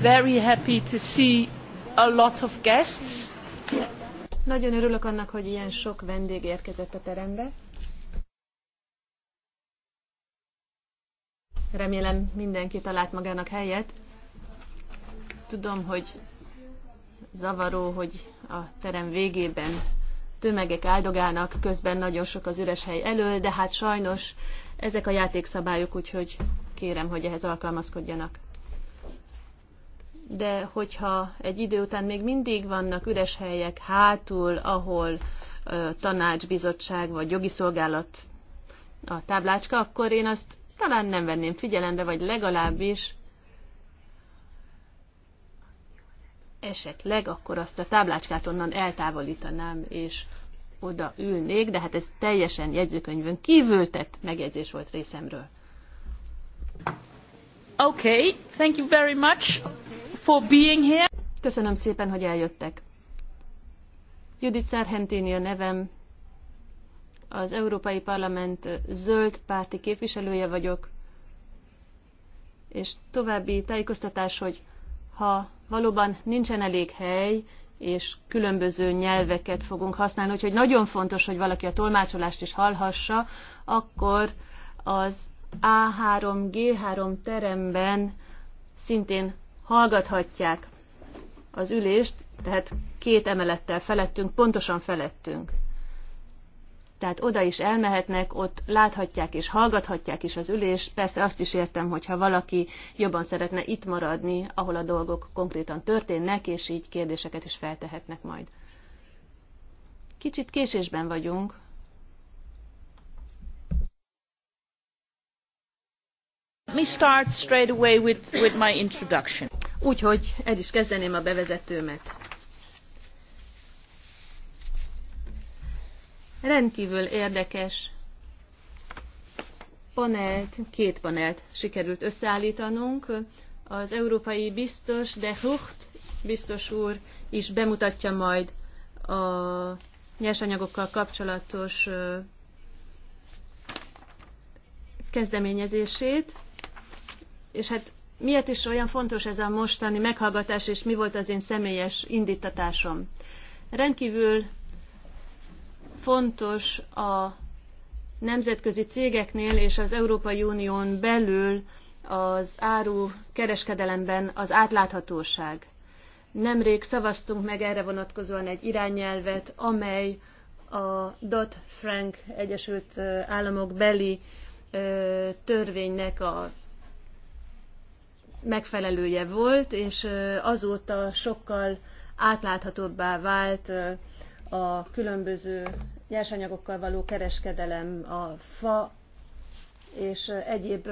very happy to see a lot of guests. Nagyon örülök annak, hogy ilyen sok vendég érkezett a terembe. Remélem mindenki talált magának helyet. Tudom, hogy zavaró, hogy a terem végében tömegek áldogálnak, közben nagyon sok az üres hely elől, de hát sajnos ezek a játékszabályok, úgyhogy kérem, hogy ehhez alkalmazkodjanak de hogyha egy idő után még mindig vannak üres helyek hátul, ahol tanácsbizottság vagy jogi szolgálat a táblácska, akkor én azt talán nem venném figyelembe, vagy legalábbis esetleg akkor azt a táblácskát onnan eltávolítanám, és oda ülnék, de hát ez teljesen jegyzőkönyvön kívül tett megjegyzés volt részemről. Okay, thank you very much for being here. Köszönöm szépen, hogy eljöttek. Judit Szerhentini a nevem, az Európai Parlament zöld párti képviselője vagyok, és további tájékoztatás, hogy ha valóban nincsen elég hely, és különböző nyelveket fogunk használni, úgyhogy nagyon fontos, hogy valaki a tolmácsolást is hallhassa, akkor az a3G3 teremben szintén hallgathatják az ülést, tehát két emelettel felettünk, pontosan felettünk. Tehát oda is elmehetnek, ott láthatják és hallgathatják is az ülést. Persze azt is értem, hogyha valaki jobban szeretne itt maradni, ahol a dolgok konkrétan történnek, és így kérdéseket is feltehetnek majd. Kicsit késésben vagyunk, Me start straight away with, with my introduction. Úgyhogy el is kezdeném a bevezetőmet. Rendkívül érdekes panelt, két panelt sikerült összeállítanunk. Az európai biztos, de Hucht biztos úr is bemutatja majd a nyersanyagokkal kapcsolatos kezdeményezését és hát miért is olyan fontos ez a mostani meghallgatás, és mi volt az én személyes indítatásom? Rendkívül fontos a nemzetközi cégeknél és az Európai Unión belül az áru kereskedelemben az átláthatóság. Nemrég szavaztunk meg erre vonatkozóan egy irányelvet, amely a Dot frank Egyesült Államok beli törvénynek a megfelelője volt, és azóta sokkal átláthatóbbá vált a különböző nyersanyagokkal való kereskedelem, a fa és egyéb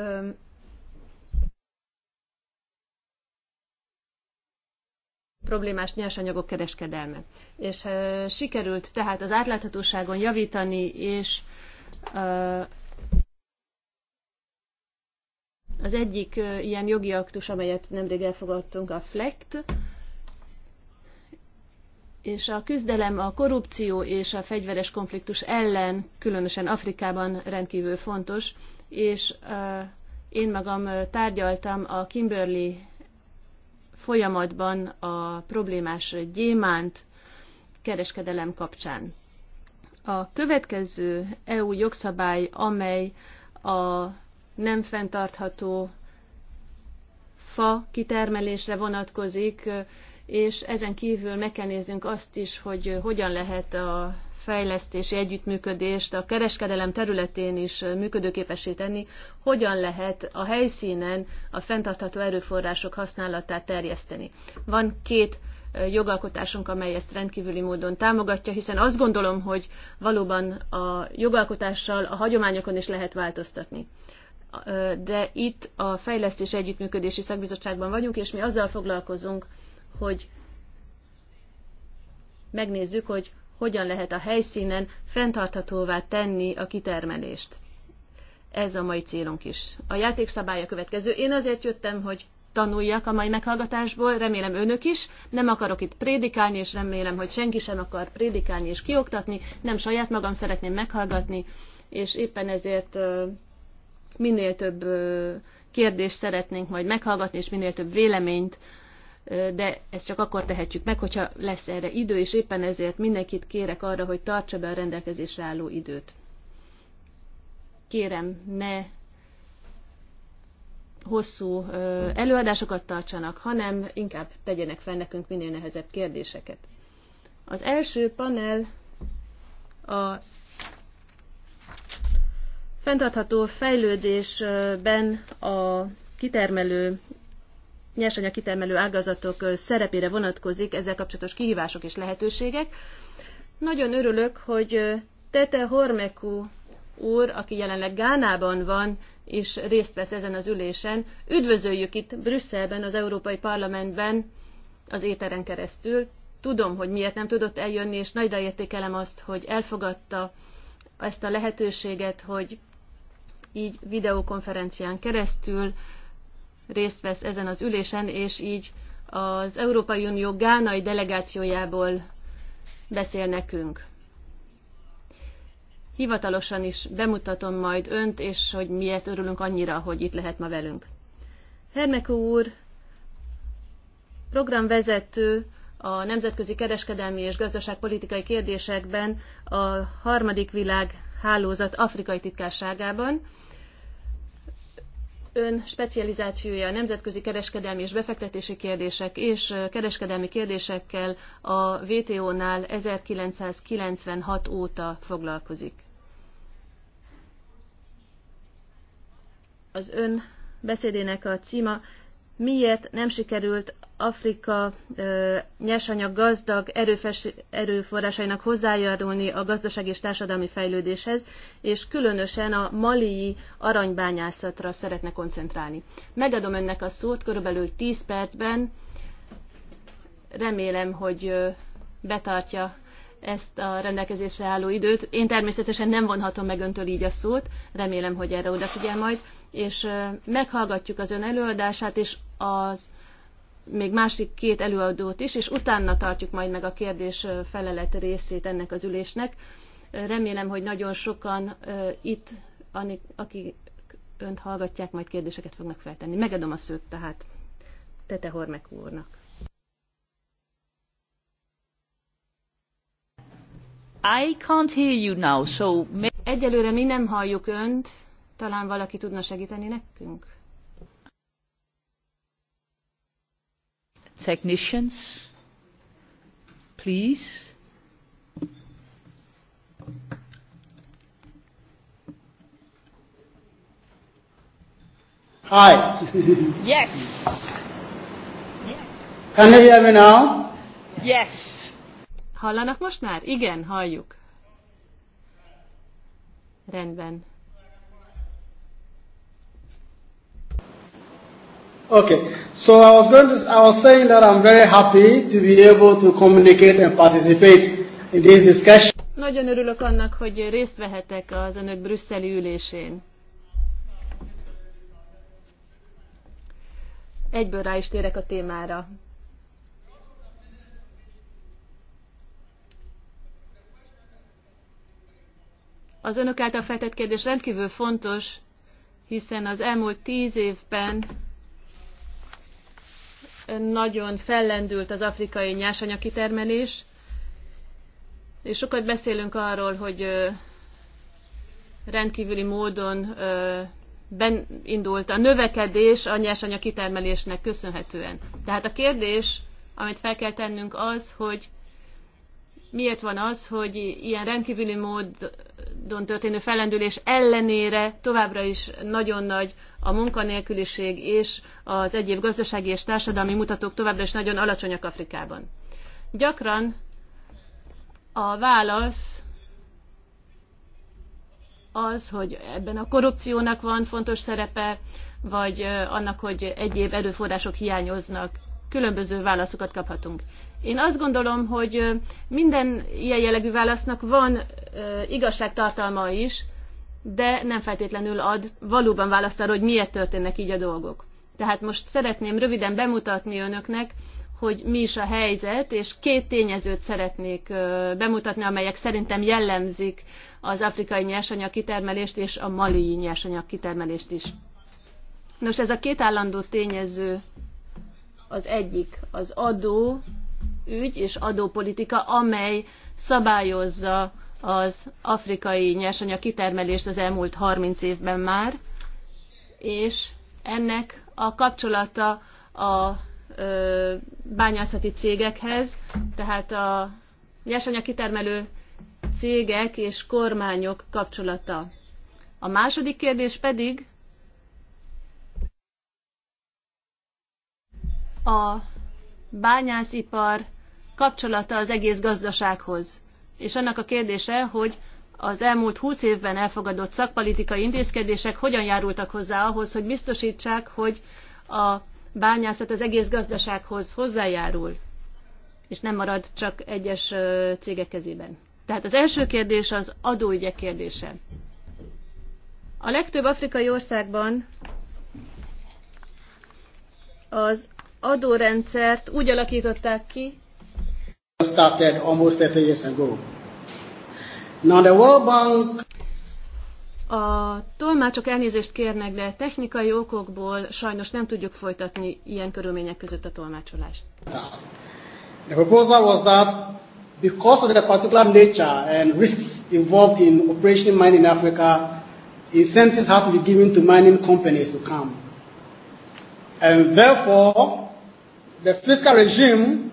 problémás nyersanyagok kereskedelme. És sikerült tehát az átláthatóságon javítani, és az egyik ilyen jogi aktus, amelyet nemrég elfogadtunk, a FLECT, és a küzdelem a korrupció és a fegyveres konfliktus ellen, különösen Afrikában rendkívül fontos, és én magam tárgyaltam a Kimberley folyamatban a problémás gyémánt kereskedelem kapcsán. A következő EU jogszabály, amely a nem fenntartható fa kitermelésre vonatkozik, és ezen kívül meg kell néznünk azt is, hogy hogyan lehet a fejlesztési együttműködést a kereskedelem területén is működőképessé tenni, hogyan lehet a helyszínen a fenntartható erőforrások használatát terjeszteni. Van két jogalkotásunk, amely ezt rendkívüli módon támogatja, hiszen azt gondolom, hogy valóban a jogalkotással a hagyományokon is lehet változtatni de itt a Fejlesztés Együttműködési Szakbizottságban vagyunk, és mi azzal foglalkozunk, hogy megnézzük, hogy hogyan lehet a helyszínen fenntarthatóvá tenni a kitermelést. Ez a mai célunk is. A játékszabálya következő. Én azért jöttem, hogy tanuljak a mai meghallgatásból, remélem önök is. Nem akarok itt prédikálni, és remélem, hogy senki sem akar prédikálni és kioktatni. Nem saját magam szeretném meghallgatni, és éppen ezért minél több kérdést szeretnénk majd meghallgatni, és minél több véleményt, de ezt csak akkor tehetjük meg, hogyha lesz erre idő, és éppen ezért mindenkit kérek arra, hogy tartsa be a rendelkezésre álló időt. Kérem, ne hosszú előadásokat tartsanak, hanem inkább tegyenek fel nekünk minél nehezebb kérdéseket. Az első panel a fenntartható fejlődésben a kitermelő nyersanyag kitermelő ágazatok szerepére vonatkozik ezzel kapcsolatos kihívások és lehetőségek. Nagyon örülök, hogy Tete Hormeku úr, aki jelenleg Gánában van, és részt vesz ezen az ülésen. Üdvözöljük itt Brüsszelben, az Európai Parlamentben, az éteren keresztül. Tudom, hogy miért nem tudott eljönni, és nagyra értékelem azt, hogy elfogadta ezt a lehetőséget, hogy így videokonferencián keresztül részt vesz ezen az ülésen, és így az Európai Unió gánai delegációjából beszél nekünk. Hivatalosan is bemutatom majd önt, és hogy miért örülünk annyira, hogy itt lehet ma velünk. Hermeke úr, programvezető a nemzetközi kereskedelmi és gazdaságpolitikai kérdésekben a harmadik világ hálózat afrikai titkárságában, ön specializációja nemzetközi kereskedelmi és befektetési kérdések és kereskedelmi kérdésekkel a WTO-nál 1996 óta foglalkozik. Az ön beszédének a címa miért nem sikerült Afrika ö, nyersanyag gazdag erőfes, erőforrásainak hozzájárulni a gazdaság és társadalmi fejlődéshez, és különösen a malii aranybányászatra szeretne koncentrálni. Megadom önnek a szót körülbelül 10 percben. Remélem, hogy ö, betartja ezt a rendelkezésre álló időt. Én természetesen nem vonhatom meg öntől így a szót, remélem, hogy erre odafigyel majd és meghallgatjuk az ön előadását, és az még másik két előadót is, és utána tartjuk majd meg a kérdés felelet részét ennek az ülésnek. Remélem, hogy nagyon sokan itt, akik önt hallgatják, majd kérdéseket fognak feltenni. Megadom a szőt tehát Tete Hormek úrnak. I can't hear you now, so... Egyelőre mi nem halljuk önt, talán valaki tudna segíteni nekünk? Technicians, please. Hi. yes. Can you hear me now? Yes. Hallanak most már? Igen, halljuk. Rendben. Okay, so I was going to, I was saying that I'm very happy to be able to communicate and participate in this discussion. Nagyon örülök annak, hogy részt vehetek az önök brüsszeli ülésén. Egyből rá is térek a témára. Az önök által feltett kérdés rendkívül fontos, hiszen az elmúlt tíz évben nagyon fellendült az afrikai nyersanyagkitermelés, és sokat beszélünk arról, hogy rendkívüli módon indult a növekedés a nyersanyag köszönhetően. Tehát a kérdés, amit fel kell tennünk az, hogy miért van az, hogy ilyen rendkívüli módon történő fellendülés ellenére továbbra is nagyon nagy a munkanélküliség és az egyéb gazdasági és társadalmi mutatók továbbra is nagyon alacsonyak Afrikában. Gyakran a válasz az, hogy ebben a korrupciónak van fontos szerepe, vagy annak, hogy egyéb erőforrások hiányoznak. Különböző válaszokat kaphatunk. Én azt gondolom, hogy minden ilyen jellegű válasznak van igazságtartalma is, de nem feltétlenül ad valóban választ arra, hogy miért történnek így a dolgok. Tehát most szeretném röviden bemutatni önöknek, hogy mi is a helyzet, és két tényezőt szeretnék bemutatni, amelyek szerintem jellemzik az afrikai nyersanyag kitermelést és a mali nyersanyag kitermelést is. Nos, ez a két állandó tényező az egyik az adó ügy és adópolitika, amely szabályozza az afrikai nyersanyag kitermelést az elmúlt 30 évben már, és ennek a kapcsolata a ö, bányászati cégekhez, tehát a nyersanyag kitermelő cégek és kormányok kapcsolata. A második kérdés pedig a bányászipar kapcsolata az egész gazdasághoz és annak a kérdése, hogy az elmúlt 20 évben elfogadott szakpolitikai intézkedések hogyan járultak hozzá ahhoz, hogy biztosítsák, hogy a bányászat az egész gazdasághoz hozzájárul, és nem marad csak egyes cégek kezében. Tehát az első kérdés az adóügyek kérdése. A legtöbb afrikai országban az adórendszert úgy alakították ki, started almost 30 years ago. Now the World Bank a tolmácsok elnézést kérnek, de technikai okokból sajnos nem tudjuk folytatni ilyen körülmények között a tolmácsolást. The proposal was that because of the particular nature and risks involved in operation mining in Africa, incentives have to be given to mining companies to come. And therefore, the fiscal regime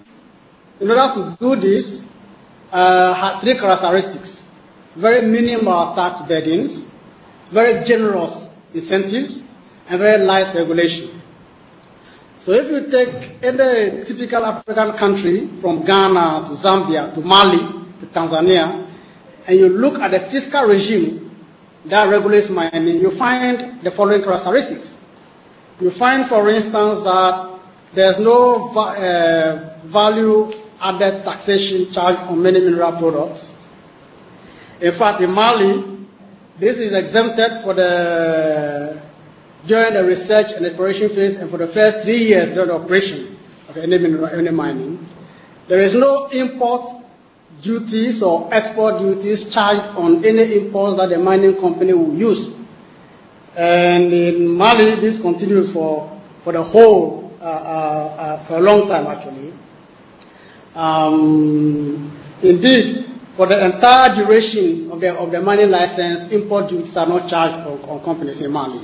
In order to do this, uh, had three characteristics. Very minimal tax burdens, very generous incentives, and very light regulation. So if you take any typical African country, from Ghana to Zambia to Mali to Tanzania, and you look at the fiscal regime that regulates mining, you find the following characteristics. You find, for instance, that there's no uh, value added taxation charge on many mineral products. In fact, in Mali, this is exempted for the during the research and exploration phase and for the first three years during the operation of any mineral any mining. There is no import duties or export duties charged on any imports that the mining company will use. And in Mali, this continues for, for the whole, uh, uh, uh, for a long time actually. Um, indeed, for the entire duration of the, of the mining license, import duties are not charged on, on companies in Mali.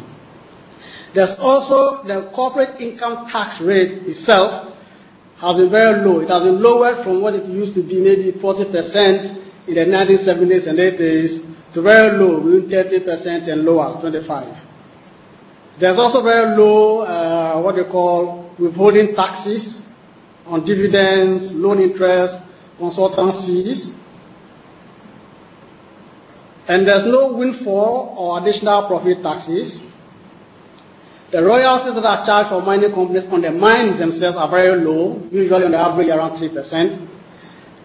There's also the corporate income tax rate itself has been very low. It has been lowered from what it used to be, maybe 40% in the 1970s and 80s, to very low, between 30% and lower, 25. There's also very low, uh, what they call withholding taxes on dividends, loan interest, consultants fees. And there's no windfall or additional profit taxes. The royalties that are charged for mining companies on the mines themselves are very low, usually on the average around 3%.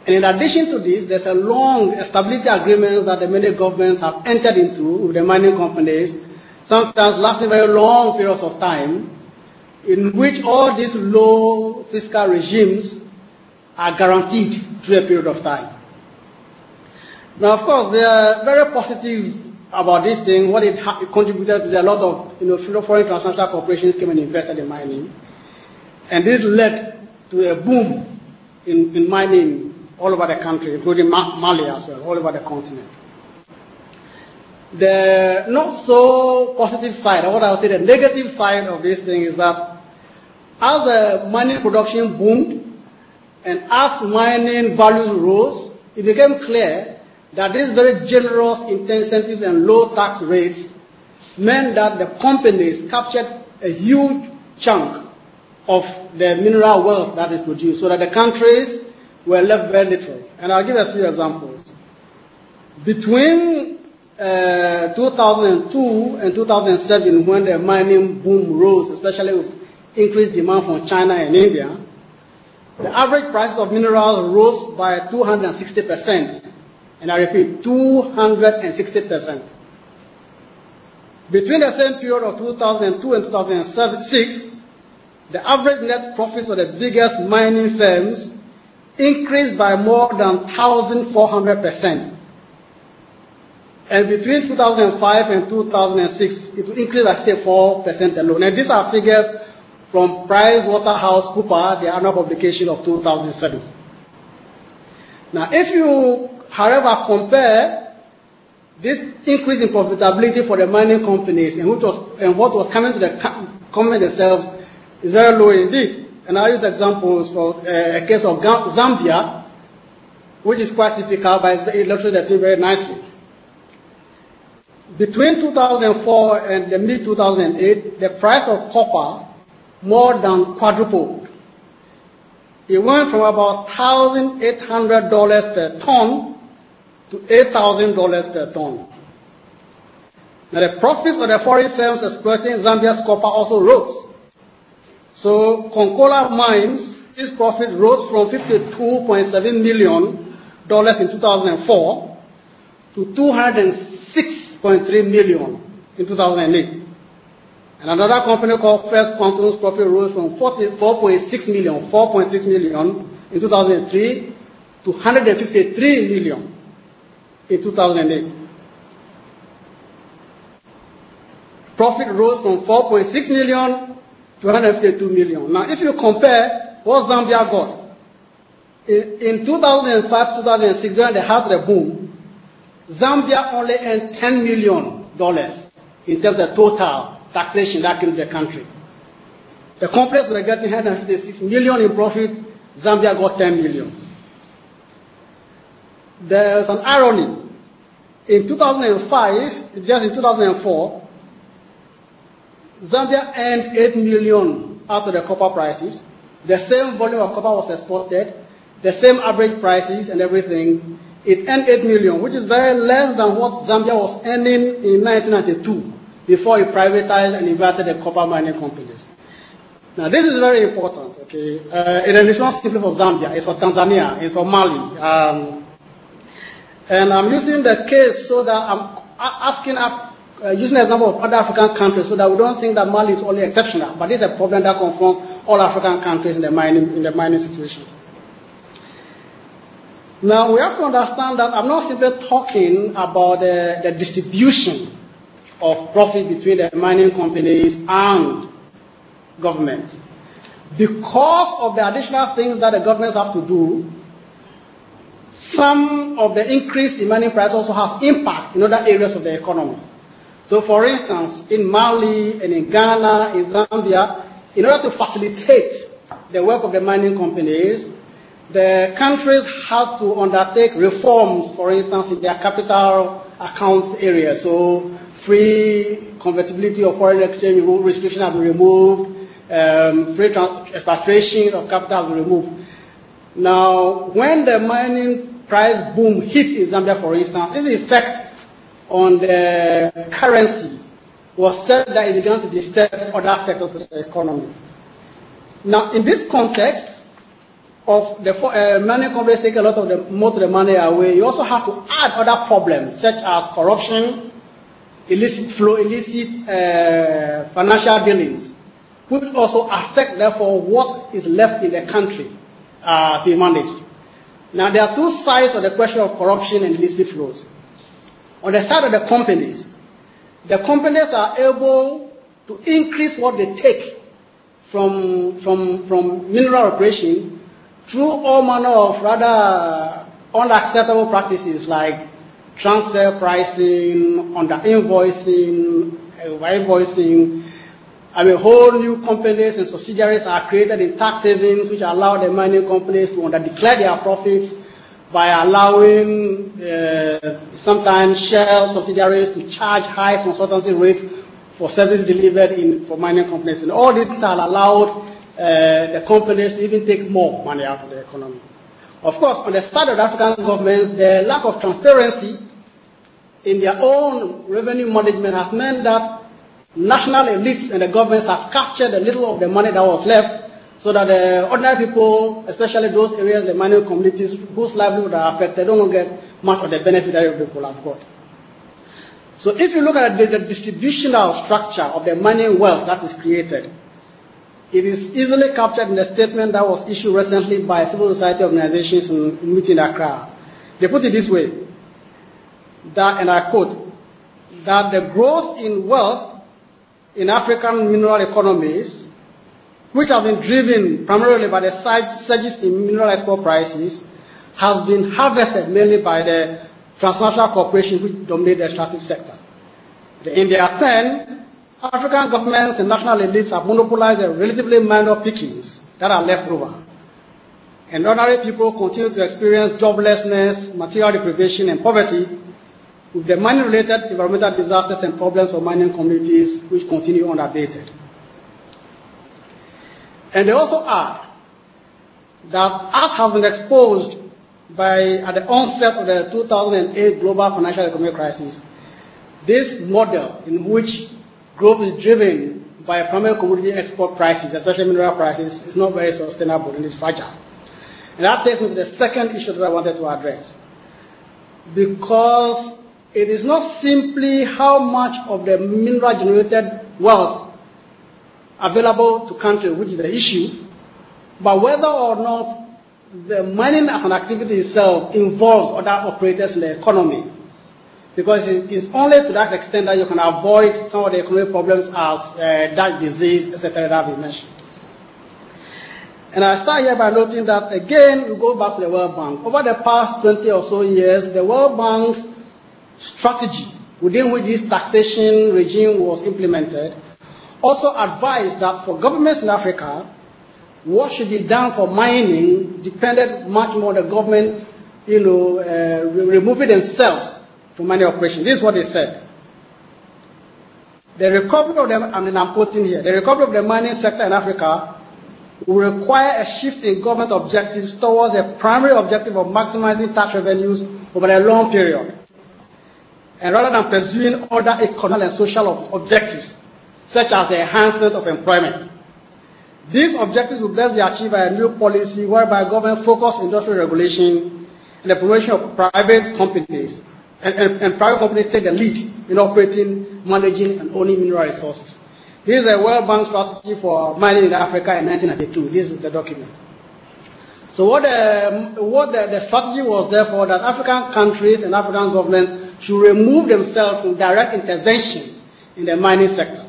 And in addition to this, there's a long stability agreement that the many governments have entered into with the mining companies, sometimes lasting very long periods of time, in which all these low fiscal regimes are guaranteed through a period of time. Now, of course, there are very positives about this thing, what it, ha- it contributed to a lot of you know, foreign transnational corporations came and invested in mining. And this led to a boom in, in mining all over the country, including Mali as well, all over the continent. The not so positive side, or what I would say the negative side of this thing is that As the mining production boomed and as mining values rose, it became clear that these very generous incentives and low tax rates meant that the companies captured a huge chunk of the mineral wealth that they produced, so that the countries were left very little. And I'll give a few examples. Between uh, 2002 and 2007, when the mining boom rose, especially with increased demand from China and India, the average prices of minerals rose by 260%. And I repeat, 260%. Between the same period of 2002 and 2006, the average net profits of the biggest mining firms increased by more than 1,400%. And between 2005 and 2006, it increased by, 4% alone. And these are figures from Price Waterhouse Cooper, the annual publication of 2007. Now, if you, however, compare this increase in profitability for the mining companies and, which was, and what was coming to the company themselves is very low indeed. And I use examples for uh, a case of Zambia, which is quite typical, but it illustrates the very nicely. Between 2004 and the mid 2008, the price of copper more than quadrupled. It went from about $1,800 per ton to $8,000 per ton. Now the profits of the foreign firms exploiting Zambia's copper also rose. So Concola Mines, its profit rose from $52.7 million in 2004 to $206.3 million in 2008. And another company called First Continuous profit rose from 4.6 million, 4.6 million in 2003 to 153 million in 2008. Profit rose from 4.6 million to 152 million. Now, if you compare what Zambia got in, in 2005, 2006, during the heart of the boom, Zambia only earned 10 million dollars in terms of total taxation that came to the country. The companies were getting 156 million in profit, Zambia got 10 million. There's an irony. In 2005, just in 2004, Zambia earned 8 million after the copper prices. The same volume of copper was exported, the same average prices and everything. It earned 8 million, which is very less than what Zambia was earning in 1992 before he privatized and invited the copper mining companies. Now, this is very important, okay? Uh, and it's not simply for Zambia, it's for Tanzania, it's for Mali. Um, and I'm using the case so that I'm asking, Af- uh, using the example of other African countries so that we don't think that Mali is only exceptional, but it's a problem that confronts all African countries in the mining, in the mining situation. Now, we have to understand that I'm not simply talking about uh, the distribution of profit between the mining companies and governments. Because of the additional things that the governments have to do, some of the increase in mining price also has impact in other areas of the economy. So, for instance, in Mali and in Ghana, in Zambia, in order to facilitate the work of the mining companies, the countries had to undertake reforms, for instance, in their capital accounts area. So free convertibility of foreign exchange rule restrictions have been removed, um, free expatriation of capital have been removed. Now, when the mining price boom hit in Zambia, for instance, its effect on the currency was said that it began to disturb other sectors of the economy. Now, in this context, of the uh, money companies take a lot of the most of the money away. You also have to add other problems such as corruption, illicit flow, illicit uh, financial dealings, which also affect therefore what is left in the country uh, to be managed. Now there are two sides of the question of corruption and illicit flows. On the side of the companies, the companies are able to increase what they take from, from, from mineral operation through all manner of rather unacceptable practices like transfer pricing, under invoicing, uh, invoicing. I mean, whole new companies and subsidiaries are created in tax havens, which allow the mining companies to underdeclare their profits by allowing uh, sometimes shell subsidiaries to charge high consultancy rates for services delivered in, for mining companies. And all these are allowed Uh, the companies even take more money out of the economy. Of course, on the side of the African governments, the lack of transparency in their own revenue management has meant that national elites and the governments have captured a little of the money that was left so that the ordinary people, especially those areas, the mining communities whose livelihood are affected, don't get much of the benefit that the people have got. So if you look at the, the distributional structure of the mining wealth that is created, It is easily captured in a statement that was issued recently by civil society organizations in a meeting in Accra. They put it this way, that, and I quote, that the growth in wealth in African mineral economies, which have been driven primarily by the surges in mineral export prices, has been harvested mainly by the transnational corporations which dominate the extractive sector. In their turn, African governments and national elites have monopolized the relatively minor pickings that are left over. And ordinary people continue to experience joblessness, material deprivation, and poverty, with the mining related environmental disasters and problems of mining communities which continue unabated. And they also add that, as has been exposed by, at the onset of the 2008 global financial economic crisis, this model in which growth is driven by primary commodity export prices, especially mineral prices, is not very sustainable and is fragile. And that takes me to the second issue that I wanted to address. Because it is not simply how much of the mineral generated wealth available to country, which is the issue, but whether or not the mining as an activity itself involves other operators in the economy Because it's only to that extent that you can avoid some of the economic problems as uh, that disease, etc., that we mentioned. And I start here by noting that, again, we go back to the World Bank. Over the past 20 or so years, the World Bank's strategy within which this taxation regime was implemented also advised that for governments in Africa, what should be done for mining depended much more on the government, you know, uh, removing themselves for many operations, This is what they said. The recovery of the, I mean, I'm quoting here, the recovery of the mining sector in Africa will require a shift in government objectives towards a primary objective of maximizing tax revenues over a long period. And rather than pursuing other economic and social ob objectives, such as the enhancement of employment. These objectives will best be achieved by a new policy whereby government focuses industrial regulation and the promotion of private companies and, and, and private companies take the lead in operating, managing, and owning mineral resources. This is a World Bank strategy for mining in Africa in 1992. This is the document. So what, the, what the, the strategy was, therefore, that African countries and African governments should remove themselves from direct intervention in the mining sector.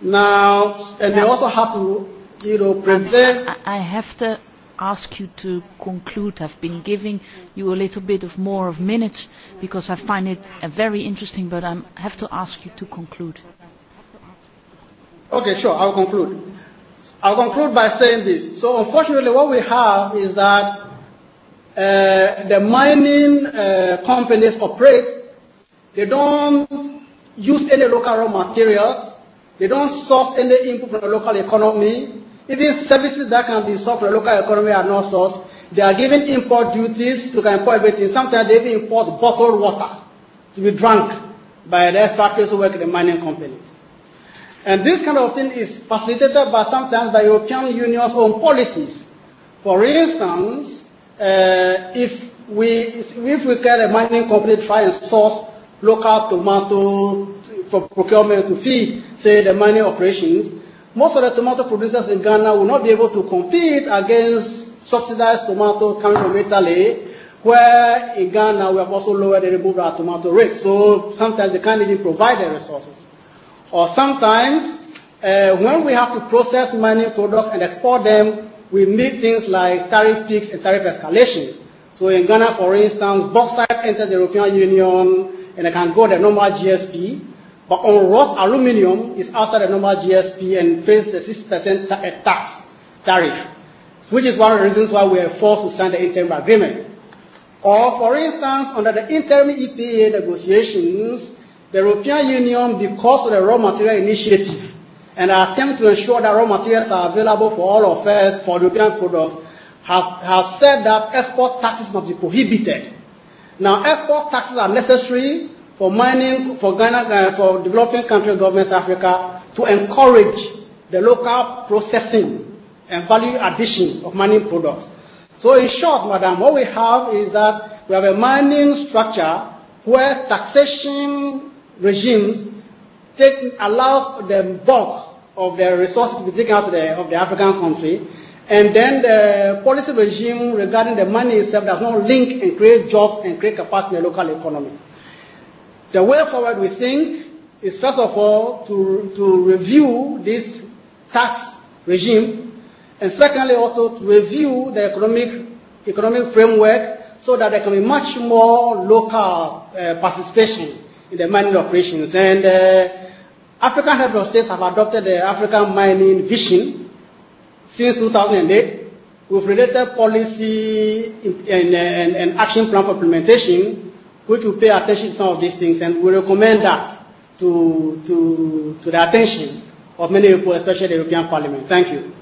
Now, and yeah. they also have to, you know, prevent. I, I, I have to ask you to conclude. I've been giving you a little bit of more of minutes because I find it uh, very interesting, but I have to ask you to conclude. Okay, sure, I'll conclude. I'll conclude by saying this. So unfortunately, what we have is that uh, the mining uh, companies operate. They don't use any local raw materials. They don't source any input from the local economy Even services that can be sold from the local economy are not sold. They are given import duties to import everything. Sometimes they even import bottled water to be drunk by the expatriates who work in the mining companies. And this kind of thing is facilitated by sometimes by European Union's own policies. For instance, uh, if we if we get a mining company try and source local tomato for procurement to feed, say, the mining operations, most of the tomato producers in Ghana will not be able to compete against subsidized tomato coming from Italy, where in Ghana we have also lowered and removed our tomato rates. So sometimes they can't even provide the resources. Or sometimes uh, when we have to process mining products and export them, we meet things like tariff peaks and tariff escalation. So in Ghana, for instance, bauxite enters the European Union and it can go the normal GSP. But on rough aluminium, it's outside the normal GSP and faces a 6% ta- eh, tax tariff, which is one of the reasons why we are forced to sign the interim agreement. Or, for instance, under the interim EPA negotiations, the European Union, because of the raw material initiative and our attempt to ensure that raw materials are available for all of us for European products, has, has said that export taxes must be prohibited. Now, export taxes are necessary for mining, for Ghana, uh, for developing country governments Africa to encourage the local processing and value addition of mining products. So in short, madam, what we have is that we have a mining structure where taxation regimes take, allows the bulk of the resources to be taken out of the, of the African country, and then the policy regime regarding the money itself does not link and create jobs and create capacity in the local economy. The way forward, we think, is first of all to, to review this tax regime, and secondly also to review the economic, economic framework so that there can be much more local uh, participation in the mining operations. And uh, African head of states have adopted the African mining vision since 2008 with related policy and, and, and action plan for implementation which will pay attention to some of these things, and we recommend that to, to, to the attention of many people, especially the European Parliament. Thank you.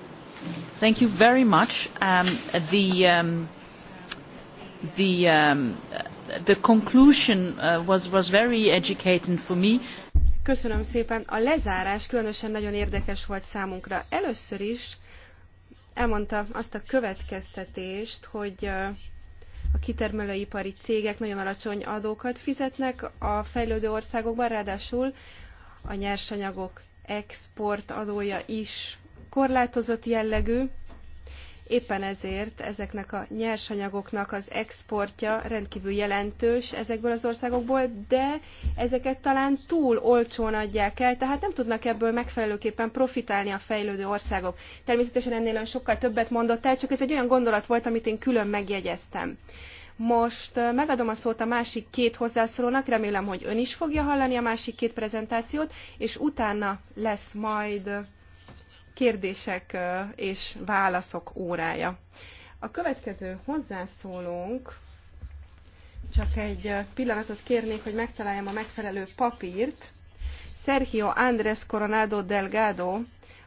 Thank you very much. Um, the, um, the, um, the conclusion uh, was, was very educating for me. Köszönöm szépen. A lezárás különösen nagyon érdekes volt számunkra. Először is elmondta azt a következtetést, hogy uh, a kitermelőipari cégek nagyon alacsony adókat fizetnek a fejlődő országokban, ráadásul a nyersanyagok export adója is korlátozott jellegű, Éppen ezért ezeknek a nyersanyagoknak az exportja rendkívül jelentős ezekből az országokból, de ezeket talán túl olcsón adják el, tehát nem tudnak ebből megfelelőképpen profitálni a fejlődő országok. Természetesen ennél ön sokkal többet mondott el, csak ez egy olyan gondolat volt, amit én külön megjegyeztem. Most megadom a szót a másik két hozzászólónak, remélem, hogy ön is fogja hallani a másik két prezentációt, és utána lesz majd kérdések és válaszok órája. A következő hozzászólónk, csak egy pillanatot kérnék, hogy megtaláljam a megfelelő papírt. Sergio Andrés Coronado Delgado,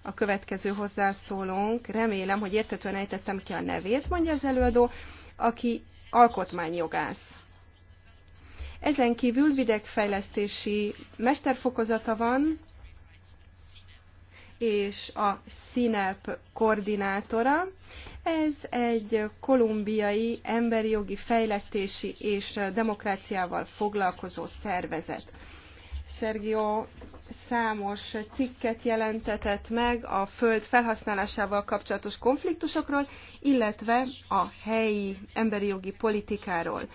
a következő hozzászólónk, remélem, hogy értetően ejtettem ki a nevét, mondja az előadó, aki alkotmányjogász. Ezen kívül videgfejlesztési mesterfokozata van, és a SINEP koordinátora. Ez egy kolumbiai emberi jogi fejlesztési és demokráciával foglalkozó szervezet. Sergio számos cikket jelentetett meg a föld felhasználásával kapcsolatos konfliktusokról, illetve a helyi emberi jogi politikáról.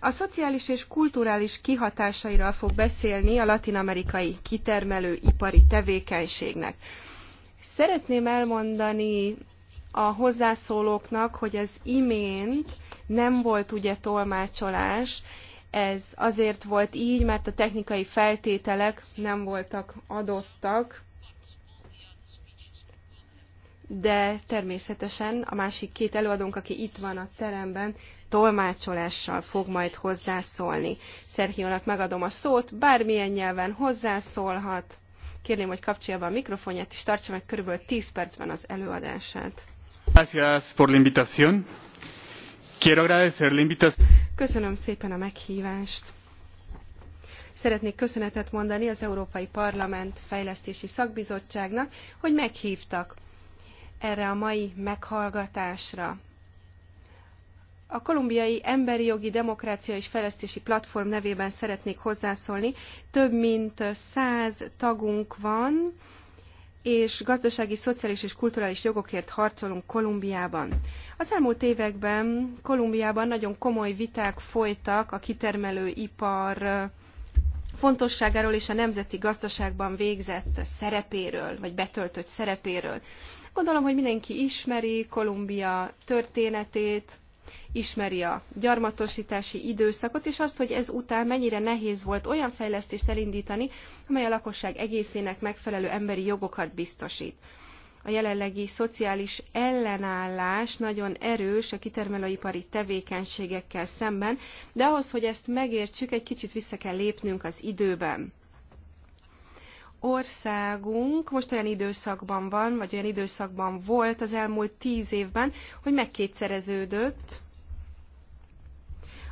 A szociális és kulturális kihatásairól fog beszélni a latinamerikai kitermelő ipari tevékenységnek. Szeretném elmondani a hozzászólóknak, hogy az imént nem volt ugye tolmácsolás, ez azért volt így, mert a technikai feltételek nem voltak adottak, de természetesen a másik két előadónk, aki itt van a teremben, tolmácsolással fog majd hozzászólni. Szerhiónak megadom a szót, bármilyen nyelven hozzászólhat. Kérném, hogy kapcsolja be a mikrofonját, és tartsa meg körülbelül 10 percben az előadását. Gracias por la invitación. Quiero agradecer la invitación. Köszönöm szépen a meghívást. Szeretnék köszönetet mondani az Európai Parlament Fejlesztési Szakbizottságnak, hogy meghívtak erre a mai meghallgatásra a kolumbiai emberi jogi demokrácia és fejlesztési platform nevében szeretnék hozzászólni. Több mint száz tagunk van, és gazdasági, szociális és kulturális jogokért harcolunk Kolumbiában. Az elmúlt években Kolumbiában nagyon komoly viták folytak a kitermelő ipar fontosságáról és a nemzeti gazdaságban végzett szerepéről, vagy betöltött szerepéről. Gondolom, hogy mindenki ismeri Kolumbia történetét, Ismeri a gyarmatosítási időszakot, és azt, hogy ez után mennyire nehéz volt olyan fejlesztést elindítani, amely a lakosság egészének megfelelő emberi jogokat biztosít. A jelenlegi szociális ellenállás nagyon erős a kitermelőipari tevékenységekkel szemben, de ahhoz, hogy ezt megértsük, egy kicsit vissza kell lépnünk az időben országunk most olyan időszakban van, vagy olyan időszakban volt az elmúlt tíz évben, hogy megkétszereződött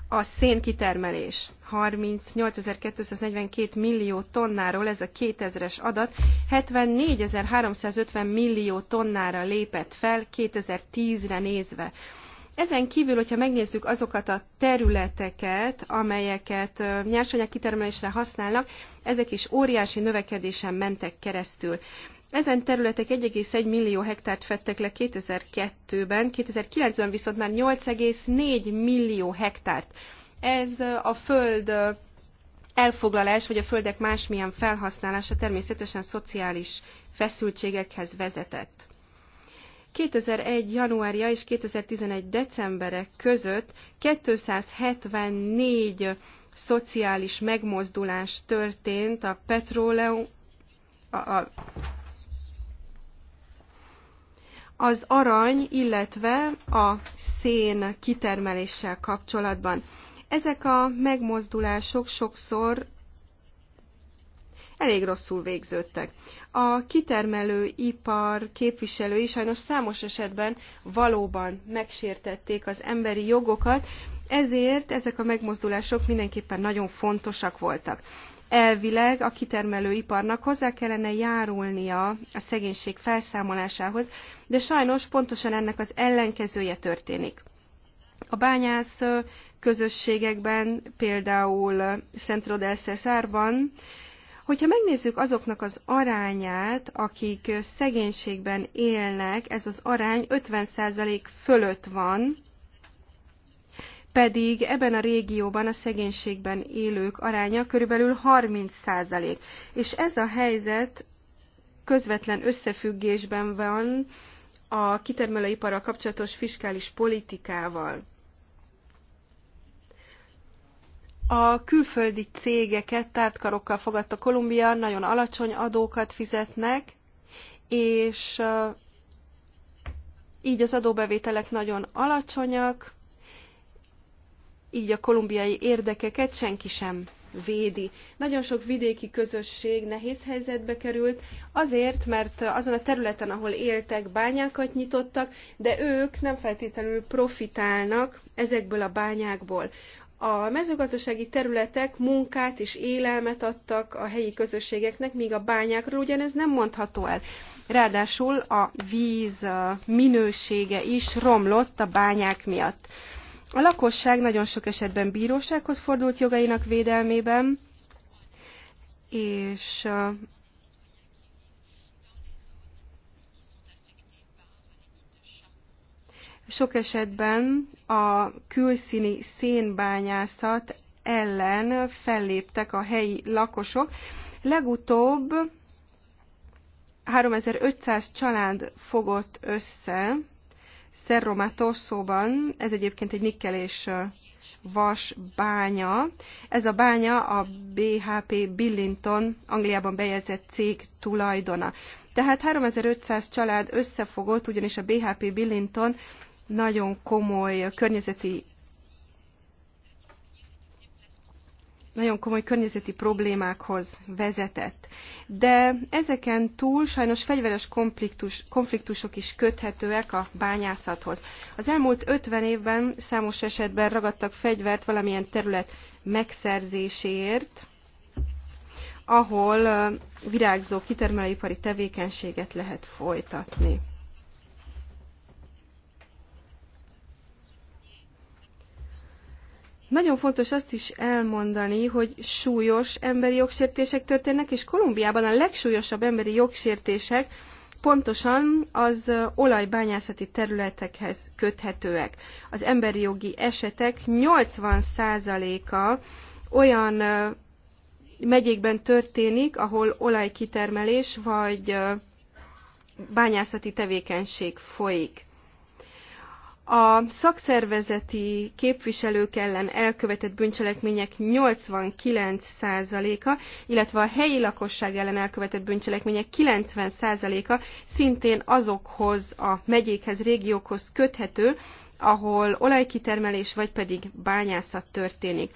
a szénkitermelés 38.242 millió tonnáról, ez a 2000-es adat, 74.350 millió tonnára lépett fel 2010-re nézve. Ezen kívül, hogyha megnézzük azokat a területeket, amelyeket nyersanyag kitermelésre használnak, ezek is óriási növekedésen mentek keresztül. Ezen területek 1,1 millió hektárt fettek le 2002-ben, 2009-ben viszont már 8,4 millió hektárt. Ez a föld elfoglalás, vagy a földek másmilyen felhasználása természetesen szociális feszültségekhez vezetett. 2001. januárja és 2011. decembere között 274 szociális megmozdulás történt a petróleum, a, a, az arany, illetve a szén kitermeléssel kapcsolatban. Ezek a megmozdulások sokszor elég rosszul végződtek. A kitermelő ipar képviselői sajnos számos esetben valóban megsértették az emberi jogokat, ezért ezek a megmozdulások mindenképpen nagyon fontosak voltak. Elvileg a kitermelő iparnak hozzá kellene járulnia a szegénység felszámolásához, de sajnos pontosan ennek az ellenkezője történik. A bányász közösségekben, például Centro del Cesarban Hogyha megnézzük azoknak az arányát, akik szegénységben élnek, ez az arány 50% fölött van, pedig ebben a régióban a szegénységben élők aránya körülbelül 30%. És ez a helyzet közvetlen összefüggésben van a kitermelőiparral kapcsolatos fiskális politikával. A külföldi cégeket tártkarokkal fogadta Kolumbia, nagyon alacsony adókat fizetnek, és így az adóbevételek nagyon alacsonyak, így a kolumbiai érdekeket senki sem védi. Nagyon sok vidéki közösség nehéz helyzetbe került, azért, mert azon a területen, ahol éltek, bányákat nyitottak, de ők nem feltétlenül profitálnak ezekből a bányákból. A mezőgazdasági területek munkát és élelmet adtak a helyi közösségeknek, míg a bányákról ugyanez nem mondható el. Ráadásul a víz minősége is romlott a bányák miatt. A lakosság nagyon sok esetben bírósághoz fordult jogainak védelmében, és sok esetben a külszíni szénbányászat ellen felléptek a helyi lakosok. Legutóbb 3500 család fogott össze Szerromá ez egyébként egy nikkel és vas bánya. Ez a bánya a BHP Billinton, Angliában bejegyzett cég tulajdona. Tehát 3500 család összefogott, ugyanis a BHP Billinton nagyon komoly környezeti nagyon komoly környezeti problémákhoz vezetett. De ezeken túl sajnos fegyveres konfliktus, konfliktusok is köthetőek a bányászathoz. Az elmúlt 50 évben számos esetben ragadtak fegyvert valamilyen terület megszerzéséért, ahol virágzó kitermelőipari tevékenységet lehet folytatni. Nagyon fontos azt is elmondani, hogy súlyos emberi jogsértések történnek, és Kolumbiában a legsúlyosabb emberi jogsértések pontosan az olajbányászati területekhez köthetőek. Az emberi jogi esetek 80%-a olyan megyékben történik, ahol olajkitermelés vagy bányászati tevékenység folyik a szakszervezeti képviselők ellen elkövetett bűncselekmények 89%-a, illetve a helyi lakosság ellen elkövetett bűncselekmények 90%-a szintén azokhoz a megyékhez, régiókhoz köthető, ahol olajkitermelés vagy pedig bányászat történik.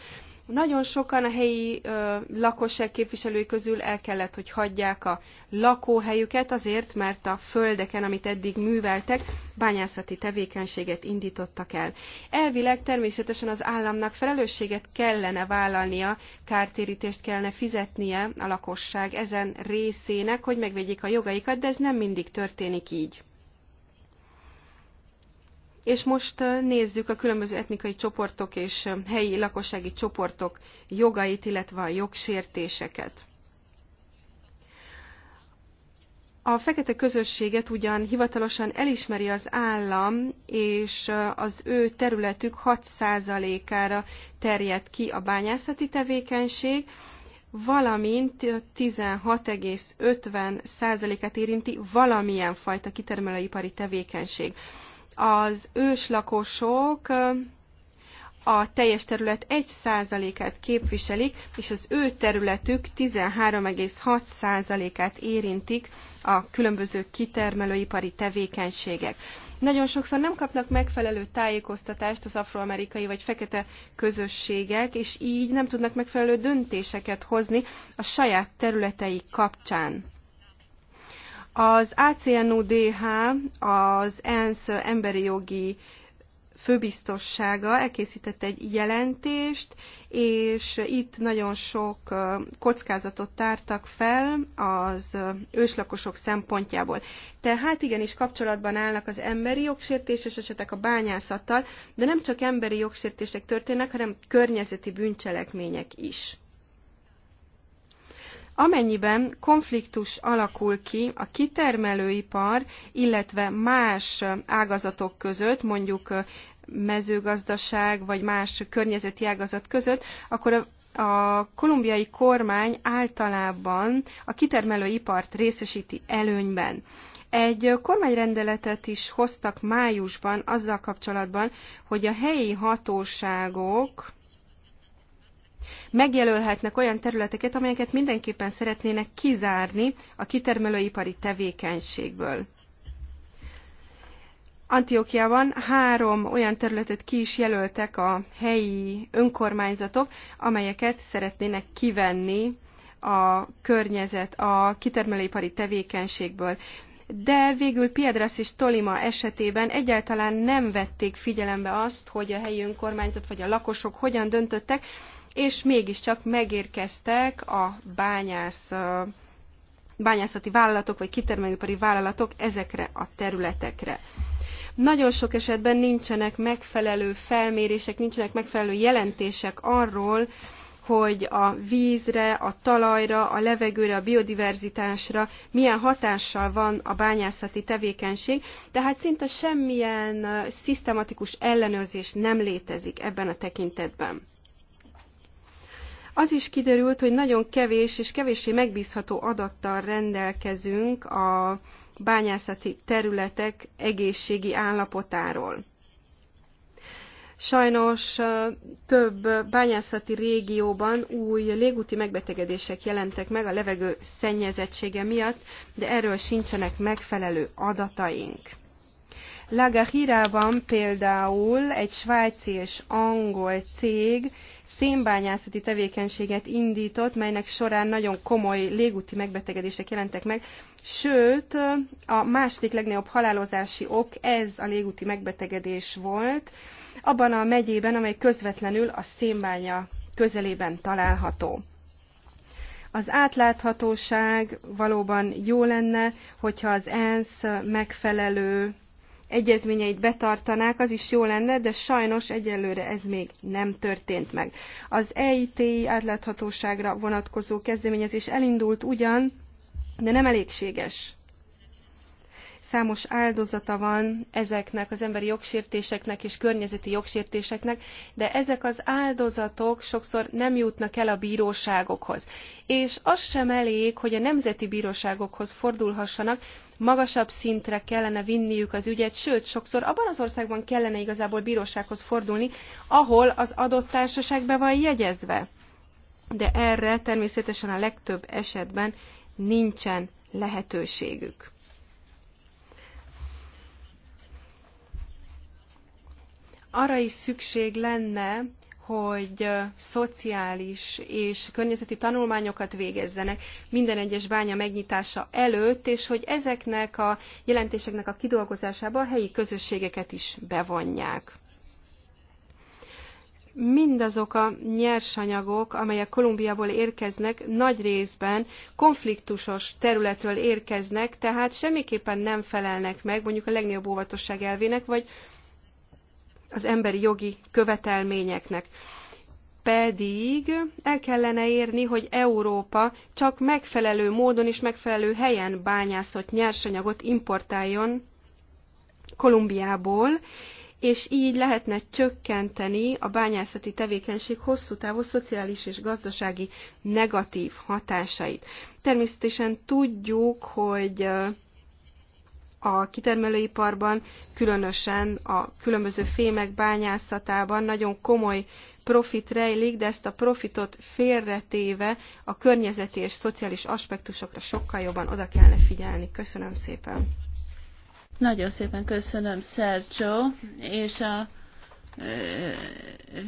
Nagyon sokan a helyi ö, lakosság képviselői közül el kellett, hogy hagyják a lakóhelyüket azért, mert a földeken, amit eddig műveltek, bányászati tevékenységet indítottak el. Elvileg természetesen az államnak felelősséget kellene vállalnia, kártérítést kellene fizetnie a lakosság ezen részének, hogy megvédjék a jogaikat, de ez nem mindig történik így. És most nézzük a különböző etnikai csoportok és helyi lakossági csoportok jogait, illetve a jogsértéseket. A fekete közösséget ugyan hivatalosan elismeri az állam, és az ő területük 6%-ára terjed ki a bányászati tevékenység, valamint 16,50%-át érinti valamilyen fajta kitermelőipari tevékenység. Az őslakosok a teljes terület 1%-át képviselik, és az ő területük 13,6%-át érintik a különböző kitermelőipari tevékenységek. Nagyon sokszor nem kapnak megfelelő tájékoztatást az afroamerikai vagy fekete közösségek, és így nem tudnak megfelelő döntéseket hozni a saját területeik kapcsán. Az ACNUDH, az ENSZ emberi jogi főbiztossága elkészített egy jelentést, és itt nagyon sok kockázatot tártak fel az őslakosok szempontjából. Tehát igenis kapcsolatban állnak az emberi jogsértéses esetek a bányászattal, de nem csak emberi jogsértések történnek, hanem környezeti bűncselekmények is. Amennyiben konfliktus alakul ki a kitermelőipar, illetve más ágazatok között, mondjuk mezőgazdaság vagy más környezeti ágazat között, akkor a a kolumbiai kormány általában a kitermelőipart részesíti előnyben. Egy kormányrendeletet is hoztak májusban azzal kapcsolatban, hogy a helyi hatóságok megjelölhetnek olyan területeket, amelyeket mindenképpen szeretnének kizárni a kitermelőipari tevékenységből. Antiókiában három olyan területet ki is jelöltek a helyi önkormányzatok, amelyeket szeretnének kivenni a környezet, a kitermelőipari tevékenységből. De végül Piedras és Tolima esetében egyáltalán nem vették figyelembe azt, hogy a helyi önkormányzat vagy a lakosok hogyan döntöttek, és mégiscsak megérkeztek a bányász, bányászati vállalatok vagy kitermelőipari vállalatok ezekre a területekre. Nagyon sok esetben nincsenek megfelelő felmérések, nincsenek megfelelő jelentések arról, hogy a vízre, a talajra, a levegőre, a biodiverzitásra milyen hatással van a bányászati tevékenység, tehát szinte semmilyen szisztematikus ellenőrzés nem létezik ebben a tekintetben. Az is kiderült, hogy nagyon kevés és kevéssé megbízható adattal rendelkezünk a bányászati területek egészségi állapotáról. Sajnos több bányászati régióban új légúti megbetegedések jelentek meg a levegő szennyezettsége miatt, de erről sincsenek megfelelő adataink. Lagahirában például egy svájci és angol cég szénbányászati tevékenységet indított, melynek során nagyon komoly légúti megbetegedések jelentek meg, sőt a második legnagyobb halálozási ok ez a légúti megbetegedés volt, abban a megyében, amely közvetlenül a szénbánya közelében található. Az átláthatóság valóban jó lenne, hogyha az ENSZ megfelelő egyezményeit betartanák, az is jó lenne, de sajnos egyelőre ez még nem történt meg. Az EITI átláthatóságra vonatkozó kezdeményezés elindult ugyan, de nem elégséges. Számos áldozata van ezeknek az emberi jogsértéseknek és környezeti jogsértéseknek, de ezek az áldozatok sokszor nem jutnak el a bíróságokhoz. És az sem elég, hogy a nemzeti bíróságokhoz fordulhassanak, magasabb szintre kellene vinniük az ügyet, sőt, sokszor abban az országban kellene igazából bírósághoz fordulni, ahol az adott társaság be van jegyezve. De erre természetesen a legtöbb esetben nincsen lehetőségük. Arra is szükség lenne, hogy szociális és környezeti tanulmányokat végezzenek minden egyes bánya megnyitása előtt, és hogy ezeknek a jelentéseknek a kidolgozásába a helyi közösségeket is bevonják. Mindazok a nyersanyagok, amelyek Kolumbiából érkeznek, nagy részben konfliktusos területről érkeznek, tehát semmiképpen nem felelnek meg mondjuk a legnagyobb óvatosság elvének, vagy az emberi jogi követelményeknek. Pedig el kellene érni, hogy Európa csak megfelelő módon és megfelelő helyen bányászott nyersanyagot importáljon Kolumbiából, és így lehetne csökkenteni a bányászati tevékenység hosszú távú szociális és gazdasági negatív hatásait. Természetesen tudjuk, hogy a kitermelőiparban, különösen a különböző fémek bányászatában nagyon komoly profit rejlik, de ezt a profitot félretéve a környezeti és szociális aspektusokra sokkal jobban oda kellene figyelni. Köszönöm szépen. Nagyon szépen köszönöm, Sergio, és a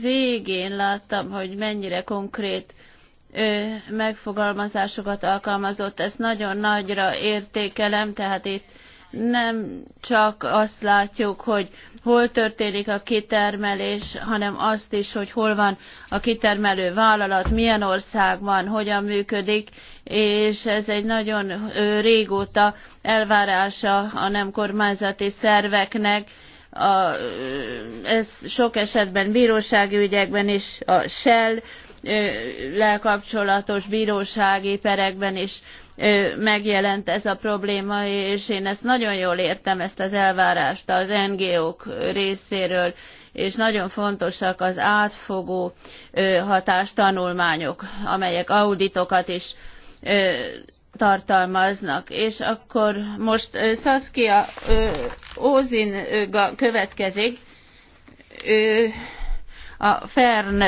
végén láttam, hogy mennyire konkrét megfogalmazásokat alkalmazott, ezt nagyon nagyra értékelem, tehát itt nem csak azt látjuk, hogy hol történik a kitermelés, hanem azt is, hogy hol van a kitermelő vállalat, milyen országban, hogyan működik, és ez egy nagyon régóta elvárása a nem kormányzati szerveknek, a, ez sok esetben bírósági ügyekben is a Shell lel bírósági perekben is megjelent ez a probléma, és én ezt nagyon jól értem, ezt az elvárást az NGO-k részéről, és nagyon fontosak az átfogó hatástanulmányok, amelyek auditokat is tartalmaznak. És akkor most Saskia Ózin következik, ő a Fern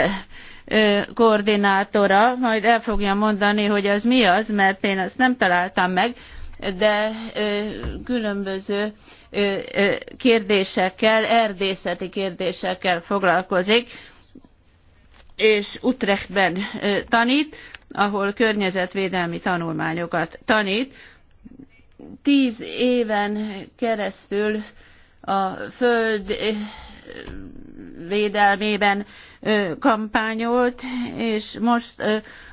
koordinátora majd el fogja mondani, hogy az mi az, mert én azt nem találtam meg, de különböző kérdésekkel, erdészeti kérdésekkel foglalkozik, és Utrechtben tanít, ahol környezetvédelmi tanulmányokat tanít. Tíz éven keresztül a föld védelmében kampányolt, és most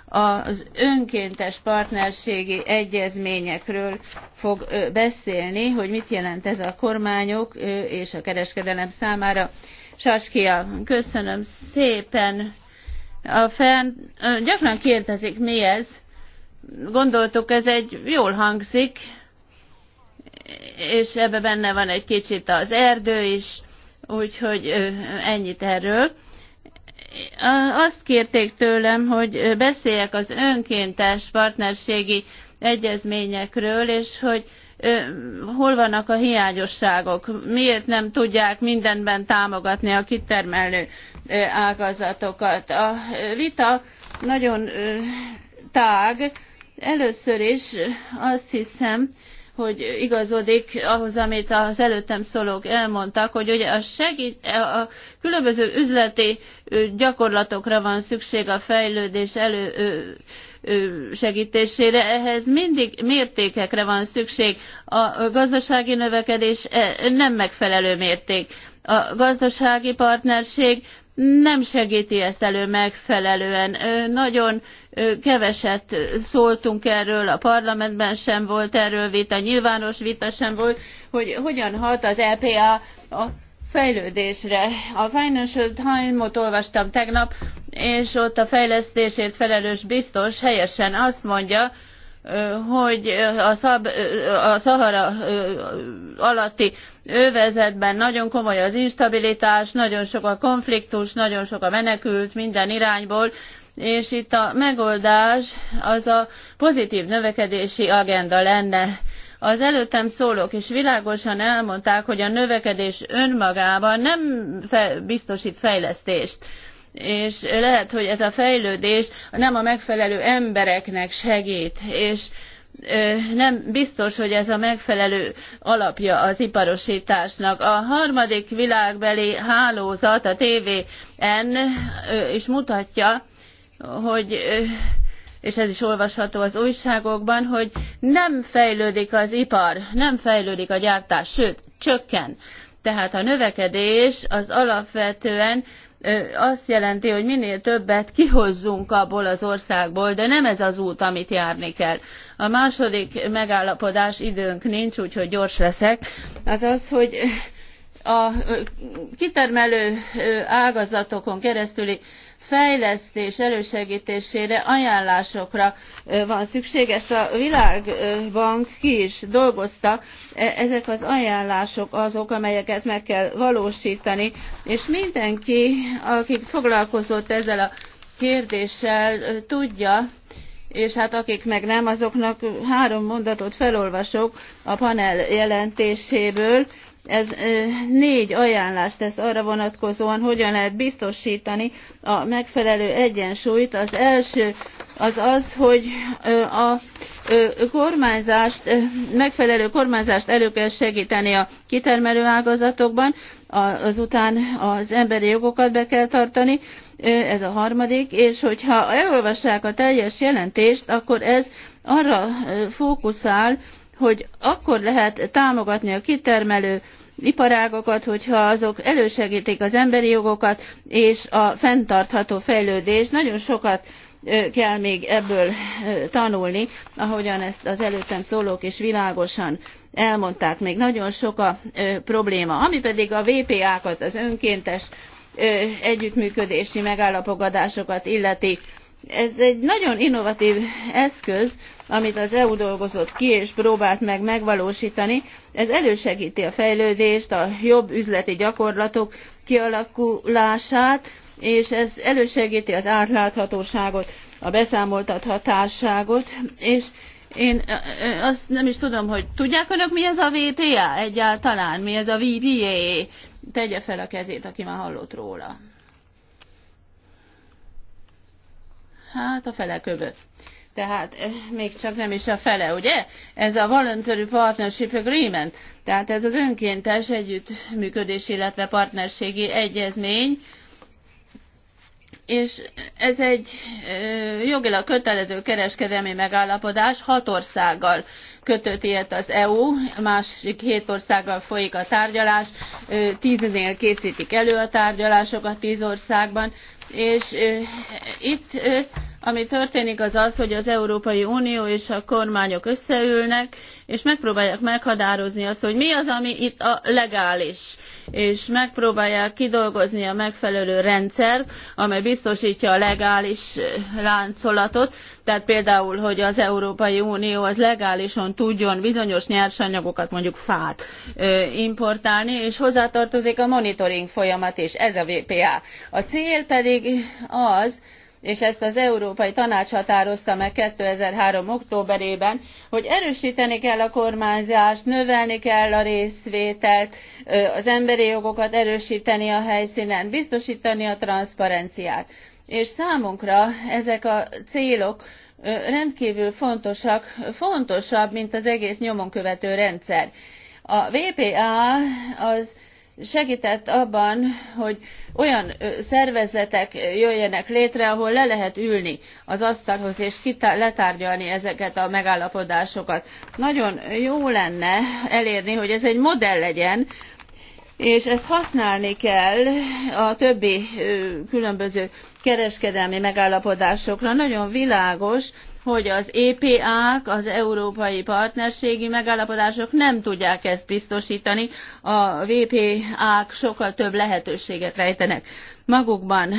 az önkéntes partnerségi egyezményekről fog beszélni, hogy mit jelent ez a kormányok és a kereskedelem számára. Saskia, köszönöm szépen. A fenn, gyakran kérdezik, mi ez. Gondoltuk, ez egy jól hangzik, és ebbe benne van egy kicsit az erdő is, Úgyhogy ennyit erről. Azt kérték tőlem, hogy beszéljek az önkéntes partnerségi egyezményekről, és hogy hol vannak a hiányosságok, miért nem tudják mindenben támogatni a kitermelő ágazatokat. A vita nagyon tág. Először is azt hiszem, hogy igazodik ahhoz, amit az előttem szólók elmondtak, hogy ugye a, segít, a különböző üzleti gyakorlatokra van szükség a fejlődés elő segítésére, ehhez mindig mértékekre van szükség. A gazdasági növekedés e, nem megfelelő mérték. A gazdasági partnerség nem segíti ezt elő megfelelően. Nagyon keveset szóltunk erről, a parlamentben sem volt erről vita, nyilvános vita sem volt, hogy hogyan hat az EPA a fejlődésre. A Financial Times-ot olvastam tegnap, és ott a fejlesztését felelős biztos helyesen azt mondja, hogy a, szab, a Szahara alatti övezetben nagyon komoly az instabilitás, nagyon sok a konfliktus, nagyon sok a menekült minden irányból, és itt a megoldás az a pozitív növekedési agenda lenne. Az előttem szólók is világosan elmondták, hogy a növekedés önmagában nem fe, biztosít fejlesztést és lehet, hogy ez a fejlődés nem a megfelelő embereknek segít, és nem biztos, hogy ez a megfelelő alapja az iparosításnak. A harmadik világbeli hálózat, a TVN is mutatja, hogy és ez is olvasható az újságokban, hogy nem fejlődik az ipar, nem fejlődik a gyártás, sőt, csökken. Tehát a növekedés az alapvetően azt jelenti, hogy minél többet kihozzunk abból az országból, de nem ez az út, amit járni kell. A második megállapodás időnk nincs, úgyhogy gyors leszek, az az, hogy a kitermelő ágazatokon keresztüli fejlesztés elősegítésére, ajánlásokra van szükség. Ezt a Világbank ki is dolgozta. E, ezek az ajánlások azok, amelyeket meg kell valósítani, és mindenki, akik foglalkozott ezzel a kérdéssel, tudja, és hát akik meg nem, azoknak három mondatot felolvasok a panel jelentéséből ez négy ajánlást tesz arra vonatkozóan, hogyan lehet biztosítani a megfelelő egyensúlyt. Az első az az, hogy a kormányzást, megfelelő kormányzást elő kell segíteni a kitermelő ágazatokban, azután az emberi jogokat be kell tartani, ez a harmadik, és hogyha elolvassák a teljes jelentést, akkor ez arra fókuszál, hogy akkor lehet támogatni a kitermelő iparágokat, hogyha azok elősegítik az emberi jogokat és a fenntartható fejlődést. Nagyon sokat kell még ebből tanulni, ahogyan ezt az előttem szólók is világosan elmondták. Még nagyon sok a probléma. Ami pedig a VPA-kat, az önkéntes együttműködési megállapodásokat illeti, ez egy nagyon innovatív eszköz, amit az EU dolgozott ki és próbált meg megvalósítani, ez elősegíti a fejlődést, a jobb üzleti gyakorlatok kialakulását, és ez elősegíti az átláthatóságot, a beszámoltathatásságot, és én azt nem is tudom, hogy tudják önök, mi ez a VPA egyáltalán, mi ez a VPA? Tegye fel a kezét, aki már hallott róla. Hát a fele kövött tehát eh, még csak nem is a fele, ugye? Ez a Voluntary Partnership Agreement, tehát ez az önkéntes együttműködés, illetve partnerségi egyezmény, és ez egy eh, jogilag kötelező kereskedelmi megállapodás hat országgal kötött ilyet az EU, másik hét országgal folyik a tárgyalás, eh, tízenél készítik elő a tárgyalásokat tíz országban, és itt ami történik az az, hogy az Európai Unió és a kormányok összeülnek, és megpróbálják meghatározni azt, hogy mi az, ami itt a legális, és megpróbálják kidolgozni a megfelelő rendszert, amely biztosítja a legális láncolatot, tehát például, hogy az Európai Unió az legálisan tudjon bizonyos nyersanyagokat, mondjuk fát importálni, és hozzátartozik a monitoring folyamat is, ez a VPA. A cél pedig az, és ezt az Európai Tanács határozta meg 2003. októberében, hogy erősíteni kell a kormányzást, növelni kell a részvételt, az emberi jogokat erősíteni a helyszínen, biztosítani a transzparenciát. És számunkra ezek a célok rendkívül fontosak, fontosabb, mint az egész nyomon követő rendszer. A VPA az segített abban, hogy olyan szervezetek jöjjenek létre, ahol le lehet ülni az asztalhoz és letárgyalni ezeket a megállapodásokat. Nagyon jó lenne elérni, hogy ez egy modell legyen, és ezt használni kell a többi különböző kereskedelmi megállapodásokra. Nagyon világos, hogy az EPA-k, az európai partnerségi megállapodások nem tudják ezt biztosítani, a VPA-k sokkal több lehetőséget rejtenek magukban.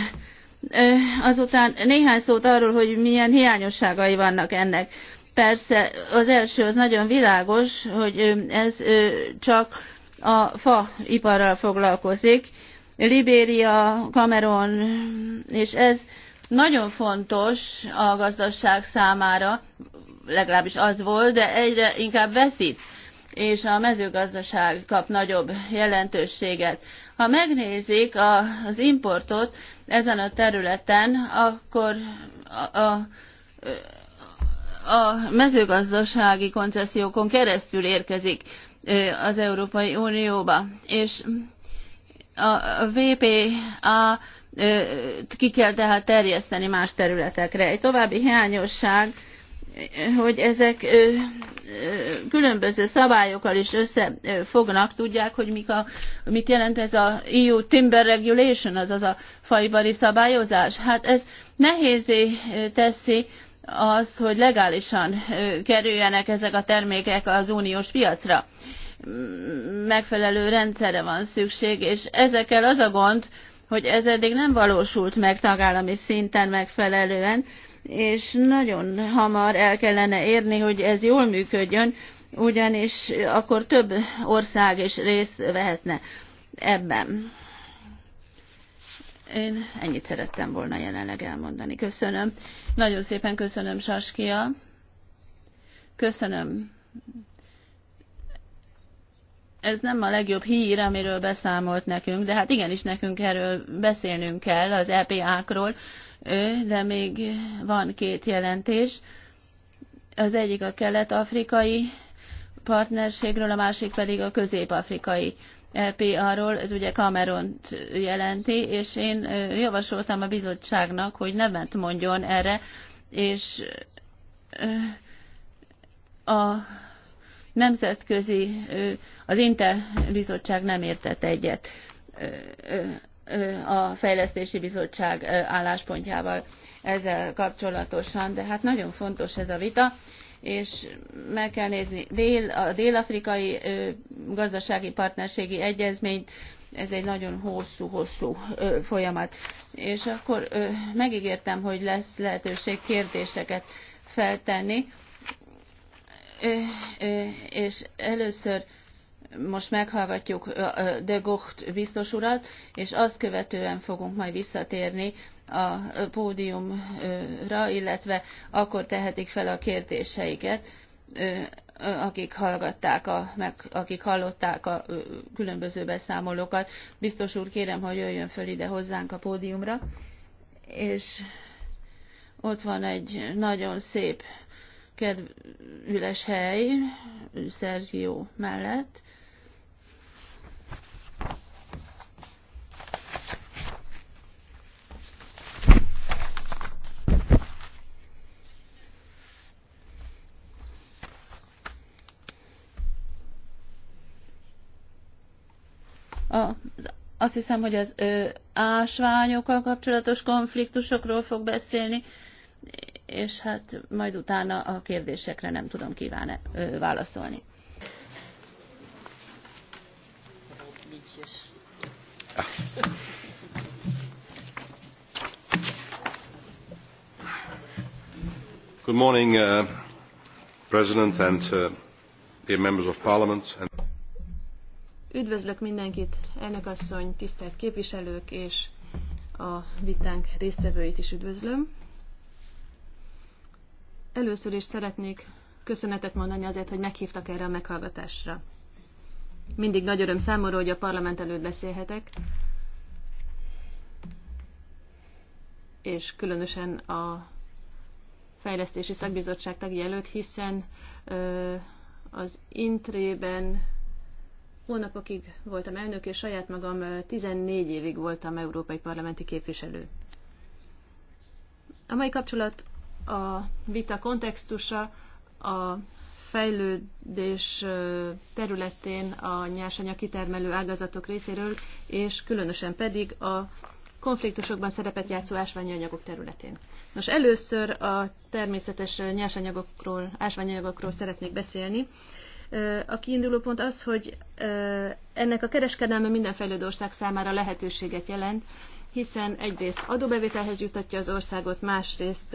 Azután néhány szót arról, hogy milyen hiányosságai vannak ennek. Persze az első az nagyon világos, hogy ez csak a iparral foglalkozik. Libéria, Kamerun, és ez nagyon fontos a gazdaság számára, legalábbis az volt, de egyre inkább veszít, és a mezőgazdaság kap nagyobb jelentőséget. Ha megnézik az importot ezen a területen, akkor a, a, a mezőgazdasági koncesziókon keresztül érkezik az Európai Unióba. És a VPA ki kell tehát terjeszteni más területekre. Egy további hiányosság, hogy ezek különböző szabályokkal is összefognak, tudják, hogy mik a, mit jelent ez a EU Timber Regulation, azaz a faibari szabályozás. Hát ez nehézé teszi azt, hogy legálisan kerüljenek ezek a termékek az uniós piacra. Megfelelő rendszerre van szükség, és ezekkel az a gond, hogy ez eddig nem valósult meg tagállami szinten megfelelően, és nagyon hamar el kellene érni, hogy ez jól működjön, ugyanis akkor több ország is részt vehetne ebben. Én ennyit szerettem volna jelenleg elmondani. Köszönöm. Nagyon szépen köszönöm, Saskia. Köszönöm ez nem a legjobb hír, amiről beszámolt nekünk, de hát igenis nekünk erről beszélnünk kell az EPA-król, de még van két jelentés. Az egyik a kelet-afrikai partnerségről, a másik pedig a közép-afrikai EPA-ról, ez ugye Kameront jelenti, és én javasoltam a bizottságnak, hogy nemet mondjon erre, és a nemzetközi, az Intel bizottság nem értett egyet a Fejlesztési Bizottság álláspontjával ezzel kapcsolatosan, de hát nagyon fontos ez a vita, és meg kell nézni dél, a dél-afrikai gazdasági partnerségi egyezményt, ez egy nagyon hosszú-hosszú folyamat. És akkor megígértem, hogy lesz lehetőség kérdéseket feltenni és először most meghallgatjuk de Gocht biztos urat, és azt követően fogunk majd visszatérni a pódiumra, illetve akkor tehetik fel a kérdéseiket, akik hallgatták, a, meg, akik hallották a különböző beszámolókat. Biztos úr, kérem, hogy jöjjön föl ide hozzánk a pódiumra, és ott van egy nagyon szép kedves hely Szerzsió mellett. A, azt hiszem, hogy az ö, ásványokkal kapcsolatos konfliktusokról fog beszélni. Ö, és hát majd utána a kérdésekre nem tudom kíván -e, válaszolni. Good morning, uh, President and uh, dear members of Parliament. And... Üdvözlök mindenkit, asszony, tisztelt képviselők és a vitánk résztvevőit is üdvözlöm. Először is szeretnék köszönetet mondani azért, hogy meghívtak erre a meghallgatásra. Mindig nagy öröm számomra, hogy a parlament előtt beszélhetek, és különösen a fejlesztési szakbizottság tagja előtt, hiszen az intrében hónapokig voltam elnök, és saját magam 14 évig voltam európai parlamenti képviselő. A mai kapcsolat a vita kontextusa a fejlődés területén a nyersanyag kitermelő ágazatok részéről, és különösen pedig a konfliktusokban szerepet játszó ásványi anyagok területén. Nos, először a természetes nyersanyagokról, ásványi anyagokról szeretnék beszélni. A kiinduló pont az, hogy ennek a kereskedelme minden fejlődő ország számára lehetőséget jelent, hiszen egyrészt adóbevételhez jutatja az országot, másrészt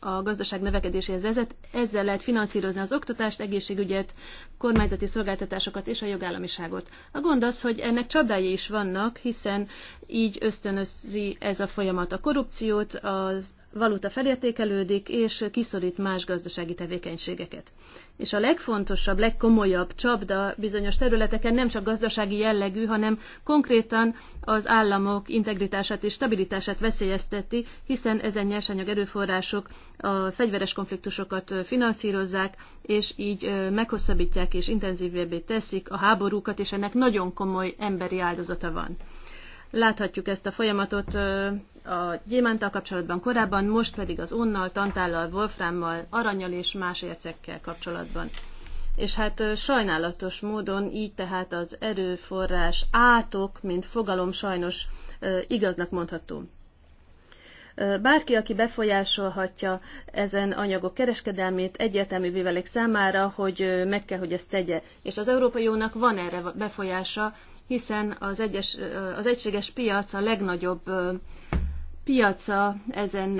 a gazdaság növekedéséhez vezet. Ezzel lehet finanszírozni az oktatást, egészségügyet, kormányzati szolgáltatásokat és a jogállamiságot. A gond az, hogy ennek csapdái is vannak, hiszen így ösztönözi ez a folyamat a korrupciót, az valuta felértékelődik, és kiszorít más gazdasági tevékenységeket. És a legfontosabb, legkomolyabb csapda bizonyos területeken nem csak gazdasági jellegű, hanem konkrétan az államok integritását és stabilitását veszélyezteti, hiszen ezen nyersanyag erőforrások a fegyveres konfliktusokat finanszírozzák, és így meghosszabbítják és intenzívebbé teszik a háborúkat, és ennek nagyon komoly emberi áldozata van. Láthatjuk ezt a folyamatot a gyémántal kapcsolatban korábban, most pedig az onnal, tantállal, Wolframmal, aranyal és más ércekkel kapcsolatban. És hát sajnálatos módon így tehát az erőforrás átok, mint fogalom sajnos igaznak mondható. Bárki, aki befolyásolhatja ezen anyagok kereskedelmét, egyértelmű vivelék számára, hogy meg kell, hogy ezt tegye. És az Európai Jónak van erre befolyása, hiszen az, egyes, az egységes piac a legnagyobb piaca ezen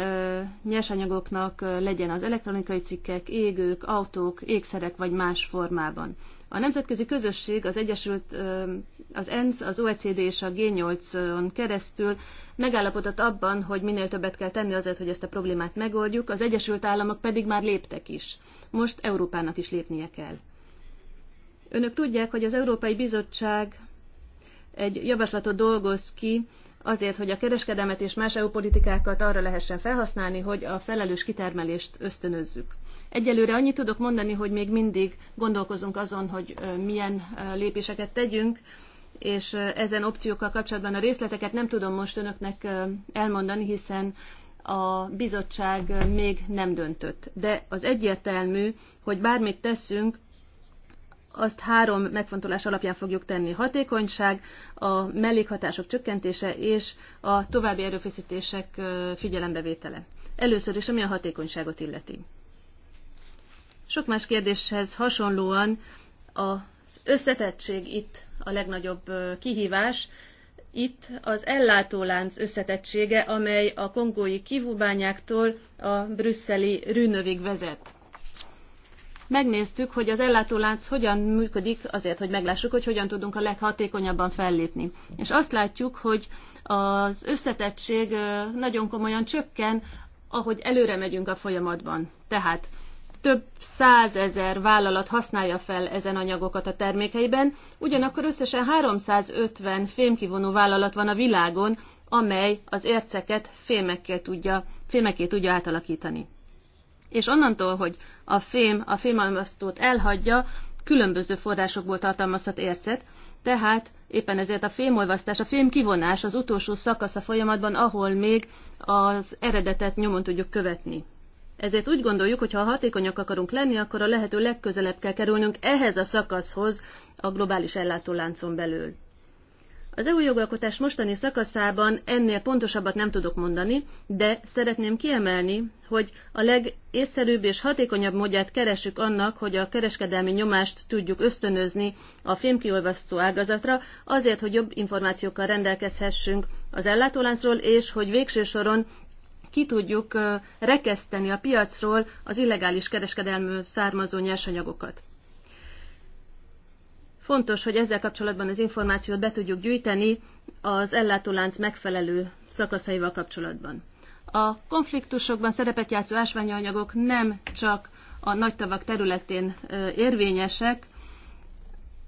nyersanyagoknak legyen az elektronikai cikkek, égők, autók, ékszerek vagy más formában. A nemzetközi közösség, az Egyesült, az ENSZ, az OECD és a G8-on keresztül megállapodott abban, hogy minél többet kell tenni azért, hogy ezt a problémát megoldjuk, az Egyesült Államok pedig már léptek is. Most Európának is lépnie kell. Önök tudják, hogy az Európai Bizottság egy javaslatot dolgoz ki azért, hogy a kereskedelmet és más EU politikákat arra lehessen felhasználni, hogy a felelős kitermelést ösztönözzük. Egyelőre annyit tudok mondani, hogy még mindig gondolkozunk azon, hogy milyen lépéseket tegyünk, és ezen opciókkal kapcsolatban a részleteket nem tudom most önöknek elmondani, hiszen a bizottság még nem döntött. De az egyértelmű, hogy bármit teszünk, azt három megfontolás alapján fogjuk tenni. Hatékonyság, a mellékhatások csökkentése és a további erőfeszítések figyelembevétele. Először is, ami a hatékonyságot illeti. Sok más kérdéshez hasonlóan az összetettség itt a legnagyobb kihívás. Itt az ellátólánc összetettsége, amely a kongói kivúbányáktól a brüsszeli rűnövig vezet megnéztük, hogy az ellátólánc hogyan működik, azért, hogy meglássuk, hogy hogyan tudunk a leghatékonyabban fellépni. És azt látjuk, hogy az összetettség nagyon komolyan csökken, ahogy előre megyünk a folyamatban. Tehát több százezer vállalat használja fel ezen anyagokat a termékeiben, ugyanakkor összesen 350 fémkivonó vállalat van a világon, amely az érceket fémekkel tudja, fémekkel tudja átalakítani és onnantól, hogy a fém a fémalmasztót elhagyja, különböző forrásokból tartalmazhat ércet, tehát éppen ezért a fémolvasztás, a fém kivonás az utolsó szakasz a folyamatban, ahol még az eredetet nyomon tudjuk követni. Ezért úgy gondoljuk, hogy ha hatékonyak akarunk lenni, akkor a lehető legközelebb kell kerülnünk ehhez a szakaszhoz a globális ellátóláncon belül. Az EU jogalkotás mostani szakaszában ennél pontosabbat nem tudok mondani, de szeretném kiemelni, hogy a legészszerűbb és hatékonyabb módját keresük annak, hogy a kereskedelmi nyomást tudjuk ösztönözni a fémkiolvasztó ágazatra, azért, hogy jobb információkkal rendelkezhessünk az ellátóláncról, és hogy végső soron ki tudjuk rekeszteni a piacról az illegális kereskedelmű származó nyersanyagokat. Fontos, hogy ezzel kapcsolatban az információt be tudjuk gyűjteni az ellátólánc megfelelő szakaszaival kapcsolatban. A konfliktusokban szerepet játszó ásványanyagok nem csak a nagy tavak területén érvényesek,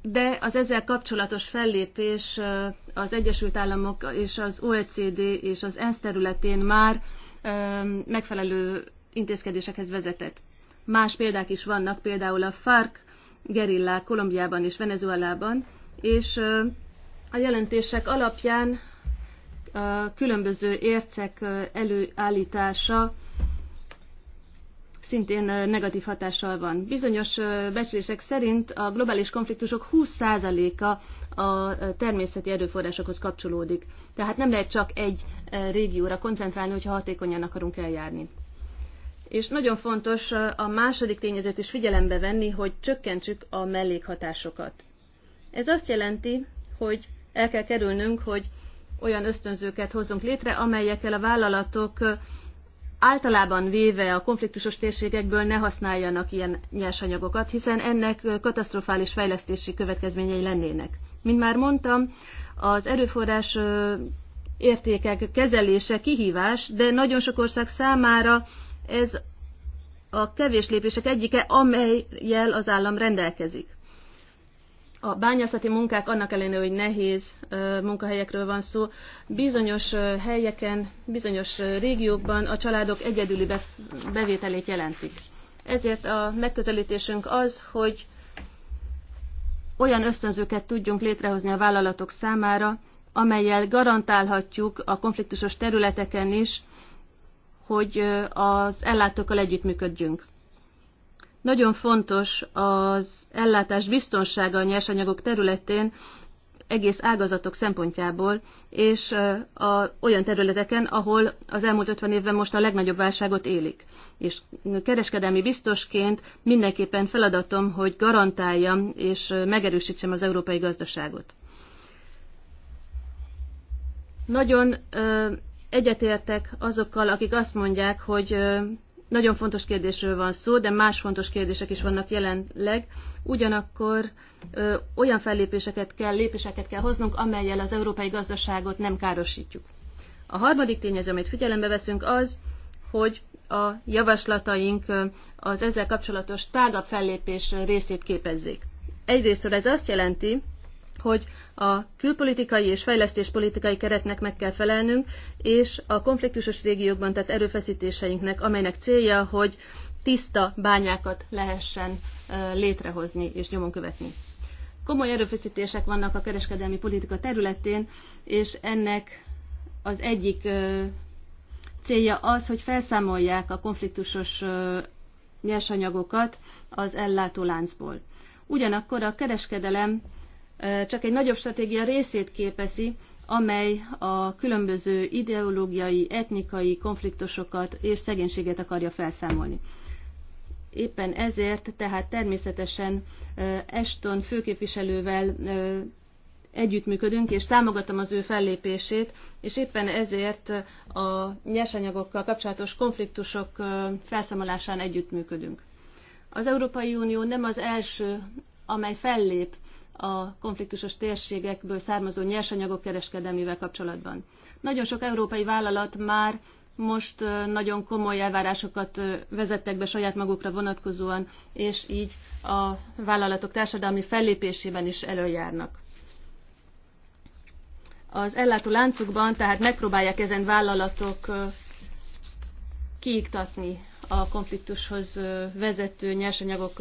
de az ezzel kapcsolatos fellépés az Egyesült Államok és az OECD és az ENSZ területén már megfelelő intézkedésekhez vezetett. Más példák is vannak, például a FARC gerillák Kolumbiában és Venezuelában, és a jelentések alapján a különböző ércek előállítása szintén negatív hatással van. Bizonyos becslések szerint a globális konfliktusok 20%-a a természeti erőforrásokhoz kapcsolódik. Tehát nem lehet csak egy régióra koncentrálni, hogyha hatékonyan akarunk eljárni. És nagyon fontos a második tényezőt is figyelembe venni, hogy csökkentsük a mellékhatásokat. Ez azt jelenti, hogy el kell kerülnünk, hogy olyan ösztönzőket hozzunk létre, amelyekkel a vállalatok általában véve a konfliktusos térségekből ne használjanak ilyen nyersanyagokat, hiszen ennek katasztrofális fejlesztési következményei lennének. Mint már mondtam, az erőforrás értékek kezelése kihívás, de nagyon sok ország számára ez a kevés lépések egyike, amelyel az állam rendelkezik. A bányászati munkák annak ellenére, hogy nehéz munkahelyekről van szó, bizonyos helyeken, bizonyos régiókban a családok egyedüli bevételét jelentik. Ezért a megközelítésünk az, hogy olyan ösztönzőket tudjunk létrehozni a vállalatok számára, amelyel garantálhatjuk a konfliktusos területeken is hogy az ellátókkal együttműködjünk. Nagyon fontos az ellátás biztonsága a nyersanyagok területén, egész ágazatok szempontjából, és a, olyan területeken, ahol az elmúlt 50 évben most a legnagyobb válságot élik. És kereskedelmi biztosként mindenképpen feladatom, hogy garantáljam és megerősítsem az európai gazdaságot. Nagyon Egyetértek azokkal, akik azt mondják, hogy nagyon fontos kérdésről van szó, de más fontos kérdések is vannak jelenleg. Ugyanakkor ö, olyan fellépéseket kell, lépéseket kell hoznunk, amelyel az európai gazdaságot nem károsítjuk. A harmadik tényező, amit figyelembe veszünk, az, hogy a javaslataink az ezzel kapcsolatos tágabb fellépés részét képezzék. Egyrésztről ez azt jelenti, hogy a külpolitikai és fejlesztéspolitikai keretnek meg kell felelnünk, és a konfliktusos régiókban tett erőfeszítéseinknek, amelynek célja, hogy tiszta bányákat lehessen létrehozni és nyomon követni. Komoly erőfeszítések vannak a kereskedelmi politika területén, és ennek az egyik célja az, hogy felszámolják a konfliktusos nyersanyagokat az ellátó láncból. Ugyanakkor a kereskedelem csak egy nagyobb stratégia részét képezi, amely a különböző ideológiai, etnikai konfliktusokat és szegénységet akarja felszámolni. Éppen ezért, tehát természetesen Eston főképviselővel együttműködünk, és támogatom az ő fellépését, és éppen ezért a nyersanyagokkal kapcsolatos konfliktusok felszámolásán együttműködünk. Az Európai Unió nem az első, amely fellép a konfliktusos térségekből származó nyersanyagok kereskedelmével kapcsolatban. Nagyon sok európai vállalat már most nagyon komoly elvárásokat vezettek be saját magukra vonatkozóan, és így a vállalatok társadalmi fellépésében is előjárnak. Az ellátó láncukban tehát megpróbálják ezen vállalatok kiiktatni a konfliktushoz vezető nyersanyagok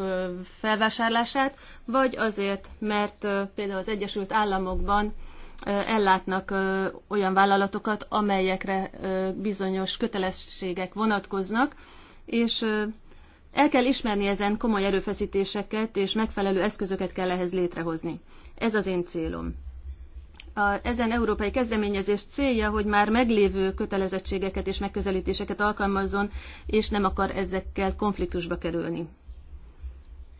felvásárlását, vagy azért, mert például az Egyesült Államokban ellátnak olyan vállalatokat, amelyekre bizonyos kötelességek vonatkoznak, és el kell ismerni ezen komoly erőfeszítéseket, és megfelelő eszközöket kell ehhez létrehozni. Ez az én célom. A, ezen európai kezdeményezés célja, hogy már meglévő kötelezettségeket és megközelítéseket alkalmazzon, és nem akar ezekkel konfliktusba kerülni.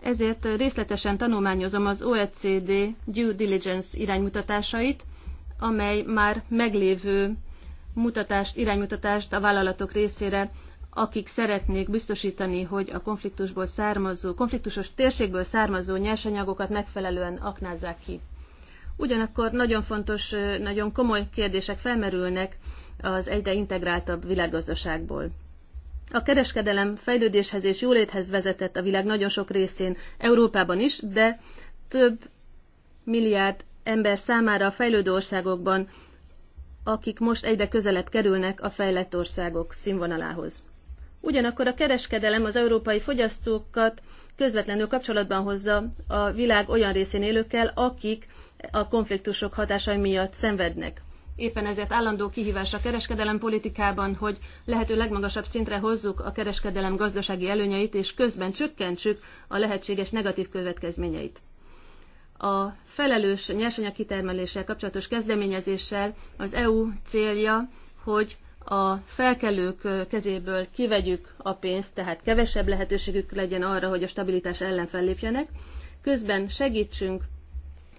Ezért részletesen tanulmányozom az OECD due diligence iránymutatásait, amely már meglévő mutatást, iránymutatást a vállalatok részére, akik szeretnék biztosítani, hogy a konfliktusból származó, konfliktusos térségből származó nyersanyagokat megfelelően aknázzák ki. Ugyanakkor nagyon fontos, nagyon komoly kérdések felmerülnek az egyre integráltabb világgazdaságból. A kereskedelem fejlődéshez és jóléthez vezetett a világ nagyon sok részén, Európában is, de több milliárd ember számára a fejlődő országokban, akik most egyre közelebb kerülnek a fejlett országok színvonalához. Ugyanakkor a kereskedelem az európai fogyasztókat közvetlenül kapcsolatban hozza a világ olyan részén élőkkel, akik a konfliktusok hatásai miatt szenvednek. Éppen ezért állandó kihívás a kereskedelem politikában, hogy lehető legmagasabb szintre hozzuk a kereskedelem gazdasági előnyeit, és közben csökkentsük a lehetséges negatív következményeit. A felelős nyersanyagkitermeléssel kapcsolatos kezdeményezéssel az EU célja, hogy a felkelők kezéből kivegyük a pénzt, tehát kevesebb lehetőségük legyen arra, hogy a stabilitás ellen fellépjenek, közben segítsünk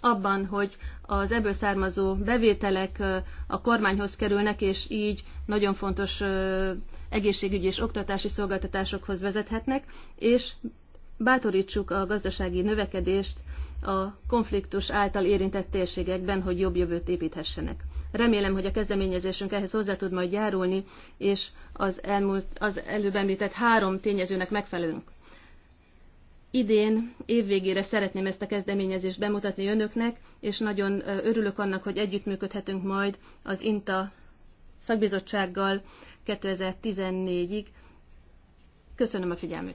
abban, hogy az ebből származó bevételek a kormányhoz kerülnek, és így nagyon fontos egészségügyi és oktatási szolgáltatásokhoz vezethetnek, és bátorítsuk a gazdasági növekedést a konfliktus által érintett térségekben, hogy jobb jövőt építhessenek. Remélem, hogy a kezdeményezésünk ehhez hozzá tud majd járulni, és az, elmúlt, az előbb említett három tényezőnek megfelelünk idén évvégére szeretném ezt a kezdeményezést bemutatni önöknek, és nagyon örülök annak, hogy együttműködhetünk majd az INTA szakbizottsággal 2014-ig. Köszönöm a figyelmet.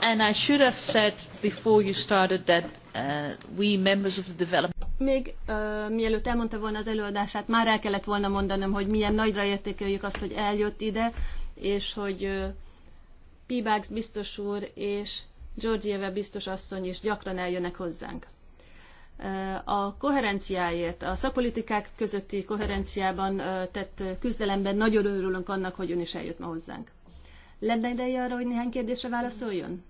And I should have said before you started that uh, we members of the development még uh, mielőtt elmondta volna az előadását, már el kellett volna mondanom, hogy milyen nagyra értékeljük azt, hogy eljött ide, és hogy uh, Pibags biztos úr és Georgieva biztos asszony is gyakran eljönnek hozzánk. A koherenciáért, a szakpolitikák közötti koherenciában tett küzdelemben nagyon örülünk annak, hogy ön is eljött ma hozzánk. Lenne ideje arra, hogy néhány kérdésre válaszoljon?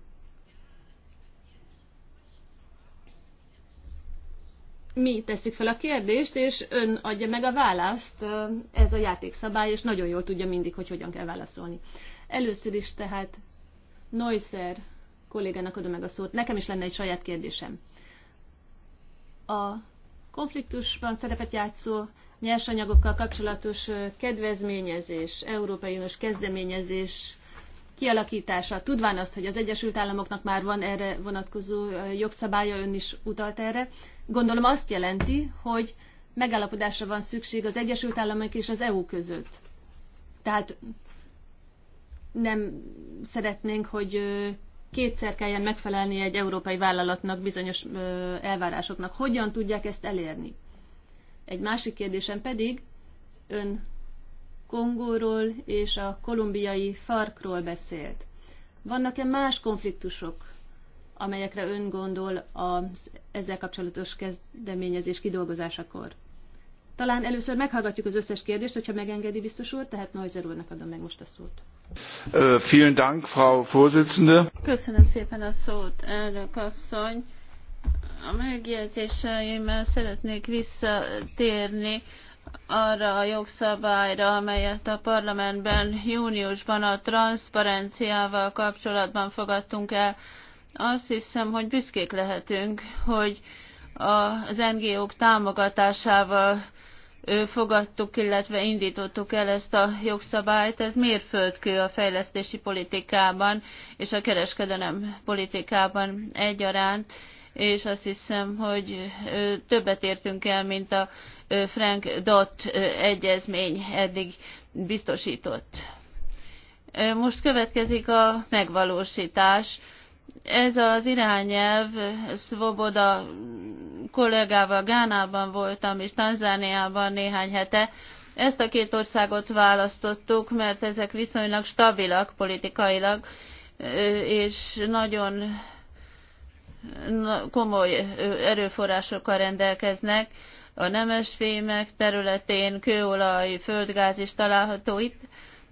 Mi tesszük fel a kérdést, és ön adja meg a választ. Ez a játékszabály, és nagyon jól tudja mindig, hogy hogyan kell válaszolni. Először is tehát Neusser kollégának adom meg a szót. Nekem is lenne egy saját kérdésem. A konfliktusban szerepet játszó nyersanyagokkal kapcsolatos kedvezményezés, Európai Uniós kezdeményezés kialakítása, tudván azt, hogy az Egyesült Államoknak már van erre vonatkozó jogszabálya, ön is utalt erre, gondolom azt jelenti, hogy megállapodásra van szükség az Egyesült Államok és az EU között. Tehát nem szeretnénk, hogy kétszer kelljen megfelelni egy európai vállalatnak bizonyos elvárásoknak. Hogyan tudják ezt elérni? Egy másik kérdésem pedig, ön Kongóról és a kolumbiai farkról beszélt. Vannak-e más konfliktusok, amelyekre ön gondol az ezzel kapcsolatos kezdeményezés kidolgozásakor? Talán először meghallgatjuk az összes kérdést, hogyha megengedi biztos úr, tehát Neuser úrnak adom meg most a szót. Frau Köszönöm szépen elnök asszony. A megjegyzéseimmel szeretnék visszatérni arra a jogszabályra, amelyet a parlamentben júniusban a transzparenciával kapcsolatban fogadtunk el. Azt hiszem, hogy büszkék lehetünk, hogy az NGO-k támogatásával fogadtuk, illetve indítottuk el ezt a jogszabályt. Ez mérföldkő a fejlesztési politikában és a kereskedelem politikában egyaránt, és azt hiszem, hogy többet értünk el, mint a Frank Dott egyezmény eddig biztosított. Most következik a megvalósítás ez az irányelv Svoboda kollégával Gánában voltam, és Tanzániában néhány hete. Ezt a két országot választottuk, mert ezek viszonylag stabilak politikailag, és nagyon komoly erőforrásokkal rendelkeznek. A nemesfémek területén kőolaj, földgáz is található itt,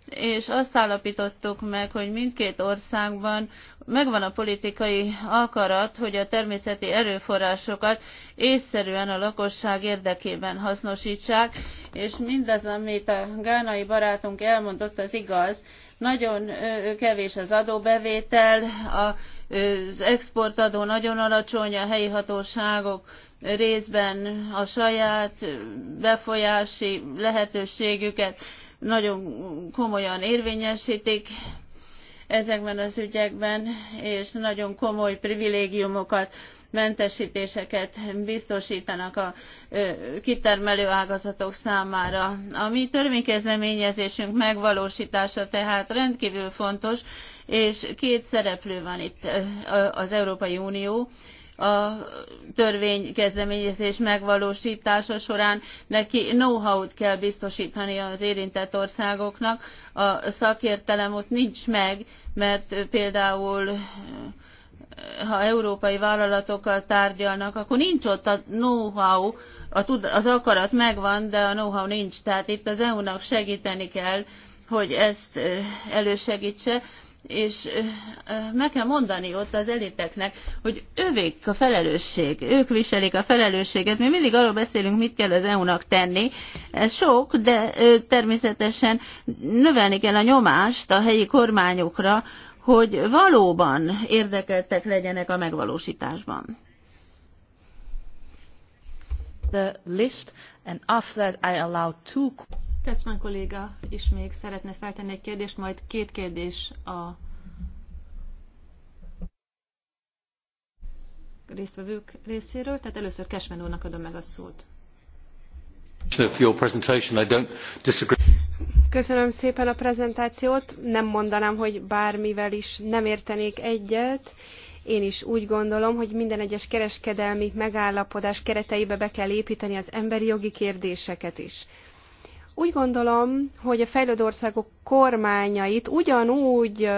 és azt állapítottuk meg, hogy mindkét országban megvan a politikai akarat, hogy a természeti erőforrásokat észszerűen a lakosság érdekében hasznosítsák, és mindaz, amit a gánai barátunk elmondott, az igaz. Nagyon kevés az adóbevétel, az exportadó nagyon alacsony, a helyi hatóságok részben a saját befolyási lehetőségüket nagyon komolyan érvényesítik ezekben az ügyekben, és nagyon komoly privilégiumokat, mentesítéseket biztosítanak a kitermelő ágazatok számára. A mi törvénykezdeményezésünk megvalósítása tehát rendkívül fontos, és két szereplő van itt az Európai Unió a törvénykezdeményezés megvalóstása során neki know-how-t kell biztosítani az érintett országoknak. A szakértelem ott nincs meg, mert például ha európai vállalatokkal tárgyalnak, akkor nincs ott a know-how, az akarat megvan, de a know-how nincs. Tehát itt az EU-nak segíteni kell, hogy ezt elősegítse, és meg kell mondani ott az eliteknek, hogy ővék a felelősség, ők viselik a felelősséget. Mi mindig arról beszélünk, mit kell az EU-nak tenni. Ez sok, de természetesen növelni kell a nyomást a helyi kormányokra, hogy valóban érdekeltek legyenek a megvalósításban. The list, and after that I allow two... Tetszman kolléga is még szeretne feltenni egy kérdést, majd két kérdés a résztvevők részéről. Tehát először Kesmen úrnak adom meg a szót. Köszönöm szépen a prezentációt. Nem mondanám, hogy bármivel is nem értenék egyet. Én is úgy gondolom, hogy minden egyes kereskedelmi megállapodás kereteibe be kell építeni az emberi jogi kérdéseket is úgy gondolom, hogy a fejlődő országok kormányait ugyanúgy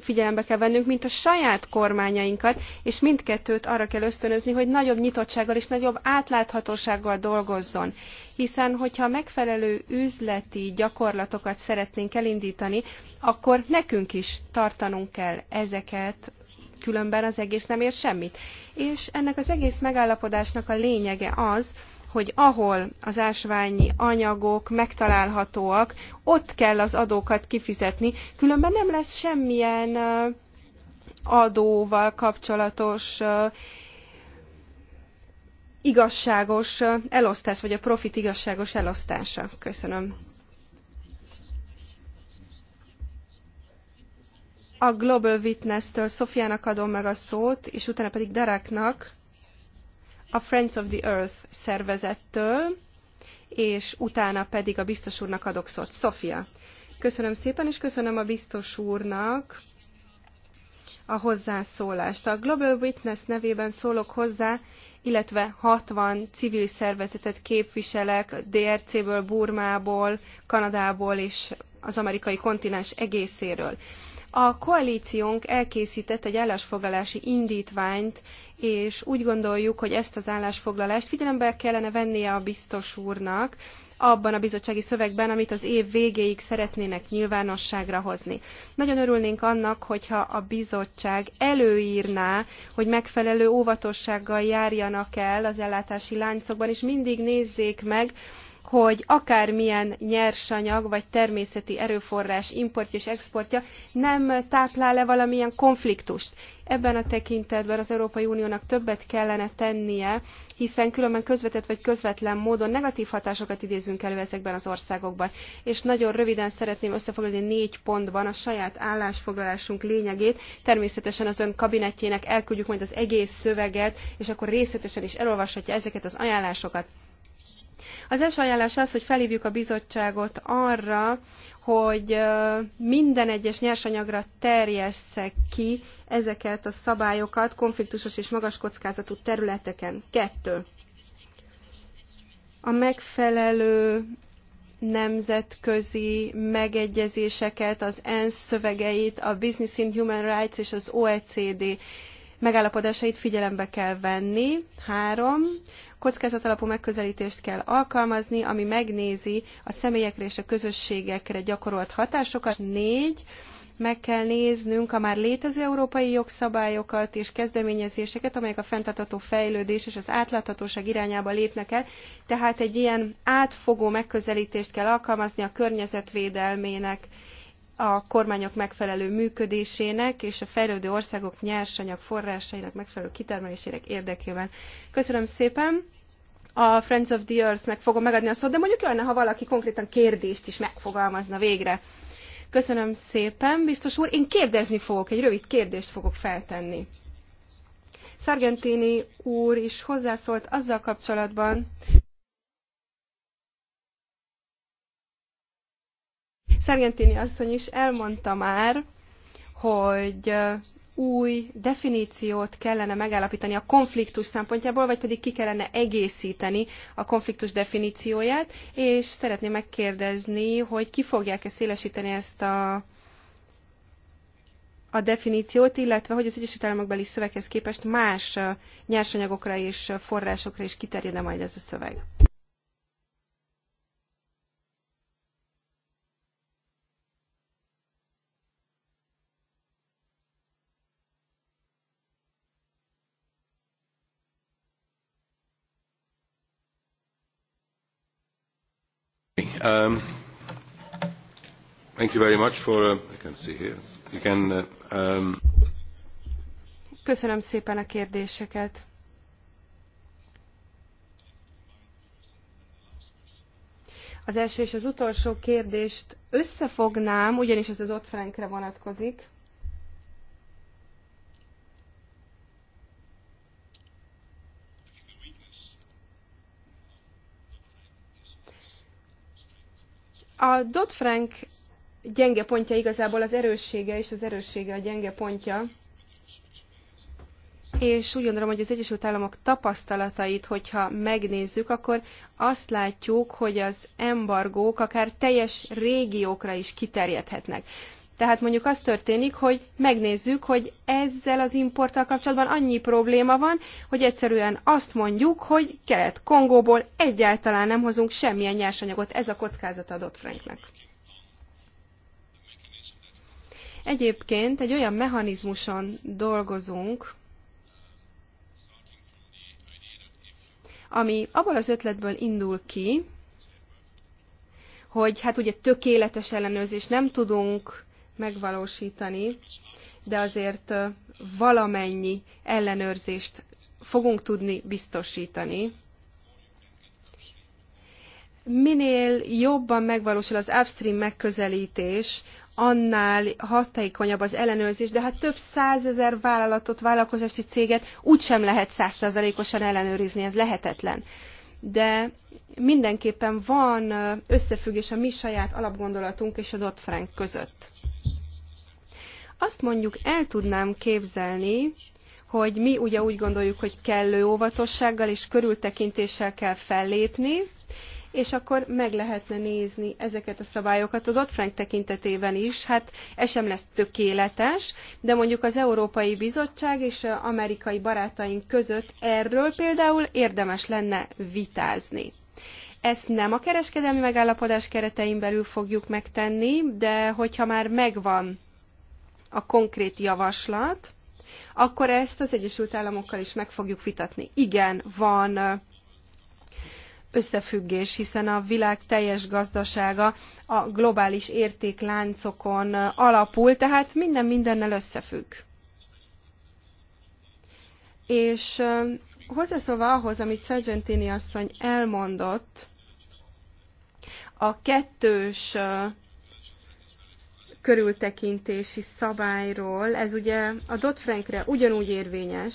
figyelembe kell vennünk, mint a saját kormányainkat, és mindkettőt arra kell ösztönözni, hogy nagyobb nyitottsággal és nagyobb átláthatósággal dolgozzon. Hiszen, hogyha megfelelő üzleti gyakorlatokat szeretnénk elindítani, akkor nekünk is tartanunk kell ezeket különben az egész nem ér semmit. És ennek az egész megállapodásnak a lényege az, hogy ahol az ásványi anyagok megtalálhatóak, ott kell az adókat kifizetni, különben nem lesz semmilyen adóval kapcsolatos igazságos elosztás, vagy a profit igazságos elosztása. Köszönöm. A Global Witness-től Szofiának adom meg a szót, és utána pedig Dereknak, a Friends of the Earth szervezettől, és utána pedig a biztos úrnak adok szót. Sofia, köszönöm szépen, és köszönöm a biztos úrnak a hozzászólást. A Global Witness nevében szólok hozzá, illetve 60 civil szervezetet képviselek DRC-ből, Burmából, Kanadából és az amerikai kontinens egészéről. A koalíciónk elkészített egy állásfoglalási indítványt, és úgy gondoljuk, hogy ezt az állásfoglalást figyelembe kellene vennie a biztos úrnak, abban a bizottsági szövegben, amit az év végéig szeretnének nyilvánosságra hozni. Nagyon örülnénk annak, hogyha a bizottság előírná, hogy megfelelő óvatossággal járjanak el az ellátási láncokban, és mindig nézzék meg, hogy akármilyen nyersanyag vagy természeti erőforrás importja és exportja nem táplál-e valamilyen konfliktust. Ebben a tekintetben az Európai Uniónak többet kellene tennie, hiszen különben közvetett vagy közvetlen módon negatív hatásokat idézünk elő ezekben az országokban. És nagyon röviden szeretném összefoglalni négy pontban a saját állásfoglalásunk lényegét. Természetesen az ön kabinetjének elküldjük majd az egész szöveget, és akkor részletesen is elolvashatja ezeket az ajánlásokat. Az első ajánlás az, hogy felhívjuk a bizottságot arra, hogy minden egyes nyersanyagra terjessze ki ezeket a szabályokat konfliktusos és magas kockázatú területeken. Kettő. A megfelelő nemzetközi megegyezéseket, az ENSZ szövegeit, a Business in Human Rights és az OECD megállapodásait figyelembe kell venni. Három, kockázatalapú megközelítést kell alkalmazni, ami megnézi a személyekre és a közösségekre gyakorolt hatásokat. Négy, meg kell néznünk a már létező európai jogszabályokat és kezdeményezéseket, amelyek a fenntartató fejlődés és az átláthatóság irányába lépnek el. Tehát egy ilyen átfogó megközelítést kell alkalmazni a környezetvédelmének a kormányok megfelelő működésének és a fejlődő országok nyersanyag forrásainak megfelelő kitermelésének érdekében. Köszönöm szépen! A Friends of the Earth-nek fogom megadni a szót, de mondjuk jönne, ha valaki konkrétan kérdést is megfogalmazna végre. Köszönöm szépen, biztos úr. Én kérdezni fogok, egy rövid kérdést fogok feltenni. Sargentini úr is hozzászólt azzal kapcsolatban, Szergentini asszony is elmondta már, hogy új definíciót kellene megállapítani a konfliktus szempontjából, vagy pedig ki kellene egészíteni a konfliktus definícióját, és szeretném megkérdezni, hogy ki fogják-e szélesíteni ezt a a definíciót, illetve hogy az Egyesült Államokbeli szöveghez képest más nyersanyagokra és forrásokra is kiterjed -e majd ez a szöveg. Um, thank you very much for, uh, I can see here, you can, uh, um... Köszönöm szépen a kérdéseket. Az első és az utolsó kérdést összefognám, ugyanis ez az ott Frankre vonatkozik. A Dodd-Frank gyenge pontja igazából az erőssége, és az erőssége a gyenge pontja. És úgy gondolom, hogy az Egyesült Államok tapasztalatait, hogyha megnézzük, akkor azt látjuk, hogy az embargók akár teljes régiókra is kiterjedhetnek. Tehát mondjuk az történik, hogy megnézzük, hogy ezzel az importtal kapcsolatban annyi probléma van, hogy egyszerűen azt mondjuk, hogy Kelet-Kongóból egyáltalán nem hozunk semmilyen nyersanyagot. Ez a kockázat adott Franknek. Egyébként egy olyan mechanizmuson dolgozunk, ami abból az ötletből indul ki, hogy hát ugye tökéletes ellenőrzés, nem tudunk megvalósítani, de azért valamennyi ellenőrzést fogunk tudni biztosítani. Minél jobban megvalósul az upstream megközelítés, annál hatékonyabb az ellenőrzés, de hát több százezer vállalatot, vállalkozási céget úgysem lehet százszerzalékosan ellenőrizni, ez lehetetlen. De mindenképpen van összefüggés a mi saját alapgondolatunk és a Dodd-Frank között. Azt mondjuk el tudnám képzelni, hogy mi ugye úgy gondoljuk, hogy kellő óvatossággal és körültekintéssel kell fellépni, és akkor meg lehetne nézni ezeket a szabályokat az ott frank tekintetében is. Hát ez sem lesz tökéletes, de mondjuk az Európai Bizottság és az amerikai barátaink között erről például érdemes lenne vitázni. Ezt nem a kereskedelmi megállapodás keretein belül fogjuk megtenni, de hogyha már megvan a konkrét javaslat, akkor ezt az Egyesült Államokkal is meg fogjuk vitatni. Igen, van összefüggés, hiszen a világ teljes gazdasága a globális értékláncokon alapul, tehát minden mindennel összefügg. És hozzászólva ahhoz, amit Sargentini asszony elmondott, a kettős körültekintési szabályról, ez ugye a Dodd-Frankre ugyanúgy érvényes,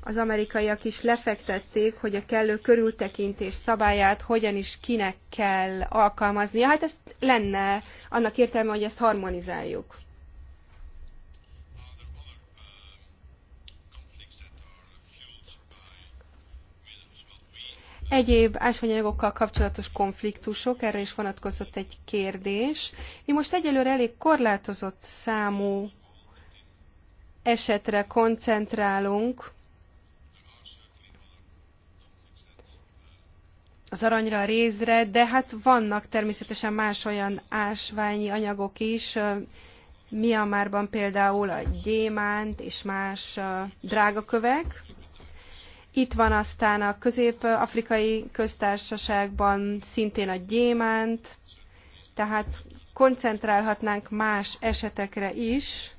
az amerikaiak is lefektették, hogy a kellő körültekintés szabályát hogyan is kinek kell alkalmaznia. Hát ezt lenne annak értelme, hogy ezt harmonizáljuk. egyéb ásványanyagokkal kapcsolatos konfliktusok, erre is vonatkozott egy kérdés. Mi most egyelőre elég korlátozott számú esetre koncentrálunk, az aranyra, a rézre, de hát vannak természetesen más olyan ásványi anyagok is, Miamárban például a gyémánt és más drágakövek. Itt van aztán a közép-afrikai köztársaságban szintén a gyémánt, tehát koncentrálhatnánk más esetekre is.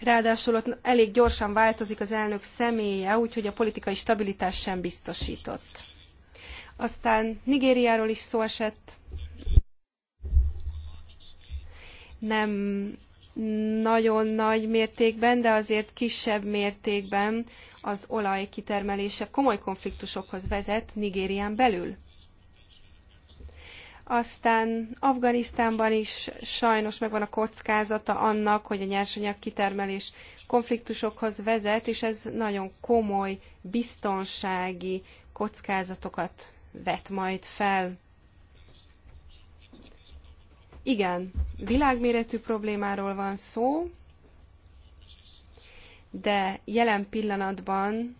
Ráadásul ott elég gyorsan változik az elnök személye, úgyhogy a politikai stabilitás sem biztosított. Aztán Nigériáról is szó esett. Nem nagyon nagy mértékben, de azért kisebb mértékben az olaj kitermelése komoly konfliktusokhoz vezet Nigérián belül. Aztán Afganisztánban is sajnos megvan a kockázata annak, hogy a nyersanyag kitermelés konfliktusokhoz vezet, és ez nagyon komoly biztonsági kockázatokat vet majd fel. Igen, világméretű problémáról van szó, de jelen pillanatban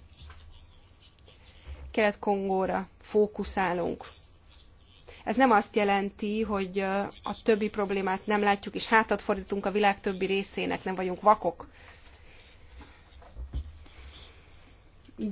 Kelet-Kongóra fókuszálunk. Ez nem azt jelenti, hogy a többi problémát nem látjuk, és hátat fordítunk a világ többi részének, nem vagyunk vakok.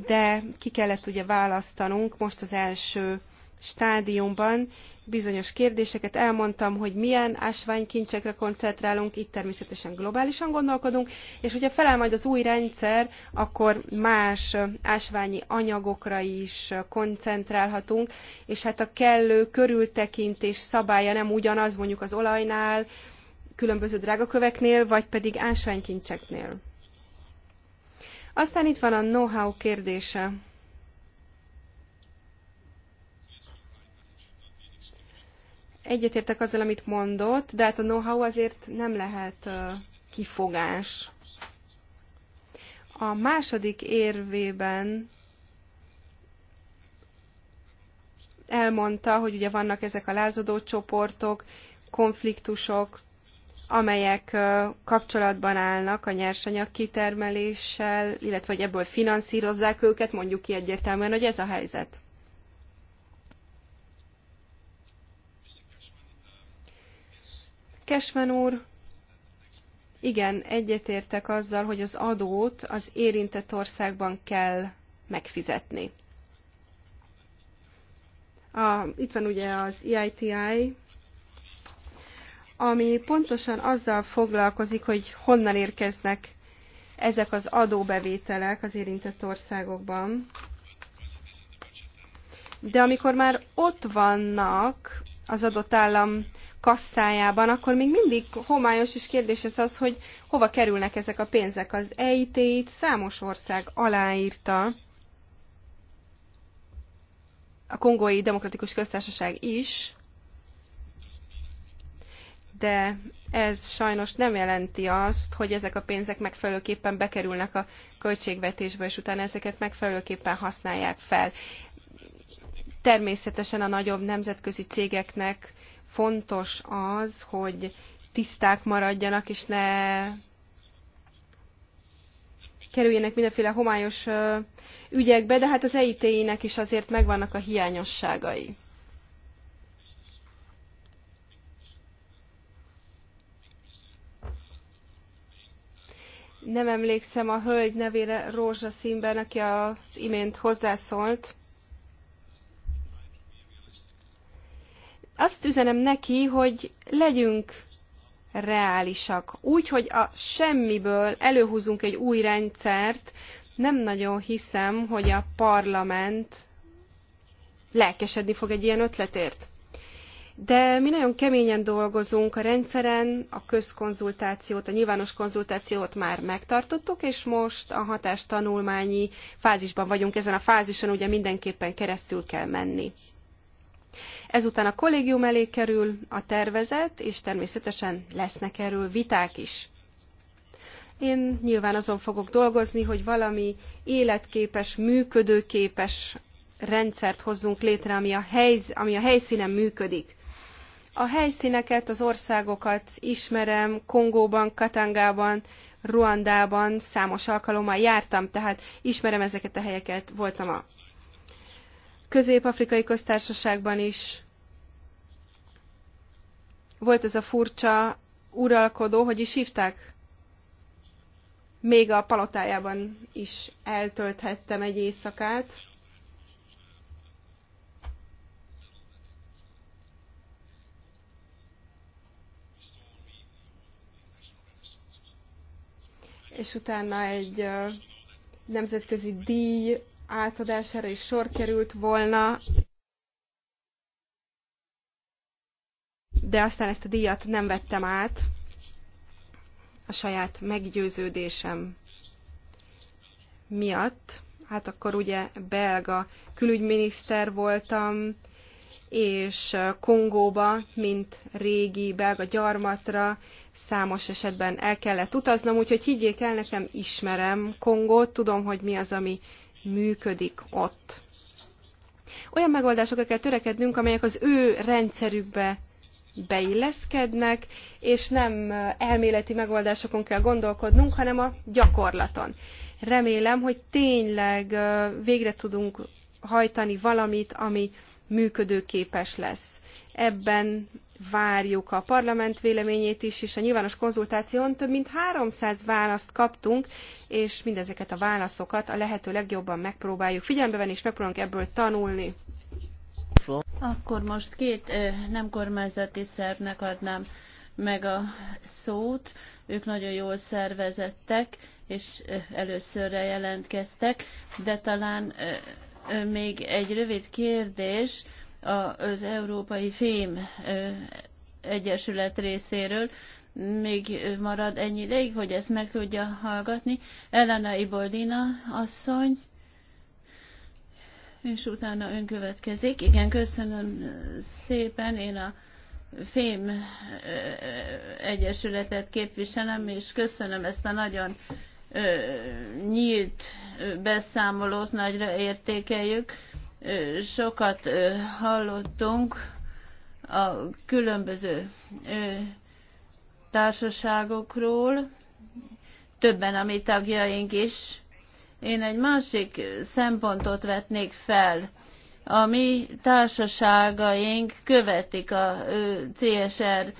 De ki kellett ugye választanunk most az első stádiumban bizonyos kérdéseket. Elmondtam, hogy milyen ásványkincsekre koncentrálunk, itt természetesen globálisan gondolkodunk, és hogyha feláll majd az új rendszer, akkor más ásványi anyagokra is koncentrálhatunk, és hát a kellő körültekintés szabálya nem ugyanaz mondjuk az olajnál, különböző drágaköveknél, vagy pedig ásványkincseknél. Aztán itt van a know-how kérdése. Egyetértek azzal, amit mondott, de hát a know-how azért nem lehet kifogás. A második érvében elmondta, hogy ugye vannak ezek a lázadó csoportok, konfliktusok, amelyek kapcsolatban állnak a nyersanyag kitermeléssel, illetve hogy ebből finanszírozzák őket, mondjuk ki egyértelműen, hogy ez a helyzet. Kesmen úr, igen, egyetértek azzal, hogy az adót az érintett országban kell megfizetni. A, itt van ugye az EITI, ami pontosan azzal foglalkozik, hogy honnan érkeznek ezek az adóbevételek az érintett országokban. De amikor már ott vannak, az adott állam kasszájában, akkor még mindig homályos és kérdéses az, hogy hova kerülnek ezek a pénzek. Az EIT-t számos ország aláírta, a Kongói Demokratikus Köztársaság is, de ez sajnos nem jelenti azt, hogy ezek a pénzek megfelelőképpen bekerülnek a költségvetésbe, és utána ezeket megfelelőképpen használják fel. Természetesen a nagyobb nemzetközi cégeknek fontos az, hogy tiszták maradjanak, és ne kerüljenek mindenféle homályos ügyekbe, de hát az EIT-nek is azért megvannak a hiányosságai. Nem emlékszem a hölgy nevére rózsaszínben, aki az imént hozzászólt. azt üzenem neki, hogy legyünk reálisak. Úgy, hogy a semmiből előhúzunk egy új rendszert, nem nagyon hiszem, hogy a parlament lelkesedni fog egy ilyen ötletért. De mi nagyon keményen dolgozunk a rendszeren, a közkonzultációt, a nyilvános konzultációt már megtartottuk, és most a hatástanulmányi fázisban vagyunk. Ezen a fázison ugye mindenképpen keresztül kell menni. Ezután a kollégium elé kerül a tervezet, és természetesen lesznek erről viták is. Én nyilván azon fogok dolgozni, hogy valami életképes, működőképes rendszert hozzunk létre, ami a, hely, ami a helyszínen működik. A helyszíneket, az országokat ismerem, Kongóban, Katangában, Ruandában számos alkalommal jártam, tehát ismerem ezeket a helyeket, voltam a Közép-Afrikai Köztársaságban is volt ez a furcsa uralkodó, hogy is hívták? Még a palotájában is eltölthettem egy éjszakát. és utána egy nemzetközi díj átadására is sor került volna, de aztán ezt a díjat nem vettem át a saját meggyőződésem miatt. Hát akkor ugye belga külügyminiszter voltam, és Kongóba, mint régi belga gyarmatra számos esetben el kellett utaznom, úgyhogy higgyék el, nekem ismerem Kongót, tudom, hogy mi az, ami működik ott. Olyan megoldásokra kell törekednünk, amelyek az ő rendszerükbe beilleszkednek, és nem elméleti megoldásokon kell gondolkodnunk, hanem a gyakorlaton. Remélem, hogy tényleg végre tudunk hajtani valamit, ami működőképes lesz. Ebben várjuk a parlament véleményét is, és a nyilvános konzultáción több mint 300 választ kaptunk, és mindezeket a válaszokat a lehető legjobban megpróbáljuk figyelembe venni, és megpróbálunk ebből tanulni. Akkor most két nem kormányzati szervnek adnám meg a szót. Ők nagyon jól szervezettek, és előszörre jelentkeztek, de talán még egy rövid kérdés az Európai Fém Egyesület részéről, még marad ennyi ideig, hogy ezt meg tudja hallgatni. Elena Iboldina asszony, és utána ön következik. Igen, köszönöm szépen. Én a Fém Egyesületet képviselem, és köszönöm ezt a nagyon nyílt beszámolót, nagyra értékeljük sokat hallottunk a különböző társaságokról, többen a mi tagjaink is. Én egy másik szempontot vetnék fel. A mi társaságaink követik a CSR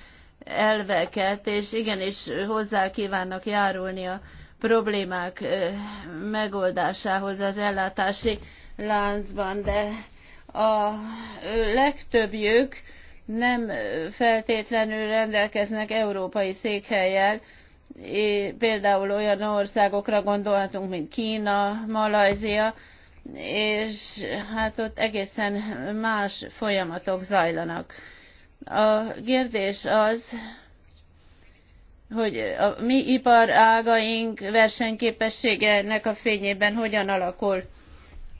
elveket, és igenis hozzá kívánnak járulni a problémák megoldásához az ellátási láncban, de a legtöbbjük nem feltétlenül rendelkeznek európai székhelyel, például olyan országokra gondolhatunk, mint Kína, Malajzia, és hát ott egészen más folyamatok zajlanak. A kérdés az, hogy a mi iparágaink versenyképessége ennek a fényében hogyan alakul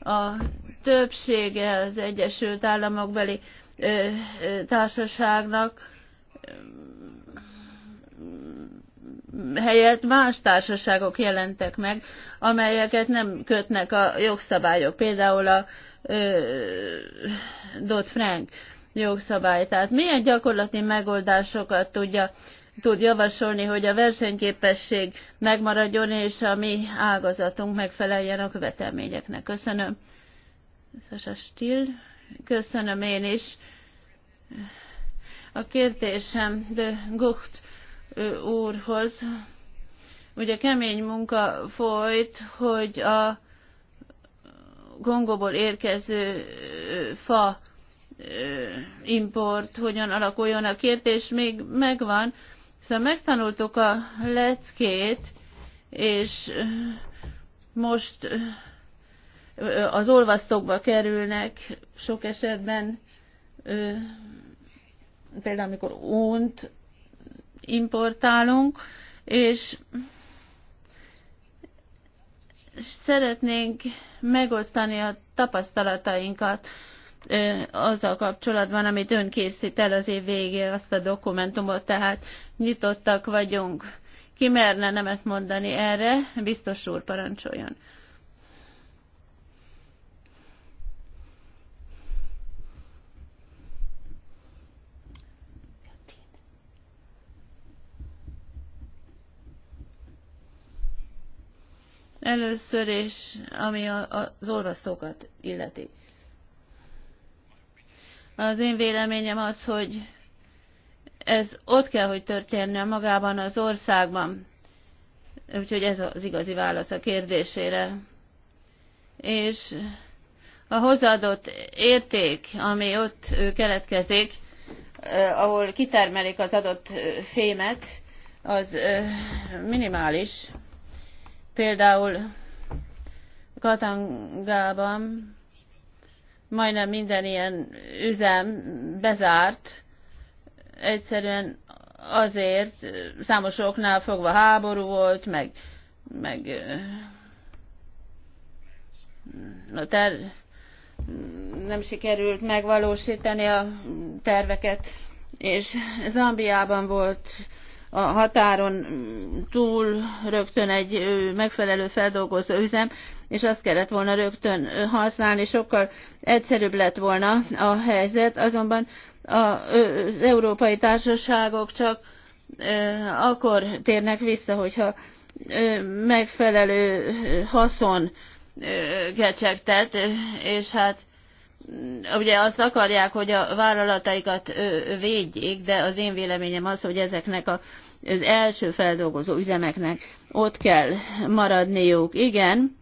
a többsége az Egyesült Államok beli társaságnak helyett más társaságok jelentek meg, amelyeket nem kötnek a jogszabályok, például a Dodd-Frank jogszabály. Tehát milyen gyakorlati megoldásokat tudja tud javasolni, hogy a versenyképesség megmaradjon, és a mi ágazatunk megfeleljen a követelményeknek. Köszönöm. Sasa Stil. Köszönöm én is. A kérdésem de Gucht úrhoz. Ugye kemény munka folyt, hogy a Kongóból érkező fa import hogyan alakuljon a kérdés, még megvan, Szóval megtanultuk a leckét, és most az olvasztókba kerülnek sok esetben, például amikor ónt importálunk, és szeretnénk megosztani a tapasztalatainkat azzal kapcsolatban, amit ön készít el az év végé, azt a dokumentumot, tehát nyitottak vagyunk. Ki merne nemet mondani erre? Biztos úr, parancsoljon. Először is, ami a, az olvasztókat illeti. Az én véleményem az, hogy ez ott kell, hogy történjen magában az országban. Úgyhogy ez az igazi válasz a kérdésére. És a hozzáadott érték, ami ott keletkezik, eh, ahol kitermelik az adott eh, fémet, az eh, minimális. Például Katangában majdnem minden ilyen üzem bezárt, egyszerűen azért számos oknál fogva háború volt, meg, meg a ter, nem sikerült megvalósítani a terveket, és Zambiában volt a határon túl rögtön egy megfelelő feldolgozó üzem, és azt kellett volna rögtön használni, sokkal egyszerűbb lett volna a helyzet, azonban az európai társaságok csak akkor térnek vissza, hogyha megfelelő haszon kecsegtet, és hát mm, ugye azt akarják, hogy a vállalataikat védjék, de az én véleményem az, hogy ezeknek a, az első feldolgozó üzemeknek ott kell maradniuk. Igen,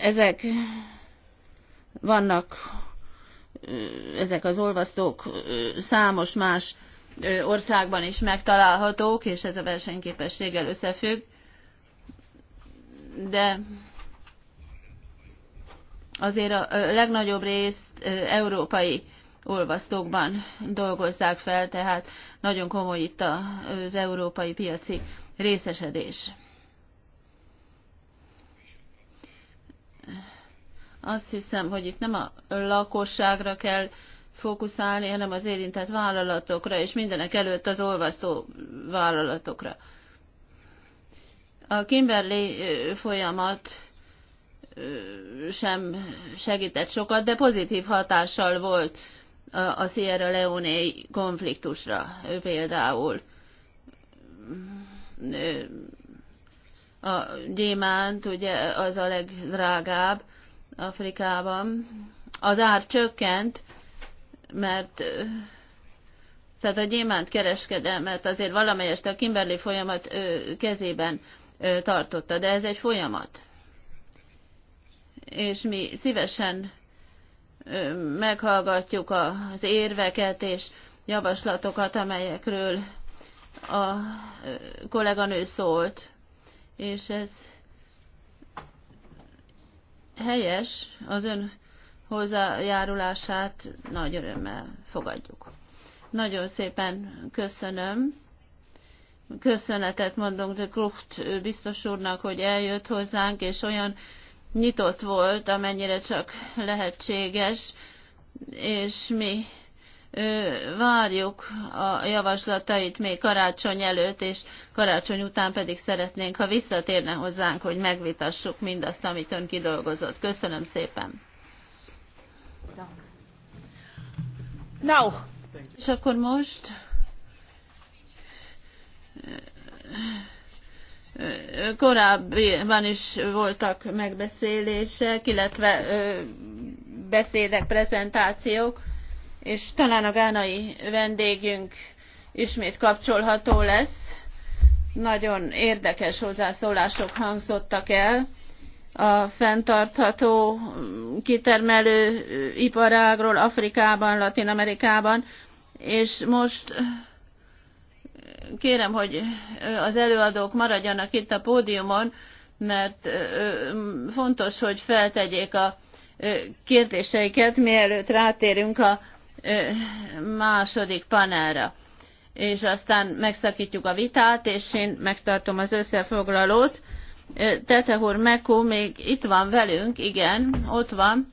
ezek vannak ezek az olvasztók számos más országban is megtalálhatók, és ez a versenyképességgel összefügg, de azért a legnagyobb részt európai olvasztókban dolgozzák fel, tehát nagyon komoly itt az európai piaci részesedés. Azt hiszem, hogy itt nem a lakosságra kell fókuszálni, hanem az érintett vállalatokra, és mindenek előtt az olvasztó vállalatokra. A Kimberley folyamat sem segített sokat, de pozitív hatással volt a Sierra leone konfliktusra például. A gyémánt ugye az a legdrágább, Afrikában. Az ár csökkent, mert tehát a gyémánt kereskedelmet azért valamelyest a Kimberley folyamat kezében tartotta, de ez egy folyamat. És mi szívesen meghallgatjuk az érveket és javaslatokat, amelyekről a kolléganő szólt, és ez helyes az ön hozzájárulását nagy örömmel fogadjuk. Nagyon szépen köszönöm. Köszönetet mondunk de Krucht biztos úrnak, hogy eljött hozzánk, és olyan nyitott volt, amennyire csak lehetséges, és mi várjuk a javaslatait még karácsony előtt, és karácsony után pedig szeretnénk, ha visszatérne hozzánk, hogy megvitassuk mindazt, amit ön kidolgozott. Köszönöm szépen. Now. És akkor most korábban is voltak megbeszélések, illetve beszédek, prezentációk és talán a gánai vendégünk ismét kapcsolható lesz. Nagyon érdekes hozzászólások hangzottak el a fenntartható kitermelő iparágról Afrikában, Latin Amerikában, és most kérem, hogy az előadók maradjanak itt a pódiumon, mert fontos, hogy feltegyék a kérdéseiket, mielőtt rátérünk a második panelra. És aztán megszakítjuk a vitát, és én megtartom az összefoglalót. úr Meku még itt van velünk, igen, ott van.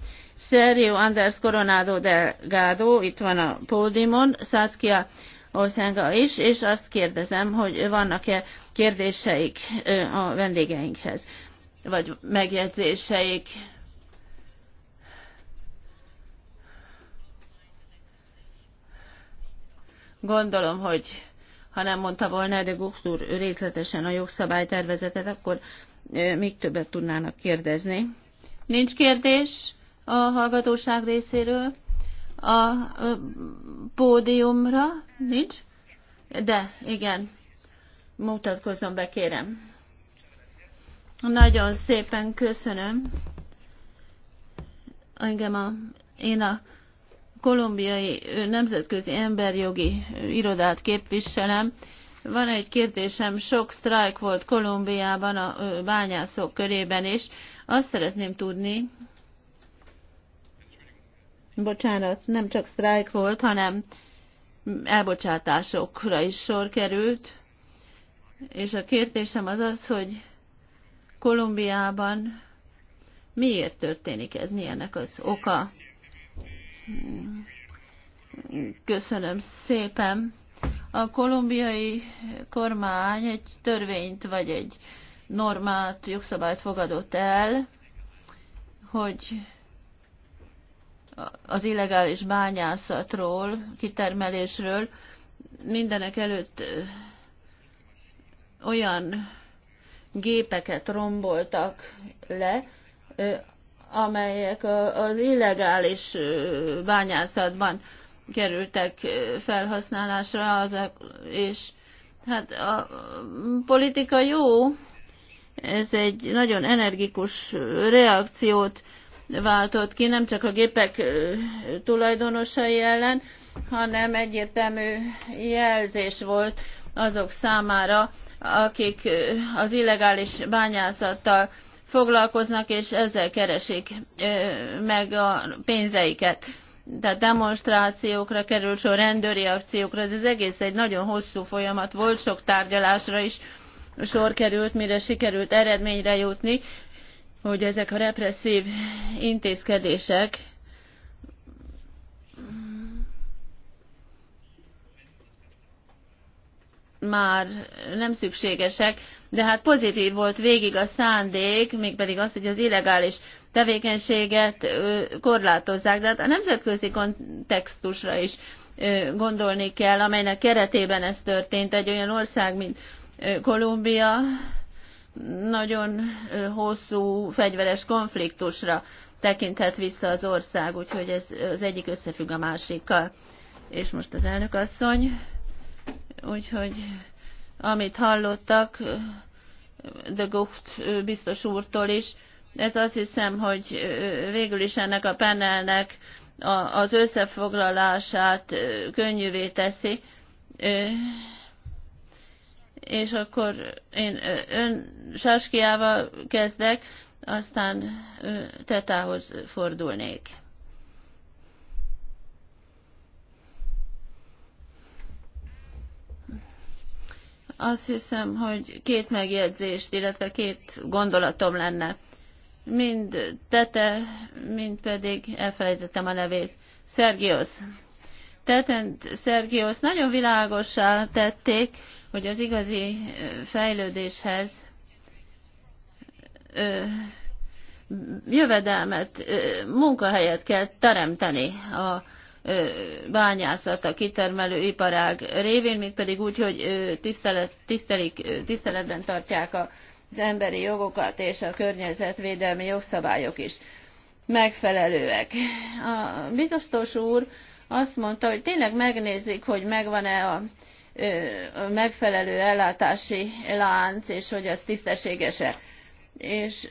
Sergio Anders Coronado Delgado, itt van a pódimon, Saskia Olszenga is, és azt kérdezem, hogy vannak-e kérdéseik a vendégeinkhez, vagy megjegyzéseik Gondolom, hogy ha nem mondta volna de Gucht részletesen a jogszabálytervezetet, akkor még többet tudnának kérdezni. Nincs kérdés a hallgatóság részéről a pódiumra? Nincs? De, igen. Mutatkozzon be, kérem. Nagyon szépen köszönöm. Engem a, én a kolumbiai nemzetközi emberjogi irodát képviselem. Van egy kérdésem, sok sztrájk volt Kolumbiában a bányászok körében is. Azt szeretném tudni, bocsánat, nem csak sztrájk volt, hanem elbocsátásokra is sor került. És a kérdésem az az, hogy Kolumbiában miért történik ez, mi az oka? Köszönöm szépen. A kolumbiai kormány egy törvényt vagy egy normát, jogszabályt fogadott el, hogy az illegális bányászatról, kitermelésről mindenek előtt olyan gépeket romboltak le, amelyek az illegális bányászatban kerültek felhasználásra, azok, és hát a politika jó, ez egy nagyon energikus reakciót váltott ki, nem csak a gépek tulajdonosai ellen, hanem egyértelmű jelzés volt azok számára, akik az illegális bányászattal foglalkoznak, és ezzel keresik meg a pénzeiket. Tehát demonstrációkra kerül sor, rendőri akciókra, ez az egész egy nagyon hosszú folyamat volt, sok tárgyalásra is sor került, mire sikerült eredményre jutni, hogy ezek a represszív intézkedések már nem szükségesek, de hát pozitív volt végig a szándék, mégpedig az, hogy az illegális tevékenységet korlátozzák, de hát a nemzetközi kontextusra is gondolni kell, amelynek keretében ez történt. Egy olyan ország, mint Kolumbia, nagyon hosszú fegyveres konfliktusra tekinthet vissza az ország, úgyhogy ez az egyik összefügg a másikkal. És most az elnök asszony, úgyhogy amit hallottak de Gucht biztos úrtól is, ez azt hiszem, hogy végül is ennek a panelnek az összefoglalását könnyűvé teszi. És akkor én ön Saskiával kezdek, aztán tetához fordulnék. Azt hiszem, hogy két megjegyzést, illetve két gondolatom lenne. Mind Tete, mind pedig elfelejtettem a nevét. Szergiosz. Tetent Szergiosz nagyon világosá tették, hogy az igazi fejlődéshez ö, jövedelmet, munkahelyet kell teremteni a bányászat, a kitermelő iparág révén, mint pedig úgy, hogy tisztelet, tisztelik, tiszteletben tartják az emberi jogokat és a környezetvédelmi jogszabályok is megfelelőek. A biztos úr azt mondta, hogy tényleg megnézik, hogy megvan-e a megfelelő ellátási lánc, és hogy az tisztességes-e. És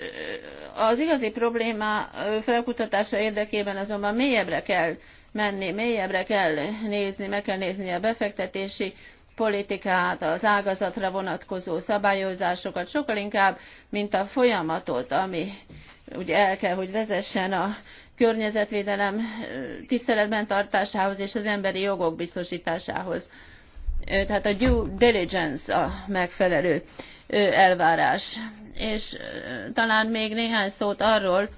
az igazi probléma felkutatása érdekében azonban mélyebbre kell menni, mélyebbre kell nézni, meg kell nézni a befektetési politikát, az ágazatra vonatkozó szabályozásokat, sokkal inkább, mint a folyamatot, ami ugye el kell, hogy vezessen a környezetvédelem tiszteletben tartásához és az emberi jogok biztosításához. Tehát a due diligence a megfelelő elvárás. És talán még néhány szót arról,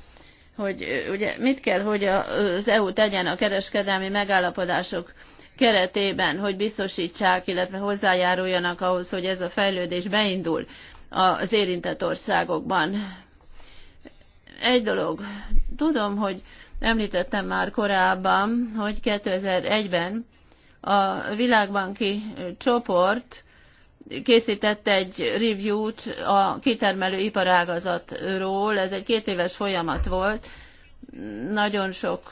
hogy ugye mit kell, hogy az EU tegyen a kereskedelmi megállapodások keretében, hogy biztosítsák, illetve hozzájáruljanak ahhoz, hogy ez a fejlődés beindul az érintett országokban. Egy dolog, tudom, hogy említettem már korábban, hogy 2001-ben a világbanki csoport készített egy review-t a kitermelő iparágazatról, ez egy két éves folyamat volt, nagyon sok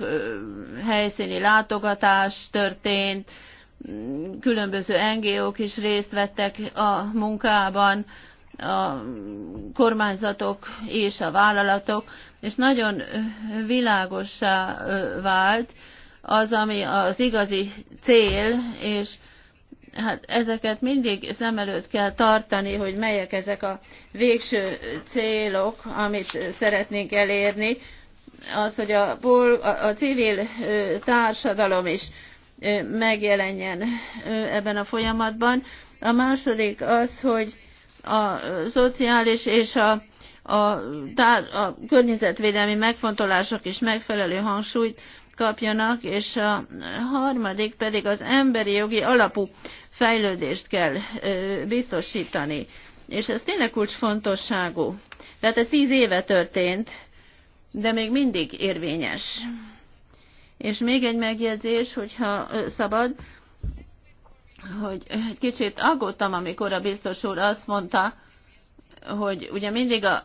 helyszíni látogatás történt, különböző NGO-k is részt vettek a munkában, a kormányzatok és a vállalatok, és nagyon világossá vált az, ami az igazi cél, és hát ezeket mindig szem előtt kell tartani, hogy melyek ezek a végső célok, amit szeretnénk elérni, az, hogy a, a civil társadalom is megjelenjen ebben a folyamatban. A második az, hogy a szociális és a, a, a környezetvédelmi megfontolások is megfelelő hangsúlyt kapjanak, és a harmadik pedig az emberi jogi alapú fejlődést kell biztosítani. És ez tényleg kulcsfontosságú. Tehát ez tíz éve történt, de még mindig érvényes. És még egy megjegyzés, hogyha szabad, hogy egy kicsit aggódtam, amikor a biztos úr azt mondta, hogy ugye mindig a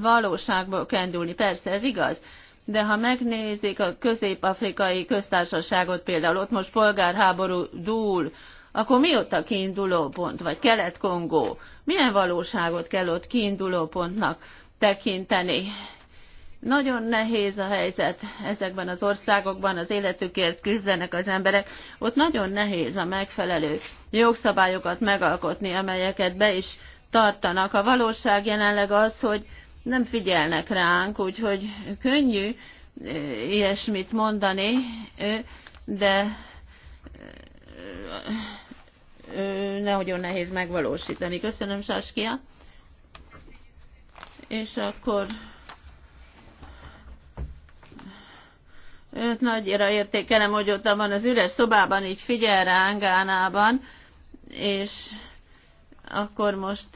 valóságból indulni. Persze, ez igaz, de ha megnézik a közép-afrikai köztársaságot, például ott most polgárháború dúl, akkor mi ott a kiinduló pont, vagy Kelet-Kongó? Milyen valóságot kell ott kiinduló pontnak tekinteni? Nagyon nehéz a helyzet ezekben az országokban, az életükért küzdenek az emberek. Ott nagyon nehéz a megfelelő jogszabályokat megalkotni, amelyeket be is tartanak. A valóság jelenleg az, hogy nem figyelnek ránk, úgyhogy könnyű ilyesmit mondani, de nagyon nehéz megvalósítani. Köszönöm, Saskia. És akkor őt nagyra értékelem, hogy ott van az üres szobában, így figyel ránk Gánában, és akkor most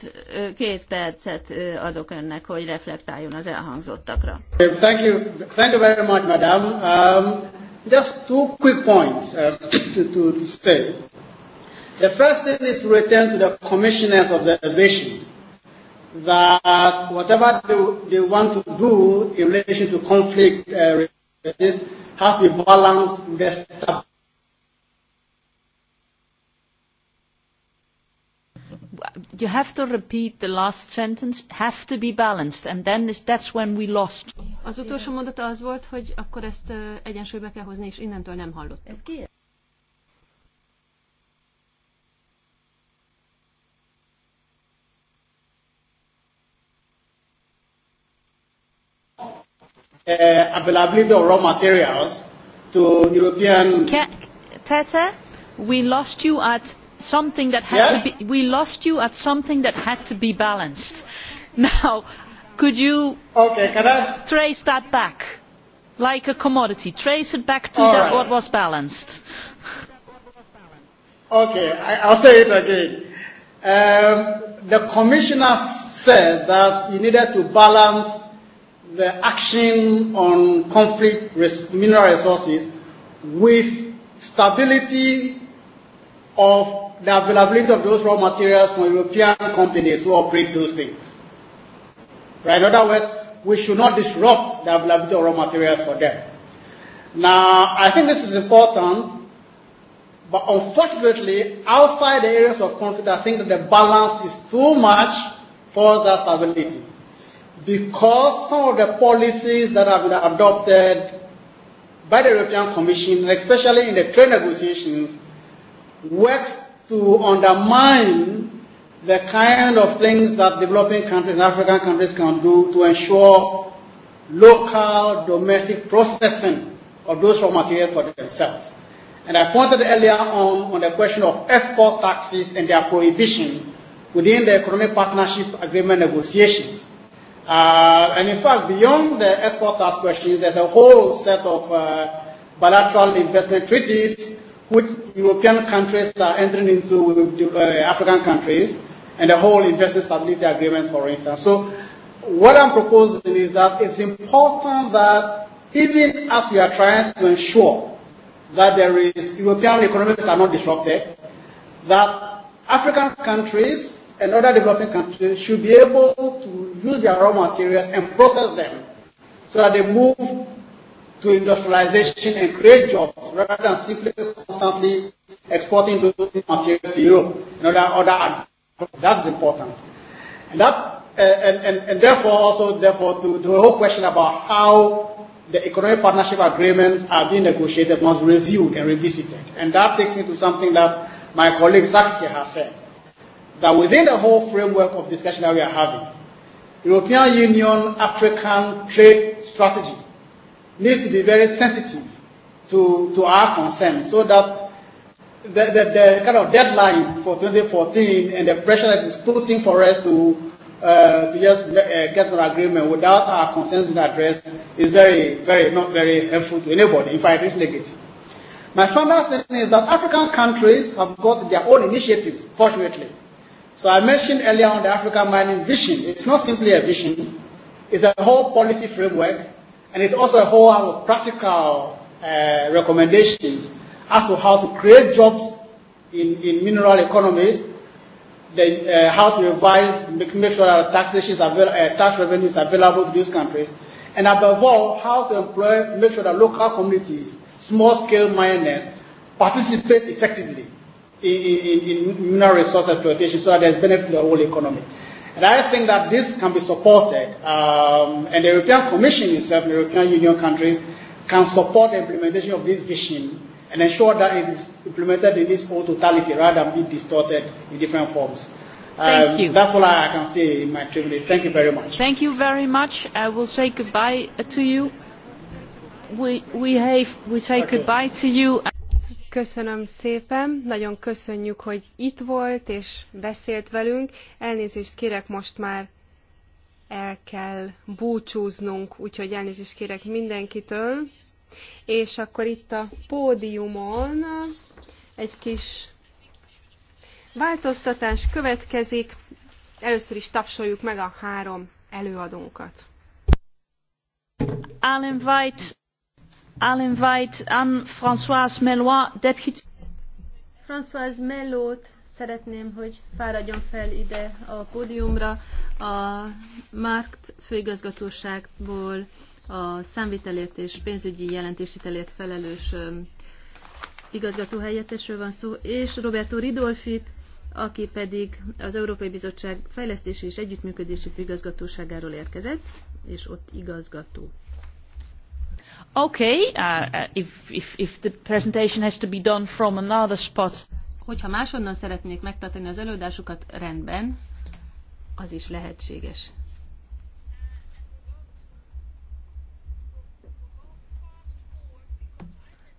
két percet adok önnek, hogy reflektáljon az elhangzottakra. Thank you, thank you very much, madam. Um, just two quick points uh, to, to, say. The first thing is to return to the commissioners of the vision that whatever they, they want to do in relation to conflict uh, has to be balanced with the you have to repeat the last sentence, have to be balanced, and then this, that's when we lost. Az utolsó mondata az volt, hogy akkor ezt uh, egyensúlybe kell hozni, és innentől nem hallott. Ez ki? uh, availability of raw materials to European. Tete, we lost you at something that had yes? to be, we lost you at something that had to be balanced. Now, could you okay, can I? trace that back, like a commodity? Trace it back to that right. what was balanced. Okay, I, I'll say it again. Um, the commissioner said that he needed to balance the action on conflict res- mineral resources with stability of the availability of those raw materials from European companies who operate those things. Right? In other words, we should not disrupt the availability of raw materials for them. Now, I think this is important, but unfortunately, outside the areas of conflict, I think that the balance is too much for that stability. Because some of the policies that have been adopted by the European Commission, especially in the trade negotiations, works to undermine the kind of things that developing countries and African countries can do to ensure local domestic processing of those raw materials for themselves. And I pointed earlier on on the question of export taxes and their prohibition within the economic partnership agreement negotiations. Uh, and in fact, beyond the export tax question, there's a whole set of uh, bilateral investment treaties which European countries are entering into with uh, African countries, and the whole investment stability agreements, for instance. So what I'm proposing is that it's important that even as we are trying to ensure that there is European economies are not disrupted, that African countries and other developing countries should be able to use their raw materials and process them so that they move to industrialization and create jobs rather than simply constantly exporting those materials to Europe in order, order that's important. And that uh, and, and, and therefore also therefore to, to the whole question about how the economic partnership agreements are being negotiated must be reviewed and revisited. And that takes me to something that my colleague Saskia has said. That within the whole framework of discussion that we are having, European Union African trade strategy needs to be very sensitive to, to our concerns so that the, the, the kind of deadline for 2014 and the pressure that is putting for us to, uh, to just uh, get an agreement without our concerns being addressed is very, very, not very helpful to anybody. In fact, it's negative. My final thing is that African countries have got their own initiatives, fortunately. So I mentioned earlier on the African mining vision. It's not simply a vision. It's a whole policy framework And it's also a whole lot of practical uh, recommendations as to how to create jobs in, in mineral economies, the, uh, how to revise, make, make sure that taxation is avail- uh, tax revenue is available to these countries, and above all, how to employ, make sure that local communities, small-scale miners, participate effectively in, in, in mineral resource exploitation so that there's benefit to the whole economy. And I think that this can be supported, um, and the European Commission itself the European Union countries can support the implementation of this vision and ensure that it is implemented in its whole totality rather than be distorted in different forms. Thank um, you. That's all I can say in my three minutes. Thank you very much. Thank you very much. I will say goodbye to you. We, we, have, we say okay. goodbye to you. And Köszönöm szépen, nagyon köszönjük, hogy itt volt és beszélt velünk. Elnézést kérek, most már el kell búcsúznunk, úgyhogy elnézést kérek mindenkitől. És akkor itt a pódiumon egy kis változtatás következik. Először is tapsoljuk meg a három előadónkat. I'll invite I'll invite Anne-Françoise Melois, deputy... Françoise Melót szeretném, hogy fáradjon fel ide a pódiumra a Markt főigazgatóságból a számvitelért és pénzügyi jelentésítelért felelős igazgató van szó, és Roberto Ridolfit, aki pedig az Európai Bizottság fejlesztési és együttműködési főigazgatóságáról érkezett, és ott igazgató okay, uh, uh, if, if, if the presentation has to be done from another spot. Hogyha máshonnan szeretnék megtartani az előadásukat, rendben, az is lehetséges.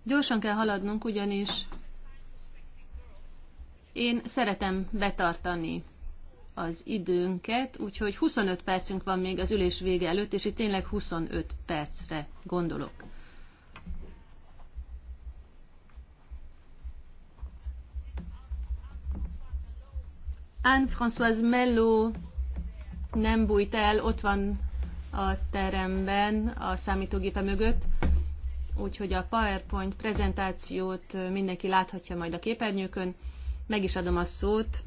Gyorsan kell haladnunk, ugyanis én szeretem betartani az időnket, úgyhogy 25 percünk van még az ülés vége előtt, és itt tényleg 25 percre gondolok. Anne-Françoise Mello nem bújt el, ott van a teremben, a számítógépe mögött, úgyhogy a PowerPoint prezentációt mindenki láthatja majd a képernyőkön. Meg is adom a szót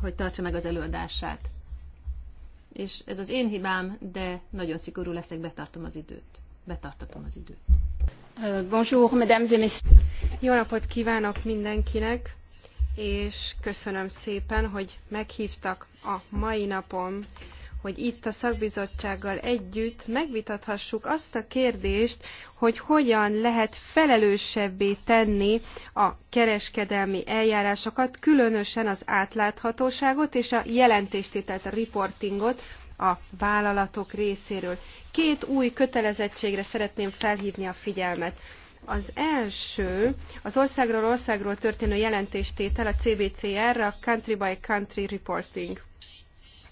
hogy tartsa meg az előadását. És ez az én hibám, de nagyon szigorú leszek, betartom az időt. Betartatom az időt. Uh, bonjour, mesdames et messieurs. Jó napot kívánok mindenkinek, és köszönöm szépen, hogy meghívtak a mai napon hogy itt a szakbizottsággal együtt megvitathassuk azt a kérdést, hogy hogyan lehet felelősebbé tenni a kereskedelmi eljárásokat, különösen az átláthatóságot és a jelentéstételt, a reportingot a vállalatok részéről. Két új kötelezettségre szeretném felhívni a figyelmet. Az első az országról országról történő jelentéstétel a CBCR, a Country by Country Reporting.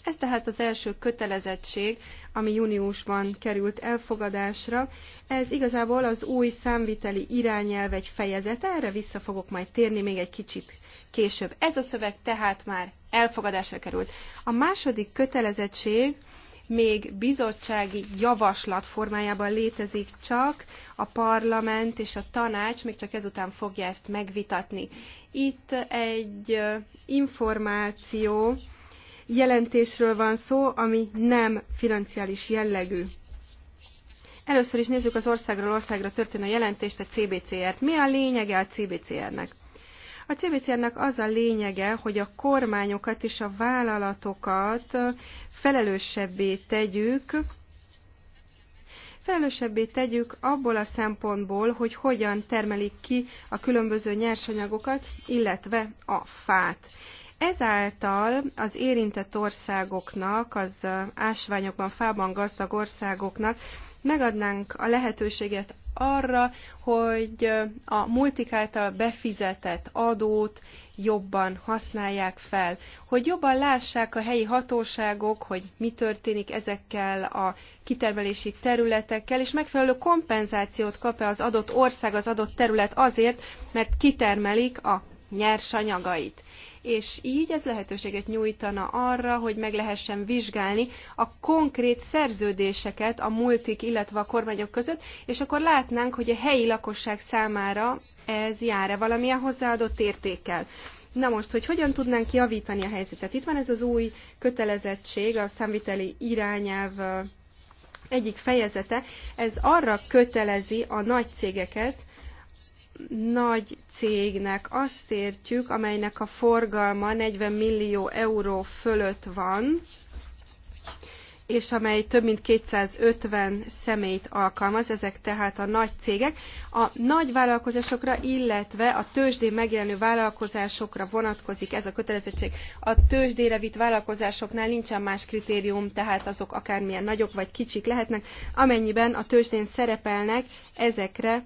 Ez tehát az első kötelezettség, ami júniusban került elfogadásra. Ez igazából az új számviteli irányelv egy fejezet, erre vissza fogok majd térni még egy kicsit később. Ez a szöveg tehát már elfogadásra került. A második kötelezettség még bizottsági javaslat formájában létezik csak, a parlament és a tanács még csak ezután fogja ezt megvitatni. Itt egy információ, jelentésről van szó, ami nem financiális jellegű. Először is nézzük az országról országra történő jelentést, a CBCR-t. Mi a lényege a CBCR-nek? A CBCR-nek az a lényege, hogy a kormányokat és a vállalatokat felelősebbé tegyük, felelősebbé tegyük abból a szempontból, hogy hogyan termelik ki a különböző nyersanyagokat, illetve a fát. Ezáltal az érintett országoknak, az ásványokban, fában gazdag országoknak megadnánk a lehetőséget arra, hogy a multik által befizetett adót jobban használják fel, hogy jobban lássák a helyi hatóságok, hogy mi történik ezekkel a kitermelési területekkel, és megfelelő kompenzációt kap-e az adott ország, az adott terület azért, mert kitermelik a nyersanyagait és így ez lehetőséget nyújtana arra, hogy meg lehessen vizsgálni a konkrét szerződéseket a multik, illetve a kormányok között, és akkor látnánk, hogy a helyi lakosság számára ez jár-e valamilyen hozzáadott értékkel. Na most, hogy hogyan tudnánk javítani a helyzetet? Itt van ez az új kötelezettség, a számviteli irányelv egyik fejezete. Ez arra kötelezi a nagy cégeket, nagy cégnek azt értjük, amelynek a forgalma 40 millió euró fölött van, és amely több mint 250 személyt alkalmaz, ezek tehát a nagy cégek. A nagy vállalkozásokra, illetve a tőzsdén megjelenő vállalkozásokra vonatkozik ez a kötelezettség. A tőzsdére vitt vállalkozásoknál nincsen más kritérium, tehát azok akármilyen nagyok vagy kicsik lehetnek, amennyiben a tőzsdén szerepelnek, ezekre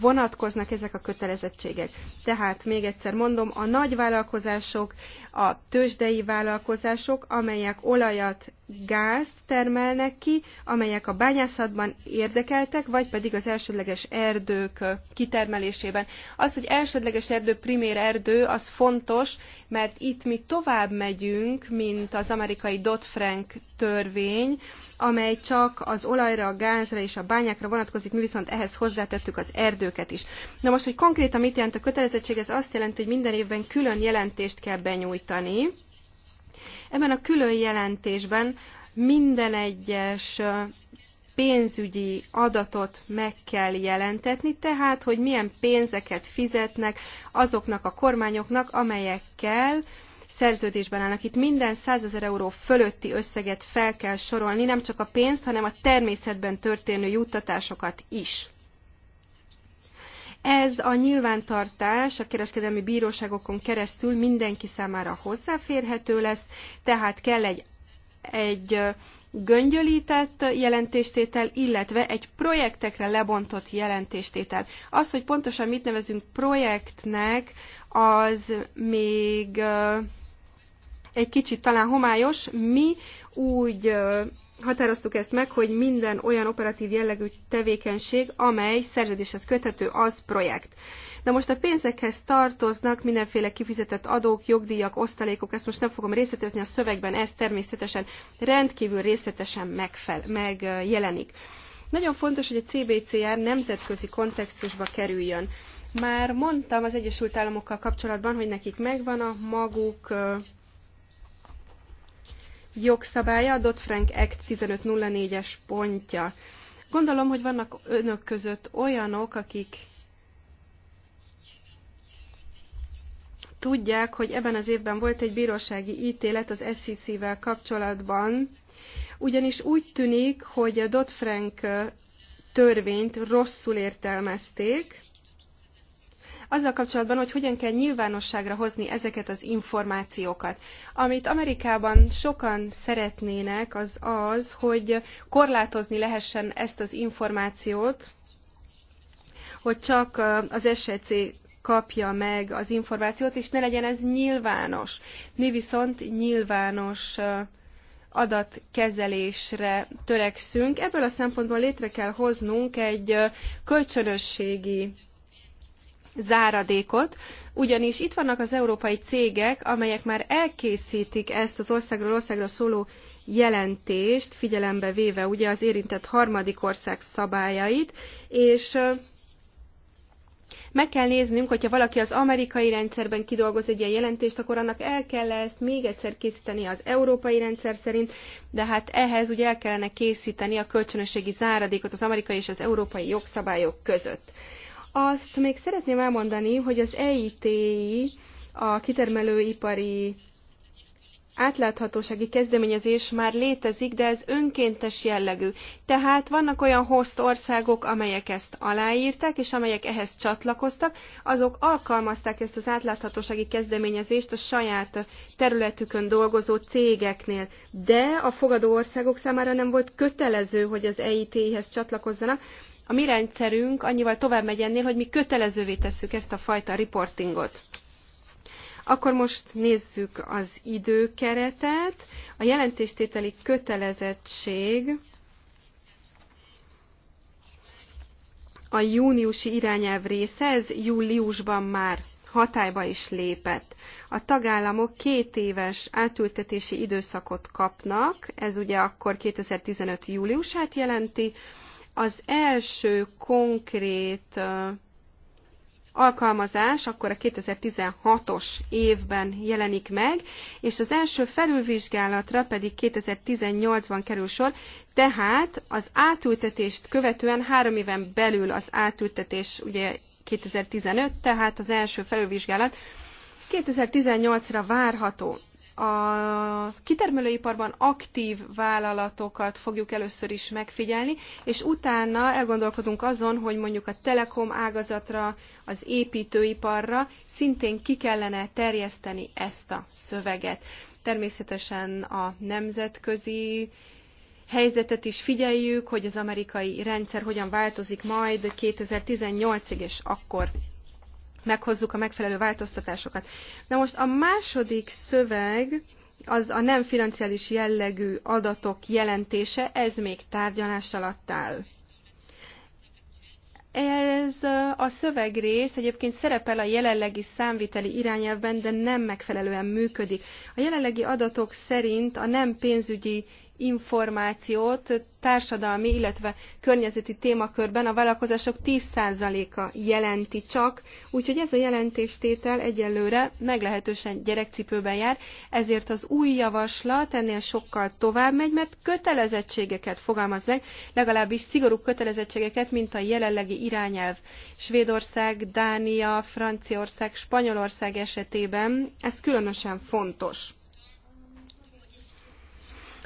vonatkoznak ezek a kötelezettségek. Tehát még egyszer mondom, a nagy vállalkozások, a tőzsdei vállalkozások, amelyek olajat, gázt termelnek ki, amelyek a bányászatban érdekeltek, vagy pedig az elsődleges erdők kitermelésében. Az, hogy elsődleges erdő, primér erdő, az fontos, mert itt mi tovább megyünk, mint az amerikai Dodd-Frank törvény, amely csak az olajra, a gázra és a bányákra vonatkozik, mi viszont ehhez hozzátettük az erdőket is. Na most, hogy konkrétan mit jelent a kötelezettség, ez azt jelenti, hogy minden évben külön jelentést kell benyújtani. Ebben a külön jelentésben minden egyes pénzügyi adatot meg kell jelentetni, tehát hogy milyen pénzeket fizetnek azoknak a kormányoknak, amelyekkel szerződésben állnak. Itt minden 100 ezer euró fölötti összeget fel kell sorolni, nem csak a pénzt, hanem a természetben történő juttatásokat is. Ez a nyilvántartás a kereskedelmi bíróságokon keresztül mindenki számára hozzáférhető lesz, tehát kell egy, egy göngyölített jelentéstétel, illetve egy projektekre lebontott jelentéstétel. Az, hogy pontosan mit nevezünk projektnek, az még egy kicsit talán homályos. Mi úgy határoztuk ezt meg, hogy minden olyan operatív jellegű tevékenység, amely szerződéshez köthető, az projekt. Na most a pénzekhez tartoznak mindenféle kifizetett adók, jogdíjak, osztalékok, ezt most nem fogom részletezni a szövegben, ez természetesen rendkívül részletesen megfel, megjelenik. Nagyon fontos, hogy a CBCR nemzetközi kontextusba kerüljön. Már mondtam az Egyesült Államokkal kapcsolatban, hogy nekik megvan a maguk jogszabálya, a Dodd-Frank Act 1504-es pontja. Gondolom, hogy vannak önök között olyanok, akik tudják, hogy ebben az évben volt egy bírósági ítélet az SEC-vel kapcsolatban, ugyanis úgy tűnik, hogy a Dodd-Frank törvényt rosszul értelmezték, azzal kapcsolatban, hogy hogyan kell nyilvánosságra hozni ezeket az információkat. Amit Amerikában sokan szeretnének, az az, hogy korlátozni lehessen ezt az információt, hogy csak uh, az SEC kapja meg az információt, és ne legyen ez nyilvános. Mi viszont nyilvános uh, adatkezelésre törekszünk. Ebből a szempontból létre kell hoznunk egy uh, kölcsönösségi záradékot, ugyanis itt vannak az európai cégek, amelyek már elkészítik ezt az országról országra szóló jelentést, figyelembe véve ugye az érintett harmadik ország szabályait, és meg kell néznünk, hogyha valaki az amerikai rendszerben kidolgoz egy ilyen jelentést, akkor annak el kell ezt még egyszer készíteni az európai rendszer szerint, de hát ehhez ugye el kellene készíteni a kölcsönösségi záradékot az amerikai és az európai jogszabályok között. Azt még szeretném elmondani, hogy az EITI, a kitermelőipari átláthatósági kezdeményezés már létezik, de ez önkéntes jellegű. Tehát vannak olyan host országok, amelyek ezt aláírták, és amelyek ehhez csatlakoztak, azok alkalmazták ezt az átláthatósági kezdeményezést a saját területükön dolgozó cégeknél. De a fogadó országok számára nem volt kötelező, hogy az EIT-hez csatlakozzanak, a mi rendszerünk annyival tovább megy ennél, hogy mi kötelezővé tesszük ezt a fajta reportingot. Akkor most nézzük az időkeretet. A jelentéstételi kötelezettség a júniusi irányelv része, ez júliusban már hatályba is lépett. A tagállamok két éves átültetési időszakot kapnak, ez ugye akkor 2015. júliusát jelenti, az első konkrét alkalmazás akkor a 2016-os évben jelenik meg, és az első felülvizsgálatra pedig 2018-ban kerül sor, tehát az átültetést követően három éven belül az átültetés ugye 2015, tehát az első felülvizsgálat 2018-ra várható a kitermelőiparban aktív vállalatokat fogjuk először is megfigyelni, és utána elgondolkodunk azon, hogy mondjuk a telekom ágazatra, az építőiparra szintén ki kellene terjeszteni ezt a szöveget. Természetesen a nemzetközi helyzetet is figyeljük, hogy az amerikai rendszer hogyan változik majd 2018-ig, és akkor meghozzuk a megfelelő változtatásokat. Na most a második szöveg, az a nem financiális jellegű adatok jelentése, ez még tárgyalás alatt áll. Ez a szövegrész egyébként szerepel a jelenlegi számviteli irányelvben, de nem megfelelően működik. A jelenlegi adatok szerint a nem pénzügyi információt társadalmi, illetve környezeti témakörben a vállalkozások 10%-a jelenti csak, úgyhogy ez a jelentéstétel egyelőre meglehetősen gyerekcipőben jár, ezért az új javaslat ennél sokkal tovább megy, mert kötelezettségeket fogalmaz meg, legalábbis szigorú kötelezettségeket, mint a jelenlegi irányelv. Svédország, Dánia, Franciaország, Spanyolország esetében ez különösen fontos.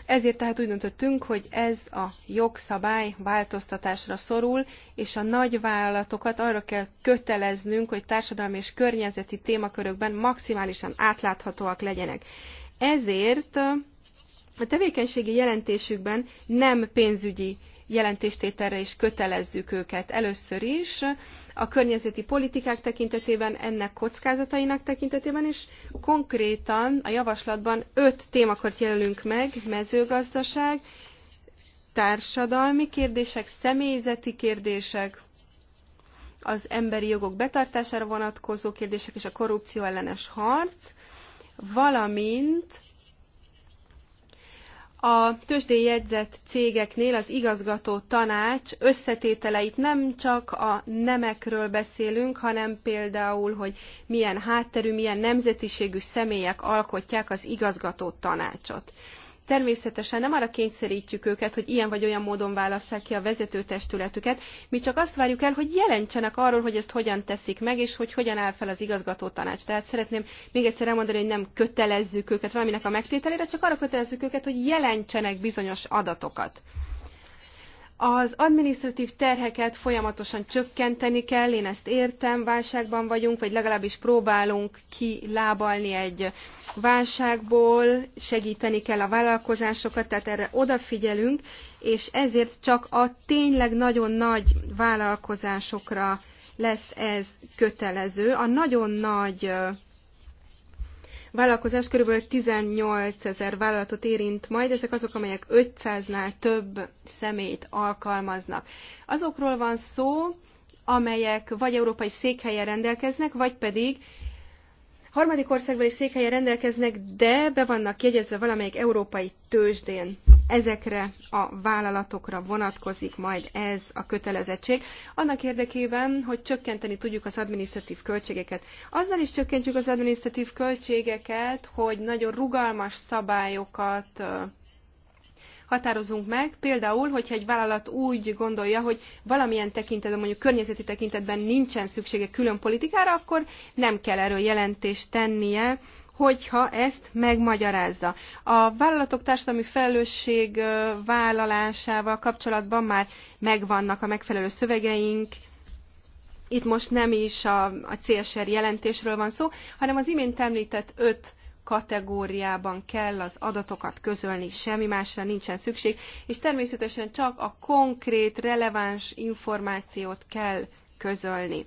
Ezért tehát úgy döntöttünk, hogy ez a jogszabály változtatásra szorul, és a nagyvállalatokat arra kell köteleznünk, hogy társadalmi és környezeti témakörökben maximálisan átláthatóak legyenek. Ezért a tevékenységi jelentésükben nem pénzügyi jelentéstételre is kötelezzük őket. Először is a környezeti politikák tekintetében, ennek kockázatainak tekintetében, és konkrétan a javaslatban öt témakört jelölünk meg, mezőgazdaság, társadalmi kérdések, személyzeti kérdések, az emberi jogok betartására vonatkozó kérdések és a korrupcióellenes ellenes harc, valamint a tőzsdén jegyzett cégeknél az igazgató tanács összetételeit nem csak a nemekről beszélünk, hanem például, hogy milyen hátterű, milyen nemzetiségű személyek alkotják az igazgató tanácsot. Természetesen nem arra kényszerítjük őket, hogy ilyen vagy olyan módon válasszák ki a vezetőtestületüket, mi csak azt várjuk el, hogy jelentsenek arról, hogy ezt hogyan teszik meg, és hogy hogyan áll fel az igazgató tanács. Tehát szeretném még egyszer elmondani, hogy nem kötelezzük őket valaminek a megtételére, csak arra kötelezzük őket, hogy jelentsenek bizonyos adatokat. Az administratív terheket folyamatosan csökkenteni kell, én ezt értem, válságban vagyunk, vagy legalábbis próbálunk kilábalni egy válságból, segíteni kell a vállalkozásokat, tehát erre odafigyelünk, és ezért csak a tényleg nagyon nagy vállalkozásokra lesz ez kötelező. A nagyon nagy vállalkozás kb. 18 ezer vállalatot érint majd, ezek azok, amelyek 500-nál több szemét alkalmaznak. Azokról van szó, amelyek vagy európai székhelyen rendelkeznek, vagy pedig harmadik országbeli székhelyen rendelkeznek, de be vannak jegyezve valamelyik európai tőzsdén ezekre a vállalatokra vonatkozik majd ez a kötelezettség, annak érdekében, hogy csökkenteni tudjuk az adminisztratív költségeket. Azzal is csökkentjük az adminisztratív költségeket, hogy nagyon rugalmas szabályokat határozunk meg, például, hogyha egy vállalat úgy gondolja, hogy valamilyen tekintetben, mondjuk környezeti tekintetben nincsen szüksége külön politikára, akkor nem kell erről jelentést tennie hogyha ezt megmagyarázza. A vállalatok társadalmi felelősség vállalásával kapcsolatban már megvannak a megfelelő szövegeink, itt most nem is a, a CSR jelentésről van szó, hanem az imént említett öt kategóriában kell az adatokat közölni, semmi másra nincsen szükség, és természetesen csak a konkrét, releváns információt kell közölni.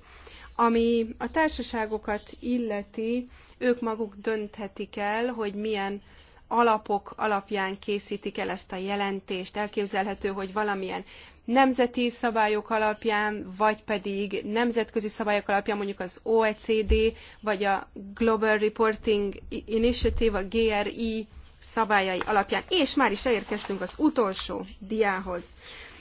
Ami a társaságokat illeti, ők maguk dönthetik el, hogy milyen alapok alapján készítik el ezt a jelentést. Elképzelhető, hogy valamilyen nemzeti szabályok alapján, vagy pedig nemzetközi szabályok alapján, mondjuk az OECD, vagy a Global Reporting Initiative, a GRI szabályai alapján. És már is elérkeztünk az utolsó diához.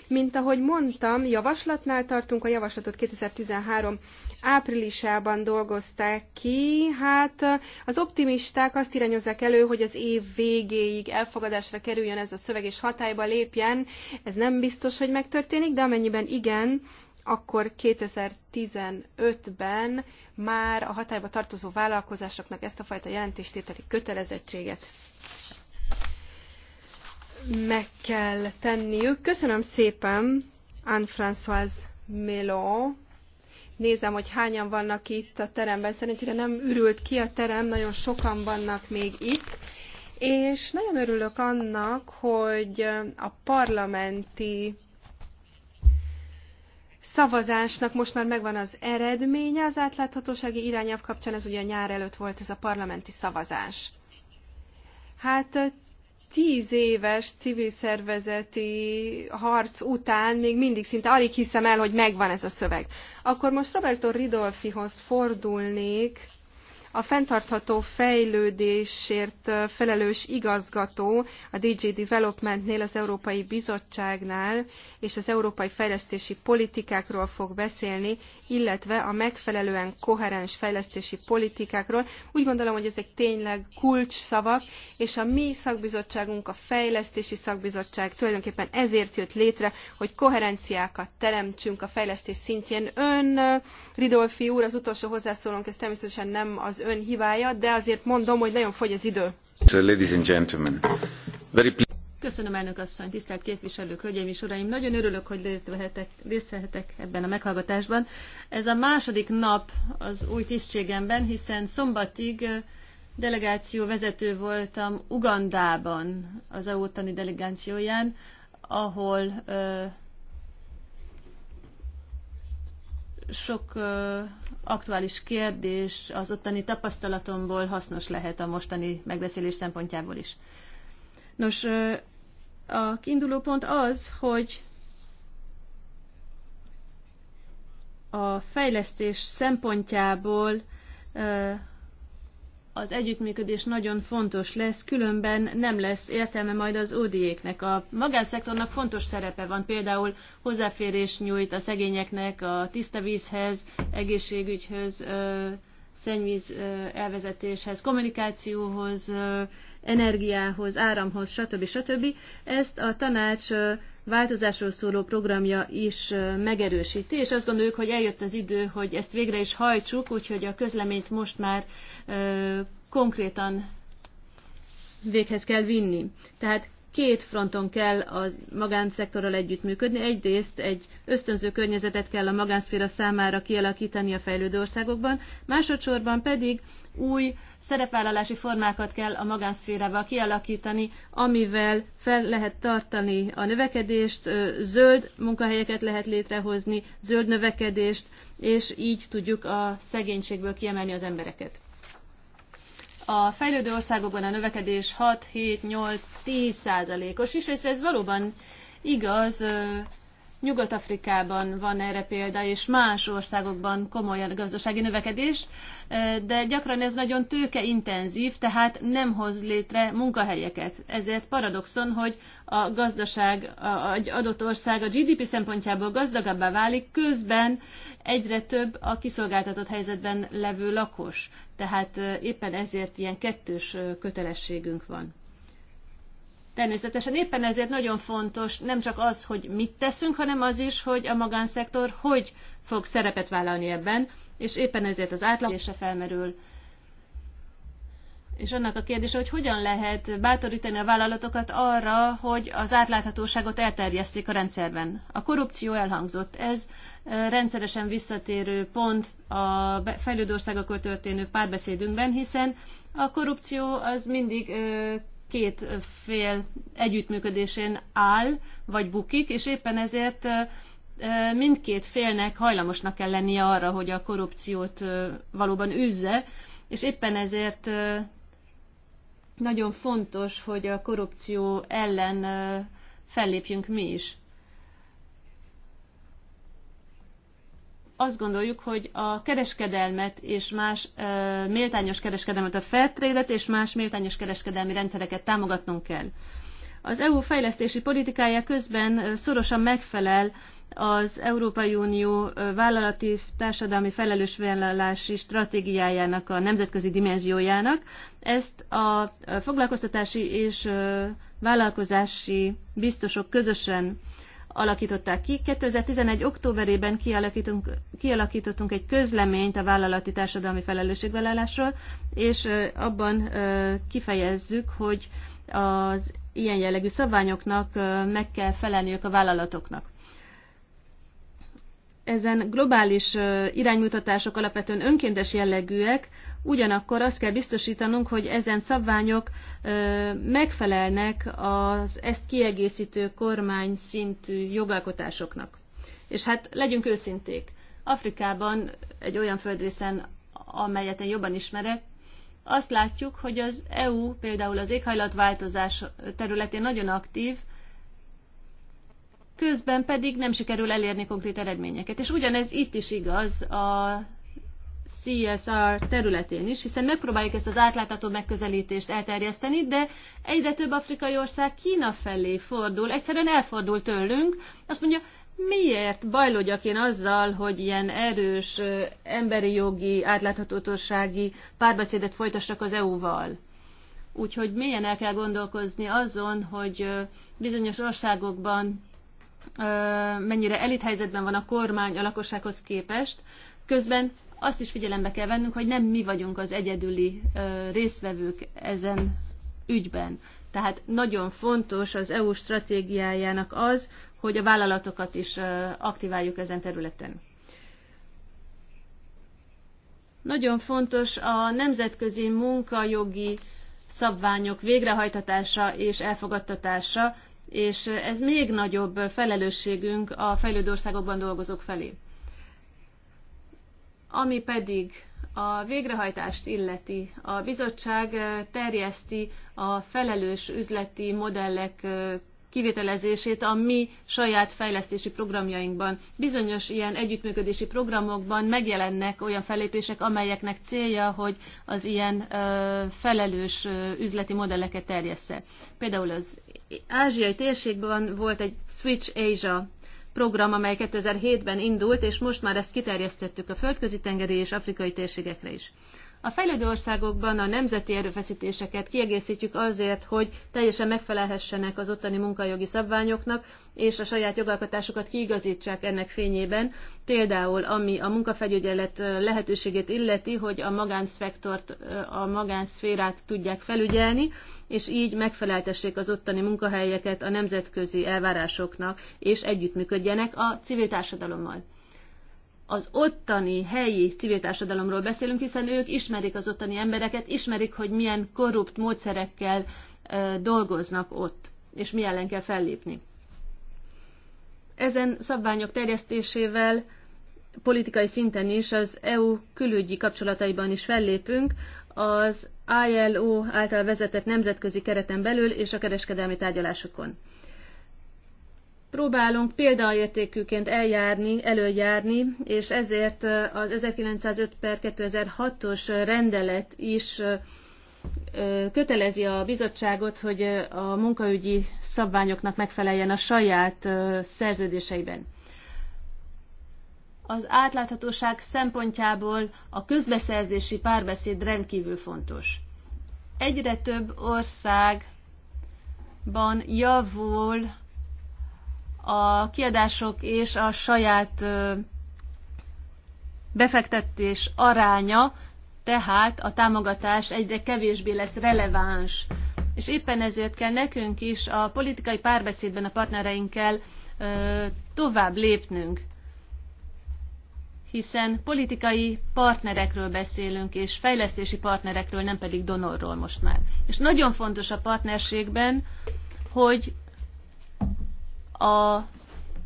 Mint ahogy mondtam, javaslatnál tartunk, a javaslatot 2013 áprilisában dolgozták ki. Hát eh, az optimisták azt irányozzák elő, hogy az év végéig elfogadásra kerüljön ez a szöveg és hatályba lépjen. Ez nem biztos, hogy megtörténik, de amennyiben igen, akkor 2015-ben már a hatályba tartozó vállalkozásoknak ezt a fajta jelentéstételi kötelezettséget meg kell tenniük. Köszönöm szépen, Anne-Françoise Melo. Nézem, hogy hányan vannak itt a teremben. Szerencsére nem ürült ki a terem, nagyon sokan vannak még itt. És nagyon örülök annak, hogy a parlamenti szavazásnak most már megvan az eredménye az átláthatósági irányelv kapcsán, ez ugye nyár előtt volt ez a parlamenti szavazás. Hát tíz éves civil szervezeti harc után még mindig szinte alig hiszem el, hogy megvan ez a szöveg. Akkor most Roberto Ridolfihoz fordulnék, a fenntartható fejlődésért felelős igazgató a DG Developmentnél, az Európai Bizottságnál és az európai fejlesztési politikákról fog beszélni, illetve a megfelelően koherens fejlesztési politikákról. Úgy gondolom, hogy ezek tényleg kulcsszavak, és a mi szakbizottságunk, a fejlesztési szakbizottság tulajdonképpen ezért jött létre, hogy koherenciákat teremtsünk a fejlesztés szintjén. Ön, Ridolfi úr, az utolsó hozzászólónk, ez természetesen nem az ön hibája, de azért mondom, hogy nagyon fogy az idő. So, ladies and gentlemen, very Köszönöm, elnök asszony, tisztelt képviselők, hölgyeim és uraim. Nagyon örülök, hogy részt vehetek, ebben a meghallgatásban. Ez a második nap az új tisztségemben, hiszen szombatig delegáció vezető voltam Ugandában, az EU tani delegációján, ahol uh, sok uh, aktuális kérdés az ottani tapasztalatomból hasznos lehet a mostani megbeszélés szempontjából is. Nos, a kiinduló pont az, hogy a fejlesztés szempontjából az együttműködés nagyon fontos lesz, különben nem lesz értelme majd az odi A magánszektornak fontos szerepe van, például hozzáférés nyújt a szegényeknek a tiszta vízhez, egészségügyhöz, szennyvíz elvezetéshez, kommunikációhoz, energiához, áramhoz, stb. stb. Ezt a tanács változásról szóló programja is megerősíti, és azt gondoljuk, hogy eljött az idő, hogy ezt végre is hajtsuk, úgyhogy a közleményt most már konkrétan véghez kell vinni. Tehát két fronton kell a magánszektorral együttműködni. Egyrészt egy ösztönző környezetet kell a magánszféra számára kialakítani a fejlődő országokban, másodszorban pedig új szerepvállalási formákat kell a magánszférával kialakítani, amivel fel lehet tartani a növekedést, zöld munkahelyeket lehet létrehozni, zöld növekedést, és így tudjuk a szegénységből kiemelni az embereket. A fejlődő országokban a növekedés 6, 7, 8, 10 százalékos is, és ez valóban igaz Nyugat-Afrikában van erre példa, és más országokban komoly gazdasági növekedés, de gyakran ez nagyon tőkeintenzív, tehát nem hoz létre munkahelyeket. Ezért paradoxon, hogy a gazdaság, egy adott ország a GDP szempontjából gazdagabbá válik, közben egyre több a kiszolgáltatott helyzetben levő lakos. Tehát éppen ezért ilyen kettős kötelességünk van. Természetesen éppen ezért nagyon fontos nem csak az, hogy mit teszünk, hanem az is, hogy a magánszektor hogy fog szerepet vállalni ebben, és éppen ezért az átlagése felmerül. És annak a kérdése, hogy hogyan lehet bátorítani a vállalatokat arra, hogy az átláthatóságot elterjesztik a rendszerben. A korrupció elhangzott. Ez rendszeresen visszatérő pont a fejlődő országokkal történő párbeszédünkben, hiszen a korrupció az mindig két fél együttműködésén áll, vagy bukik, és éppen ezért mindkét félnek hajlamosnak kell lennie arra, hogy a korrupciót valóban üzze, és éppen ezért nagyon fontos, hogy a korrupció ellen fellépjünk mi is. azt gondoljuk, hogy a kereskedelmet és más ö, méltányos kereskedelmet, a fairtrade és más méltányos kereskedelmi rendszereket támogatnunk kell. Az EU fejlesztési politikája közben szorosan megfelel az Európai Unió vállalati társadalmi felelősvállalási stratégiájának a nemzetközi dimenziójának. Ezt a foglalkoztatási és vállalkozási biztosok közösen alakították ki. 2011. októberében kialakítunk, kialakítottunk egy közleményt a vállalati társadalmi felelősségvállalásról, és abban kifejezzük, hogy az ilyen jellegű szabványoknak meg kell felelniük a vállalatoknak. Ezen globális iránymutatások alapvetően önkéntes jellegűek, Ugyanakkor azt kell biztosítanunk, hogy ezen szabványok megfelelnek az ezt kiegészítő kormány szintű jogalkotásoknak. És hát legyünk őszinték. Afrikában, egy olyan földrészen, amelyet én jobban ismerek, azt látjuk, hogy az EU például az éghajlatváltozás területén nagyon aktív, közben pedig nem sikerül elérni konkrét eredményeket. És ugyanez itt is igaz a CSR területén is, hiszen megpróbáljuk ezt az átlátható megközelítést elterjeszteni, de egyre több afrikai ország Kína felé fordul, egyszerűen elfordul tőlünk, azt mondja, miért bajlódjak én azzal, hogy ilyen erős emberi jogi, átláthatósági párbeszédet folytassak az EU-val? Úgyhogy milyen el kell gondolkozni azon, hogy bizonyos országokban mennyire elithelyzetben van a kormány a lakossághoz képest, közben azt is figyelembe kell vennünk, hogy nem mi vagyunk az egyedüli részvevők ezen ügyben. Tehát nagyon fontos az EU stratégiájának az, hogy a vállalatokat is aktiváljuk ezen területen. Nagyon fontos a nemzetközi munkajogi szabványok végrehajtatása és elfogadtatása, és ez még nagyobb felelősségünk a fejlődő országokban dolgozók felé. Ami pedig a végrehajtást illeti, a bizottság eh, terjeszti a felelős üzleti modellek eh, kivételezését a mi saját fejlesztési programjainkban. Bizonyos ilyen együttműködési programokban megjelennek olyan fellépések, amelyeknek célja, hogy az ilyen ö, eh, felelős ö, üzleti modelleket terjessze. Például az ázsiai térségben volt egy Switch Asia program, amely 2007-ben indult, és most már ezt kiterjesztettük a földközi tengeri és afrikai térségekre is. A fejlődő országokban a nemzeti erőfeszítéseket kiegészítjük azért, hogy teljesen megfelelhessenek az ottani munkajogi szabványoknak, és a saját jogalkotásukat kiigazítsák ennek fényében, például ami a munkafelügyelet lehetőségét illeti, hogy a magánszektort, a magánszférát tudják felügyelni, és így megfeleltessék az ottani munkahelyeket a nemzetközi elvárásoknak, és együttműködjenek a civil társadalommal az ottani helyi civil társadalomról beszélünk, hiszen ők ismerik az ottani embereket, ismerik, hogy milyen korrupt módszerekkel dolgoznak ott, és mi ellen kell fellépni. Ezen szabványok terjesztésével politikai szinten is, az EU külügyi kapcsolataiban is fellépünk, az ILO által vezetett nemzetközi kereten belül és a kereskedelmi tárgyalásokon. Próbálunk példaértékűként eljárni, előjárni, és ezért az 1905 per 2006-os rendelet is kötelezi a bizottságot, hogy a munkaügyi szabványoknak megfeleljen a saját szerződéseiben. Az átláthatóság szempontjából a közbeszerzési párbeszéd rendkívül fontos. Egyre több országban javul a kiadások és a saját befektetés aránya, tehát a támogatás egyre kevésbé lesz releváns. És éppen ezért kell nekünk is a politikai párbeszédben a partnereinkkel tovább lépnünk, hiszen politikai partnerekről beszélünk, és fejlesztési partnerekről, nem pedig donorról most már. És nagyon fontos a partnerségben, hogy a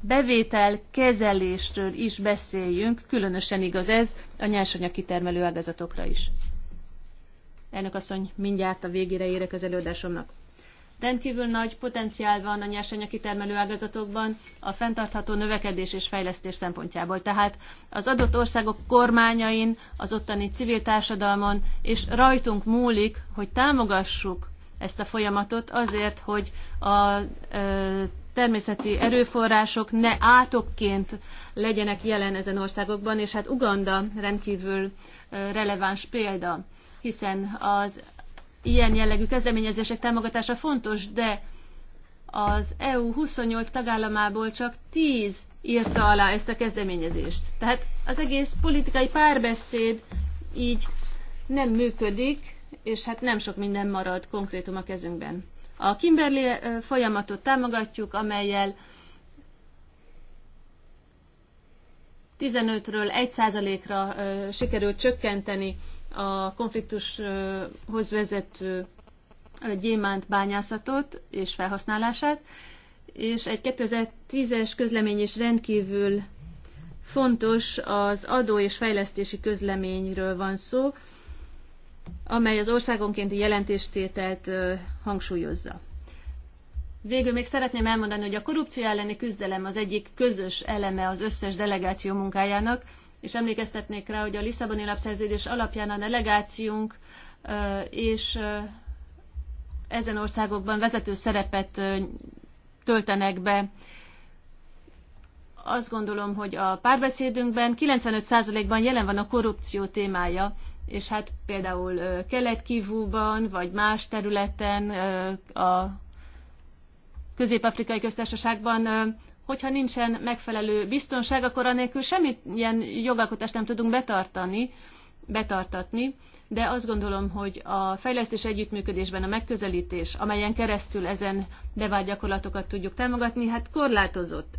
bevétel kezelésről is beszéljünk, különösen igaz ez a nyersanyag kitermelő ágazatokra is. Elnök asszony, mindjárt a végére érek az előadásomnak. Rendkívül nagy potenciál van a nyersanyag kitermelő ágazatokban a fenntartható növekedés és fejlesztés szempontjából. Tehát az adott országok kormányain, az ottani civil társadalmon és rajtunk múlik, hogy támogassuk ezt a folyamatot azért, hogy a természeti erőforrások ne átokként legyenek jelen ezen országokban, és hát Uganda rendkívül releváns példa, hiszen az ilyen jellegű kezdeményezések támogatása fontos, de az EU 28 tagállamából csak 10 írta alá ezt a kezdeményezést. Tehát az egész politikai párbeszéd így nem működik, és hát nem sok minden marad konkrétum a kezünkben. A Kimberley folyamatot támogatjuk, amelyel 15-ről 1%-ra sikerült csökkenteni a konfliktushoz vezető gyémánt bányászatot és felhasználását, és egy 2010-es közlemény is rendkívül fontos, az adó és fejlesztési közleményről van szó, amely az országonkénti jelentéstételt hangsúlyozza. Végül még szeretném elmondani, hogy a korrupció elleni küzdelem az egyik közös eleme az összes delegáció munkájának, és emlékeztetnék rá, hogy a Lisszaboni Lapszerződés alapján a delegációnk és ezen országokban vezető szerepet töltenek be. Azt gondolom, hogy a párbeszédünkben 95%-ban jelen van a korrupció témája, és hát például Kelet-Kivúban, vagy más területen, a Közép-Afrikai Köztársaságban, hogyha nincsen megfelelő biztonság, akkor anélkül semmilyen jogalkotást nem tudunk betartani, betartatni, de azt gondolom, hogy a fejlesztés együttműködésben a megközelítés, amelyen keresztül ezen bevált gyakorlatokat tudjuk támogatni, hát korlátozott.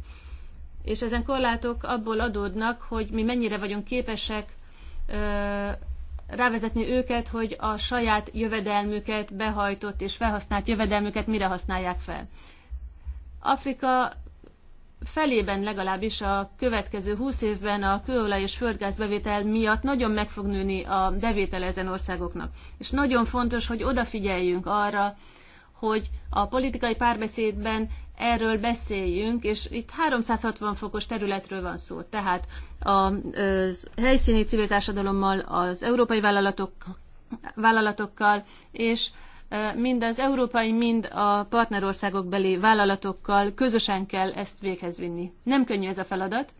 És ezen korlátok abból adódnak, hogy mi mennyire vagyunk képesek rávezetni őket, hogy a saját jövedelmüket, behajtott és felhasznált jövedelmüket mire használják fel. Afrika felében legalábbis a következő 20 évben a kőolaj és földgázbevétel miatt nagyon meg fog nőni a bevétel ezen országoknak. És nagyon fontos, hogy odafigyeljünk arra, hogy a politikai párbeszédben erről beszéljünk, és itt 360 fokos területről van szó. Tehát a helyszíni civil társadalommal, az európai vállalatok, vállalatokkal, és e, mind az európai, mind a partnerországok beli vállalatokkal közösen kell ezt véghez vinni. Nem könnyű ez a feladat,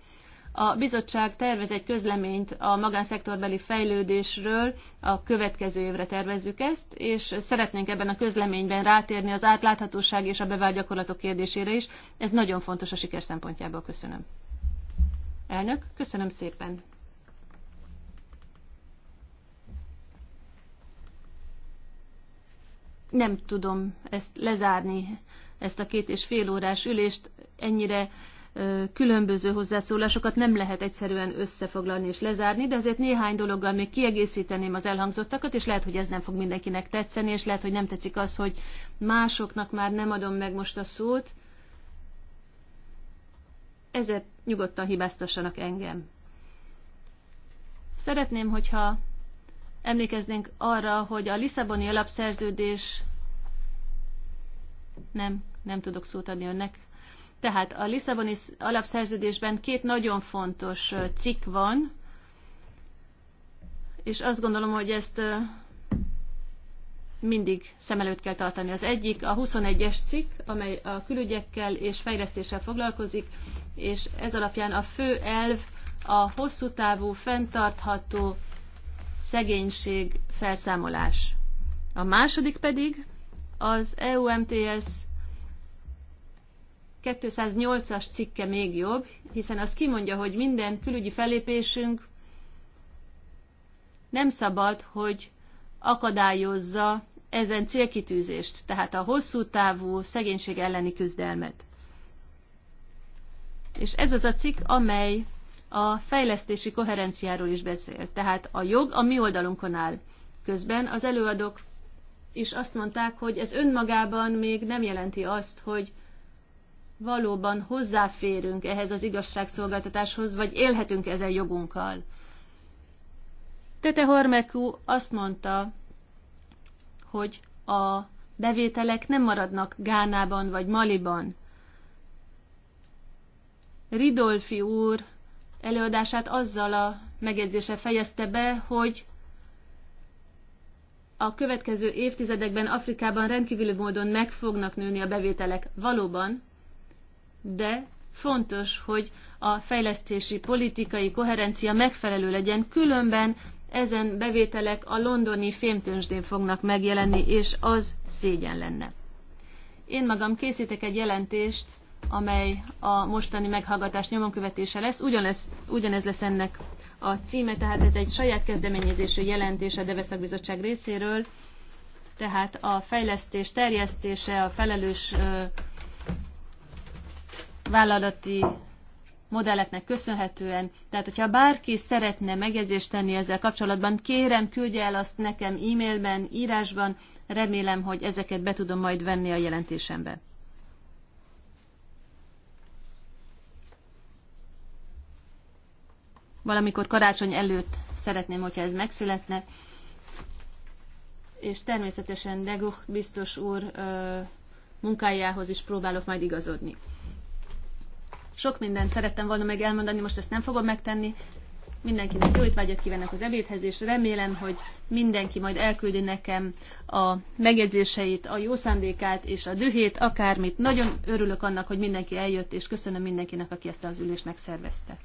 a bizottság tervez egy közleményt a magánszektorbeli fejlődésről, a következő évre tervezzük ezt, és szeretnénk ebben a közleményben rátérni az átláthatóság és a bevált gyakorlatok kérdésére is. Ez nagyon fontos a siker szempontjából. Köszönöm. Elnök, köszönöm szépen. Nem tudom ezt lezárni, ezt a két és fél órás ülést ennyire különböző hozzászólásokat nem lehet egyszerűen összefoglalni és lezárni, de azért néhány dologgal még kiegészíteném az elhangzottakat, és lehet, hogy ez nem fog mindenkinek tetszeni, és lehet, hogy nem tetszik az, hogy másoknak már nem adom meg most a szót. Ezért nyugodtan hibáztassanak engem. Szeretném, hogyha emlékeznénk arra, hogy a Lisszaboni alapszerződés nem, nem tudok szót adni önnek, tehát a Lisszaboni alapszerződésben két nagyon fontos cikk van, és azt gondolom, hogy ezt mindig szem előtt kell tartani. Az egyik a 21-es cikk, amely a külügyekkel és fejlesztéssel foglalkozik, és ez alapján a fő elv a hosszú távú, fenntartható szegénység felszámolás. A második pedig az EUMTS 208-as cikke még jobb, hiszen az kimondja, hogy minden külügyi fellépésünk nem szabad, hogy akadályozza ezen célkitűzést, tehát a hosszú távú szegénység elleni küzdelmet. És ez az a cikk, amely a fejlesztési koherenciáról is beszél. Tehát a jog a mi oldalunkon áll. Közben az előadók is azt mondták, hogy ez önmagában még nem jelenti azt, hogy valóban hozzáférünk ehhez az igazságszolgáltatáshoz, vagy élhetünk ezen jogunkkal. Tete Hormekú azt mondta, hogy a bevételek nem maradnak Gánában vagy Maliban. Ridolfi úr előadását azzal a megjegyzése fejezte be, hogy a következő évtizedekben Afrikában rendkívüli módon meg fognak nőni a bevételek. Valóban, de fontos, hogy a fejlesztési politikai koherencia megfelelő legyen, különben ezen bevételek a londoni fémtönsdén fognak megjelenni, és az szégyen lenne. Én magam készítek egy jelentést, amely a mostani meghallgatás nyomonkövetése lesz. Ugyanez, ugyanez lesz ennek a címe, tehát ez egy saját kezdeményezésű jelentés a Deveszakbizottság Bizottság részéről, tehát a fejlesztés terjesztése, a felelős vállalati modelleknek köszönhetően. Tehát, hogyha bárki szeretne megjegyzést tenni ezzel kapcsolatban, kérem, küldje el azt nekem e-mailben, írásban. Remélem, hogy ezeket be tudom majd venni a jelentésembe. Valamikor karácsony előtt szeretném, hogyha ez megszületne. És természetesen Deguch biztos úr munkájához is próbálok majd igazodni. Sok mindent szerettem volna meg elmondani, most ezt nem fogom megtenni. Mindenkinek jó étvágyat kívánok az ebédhez, és remélem, hogy mindenki majd elküldi nekem a megjegyzéseit, a jó szándékát és a dühét, akármit. Nagyon örülök annak, hogy mindenki eljött, és köszönöm mindenkinek, aki ezt az ülést megszervezte.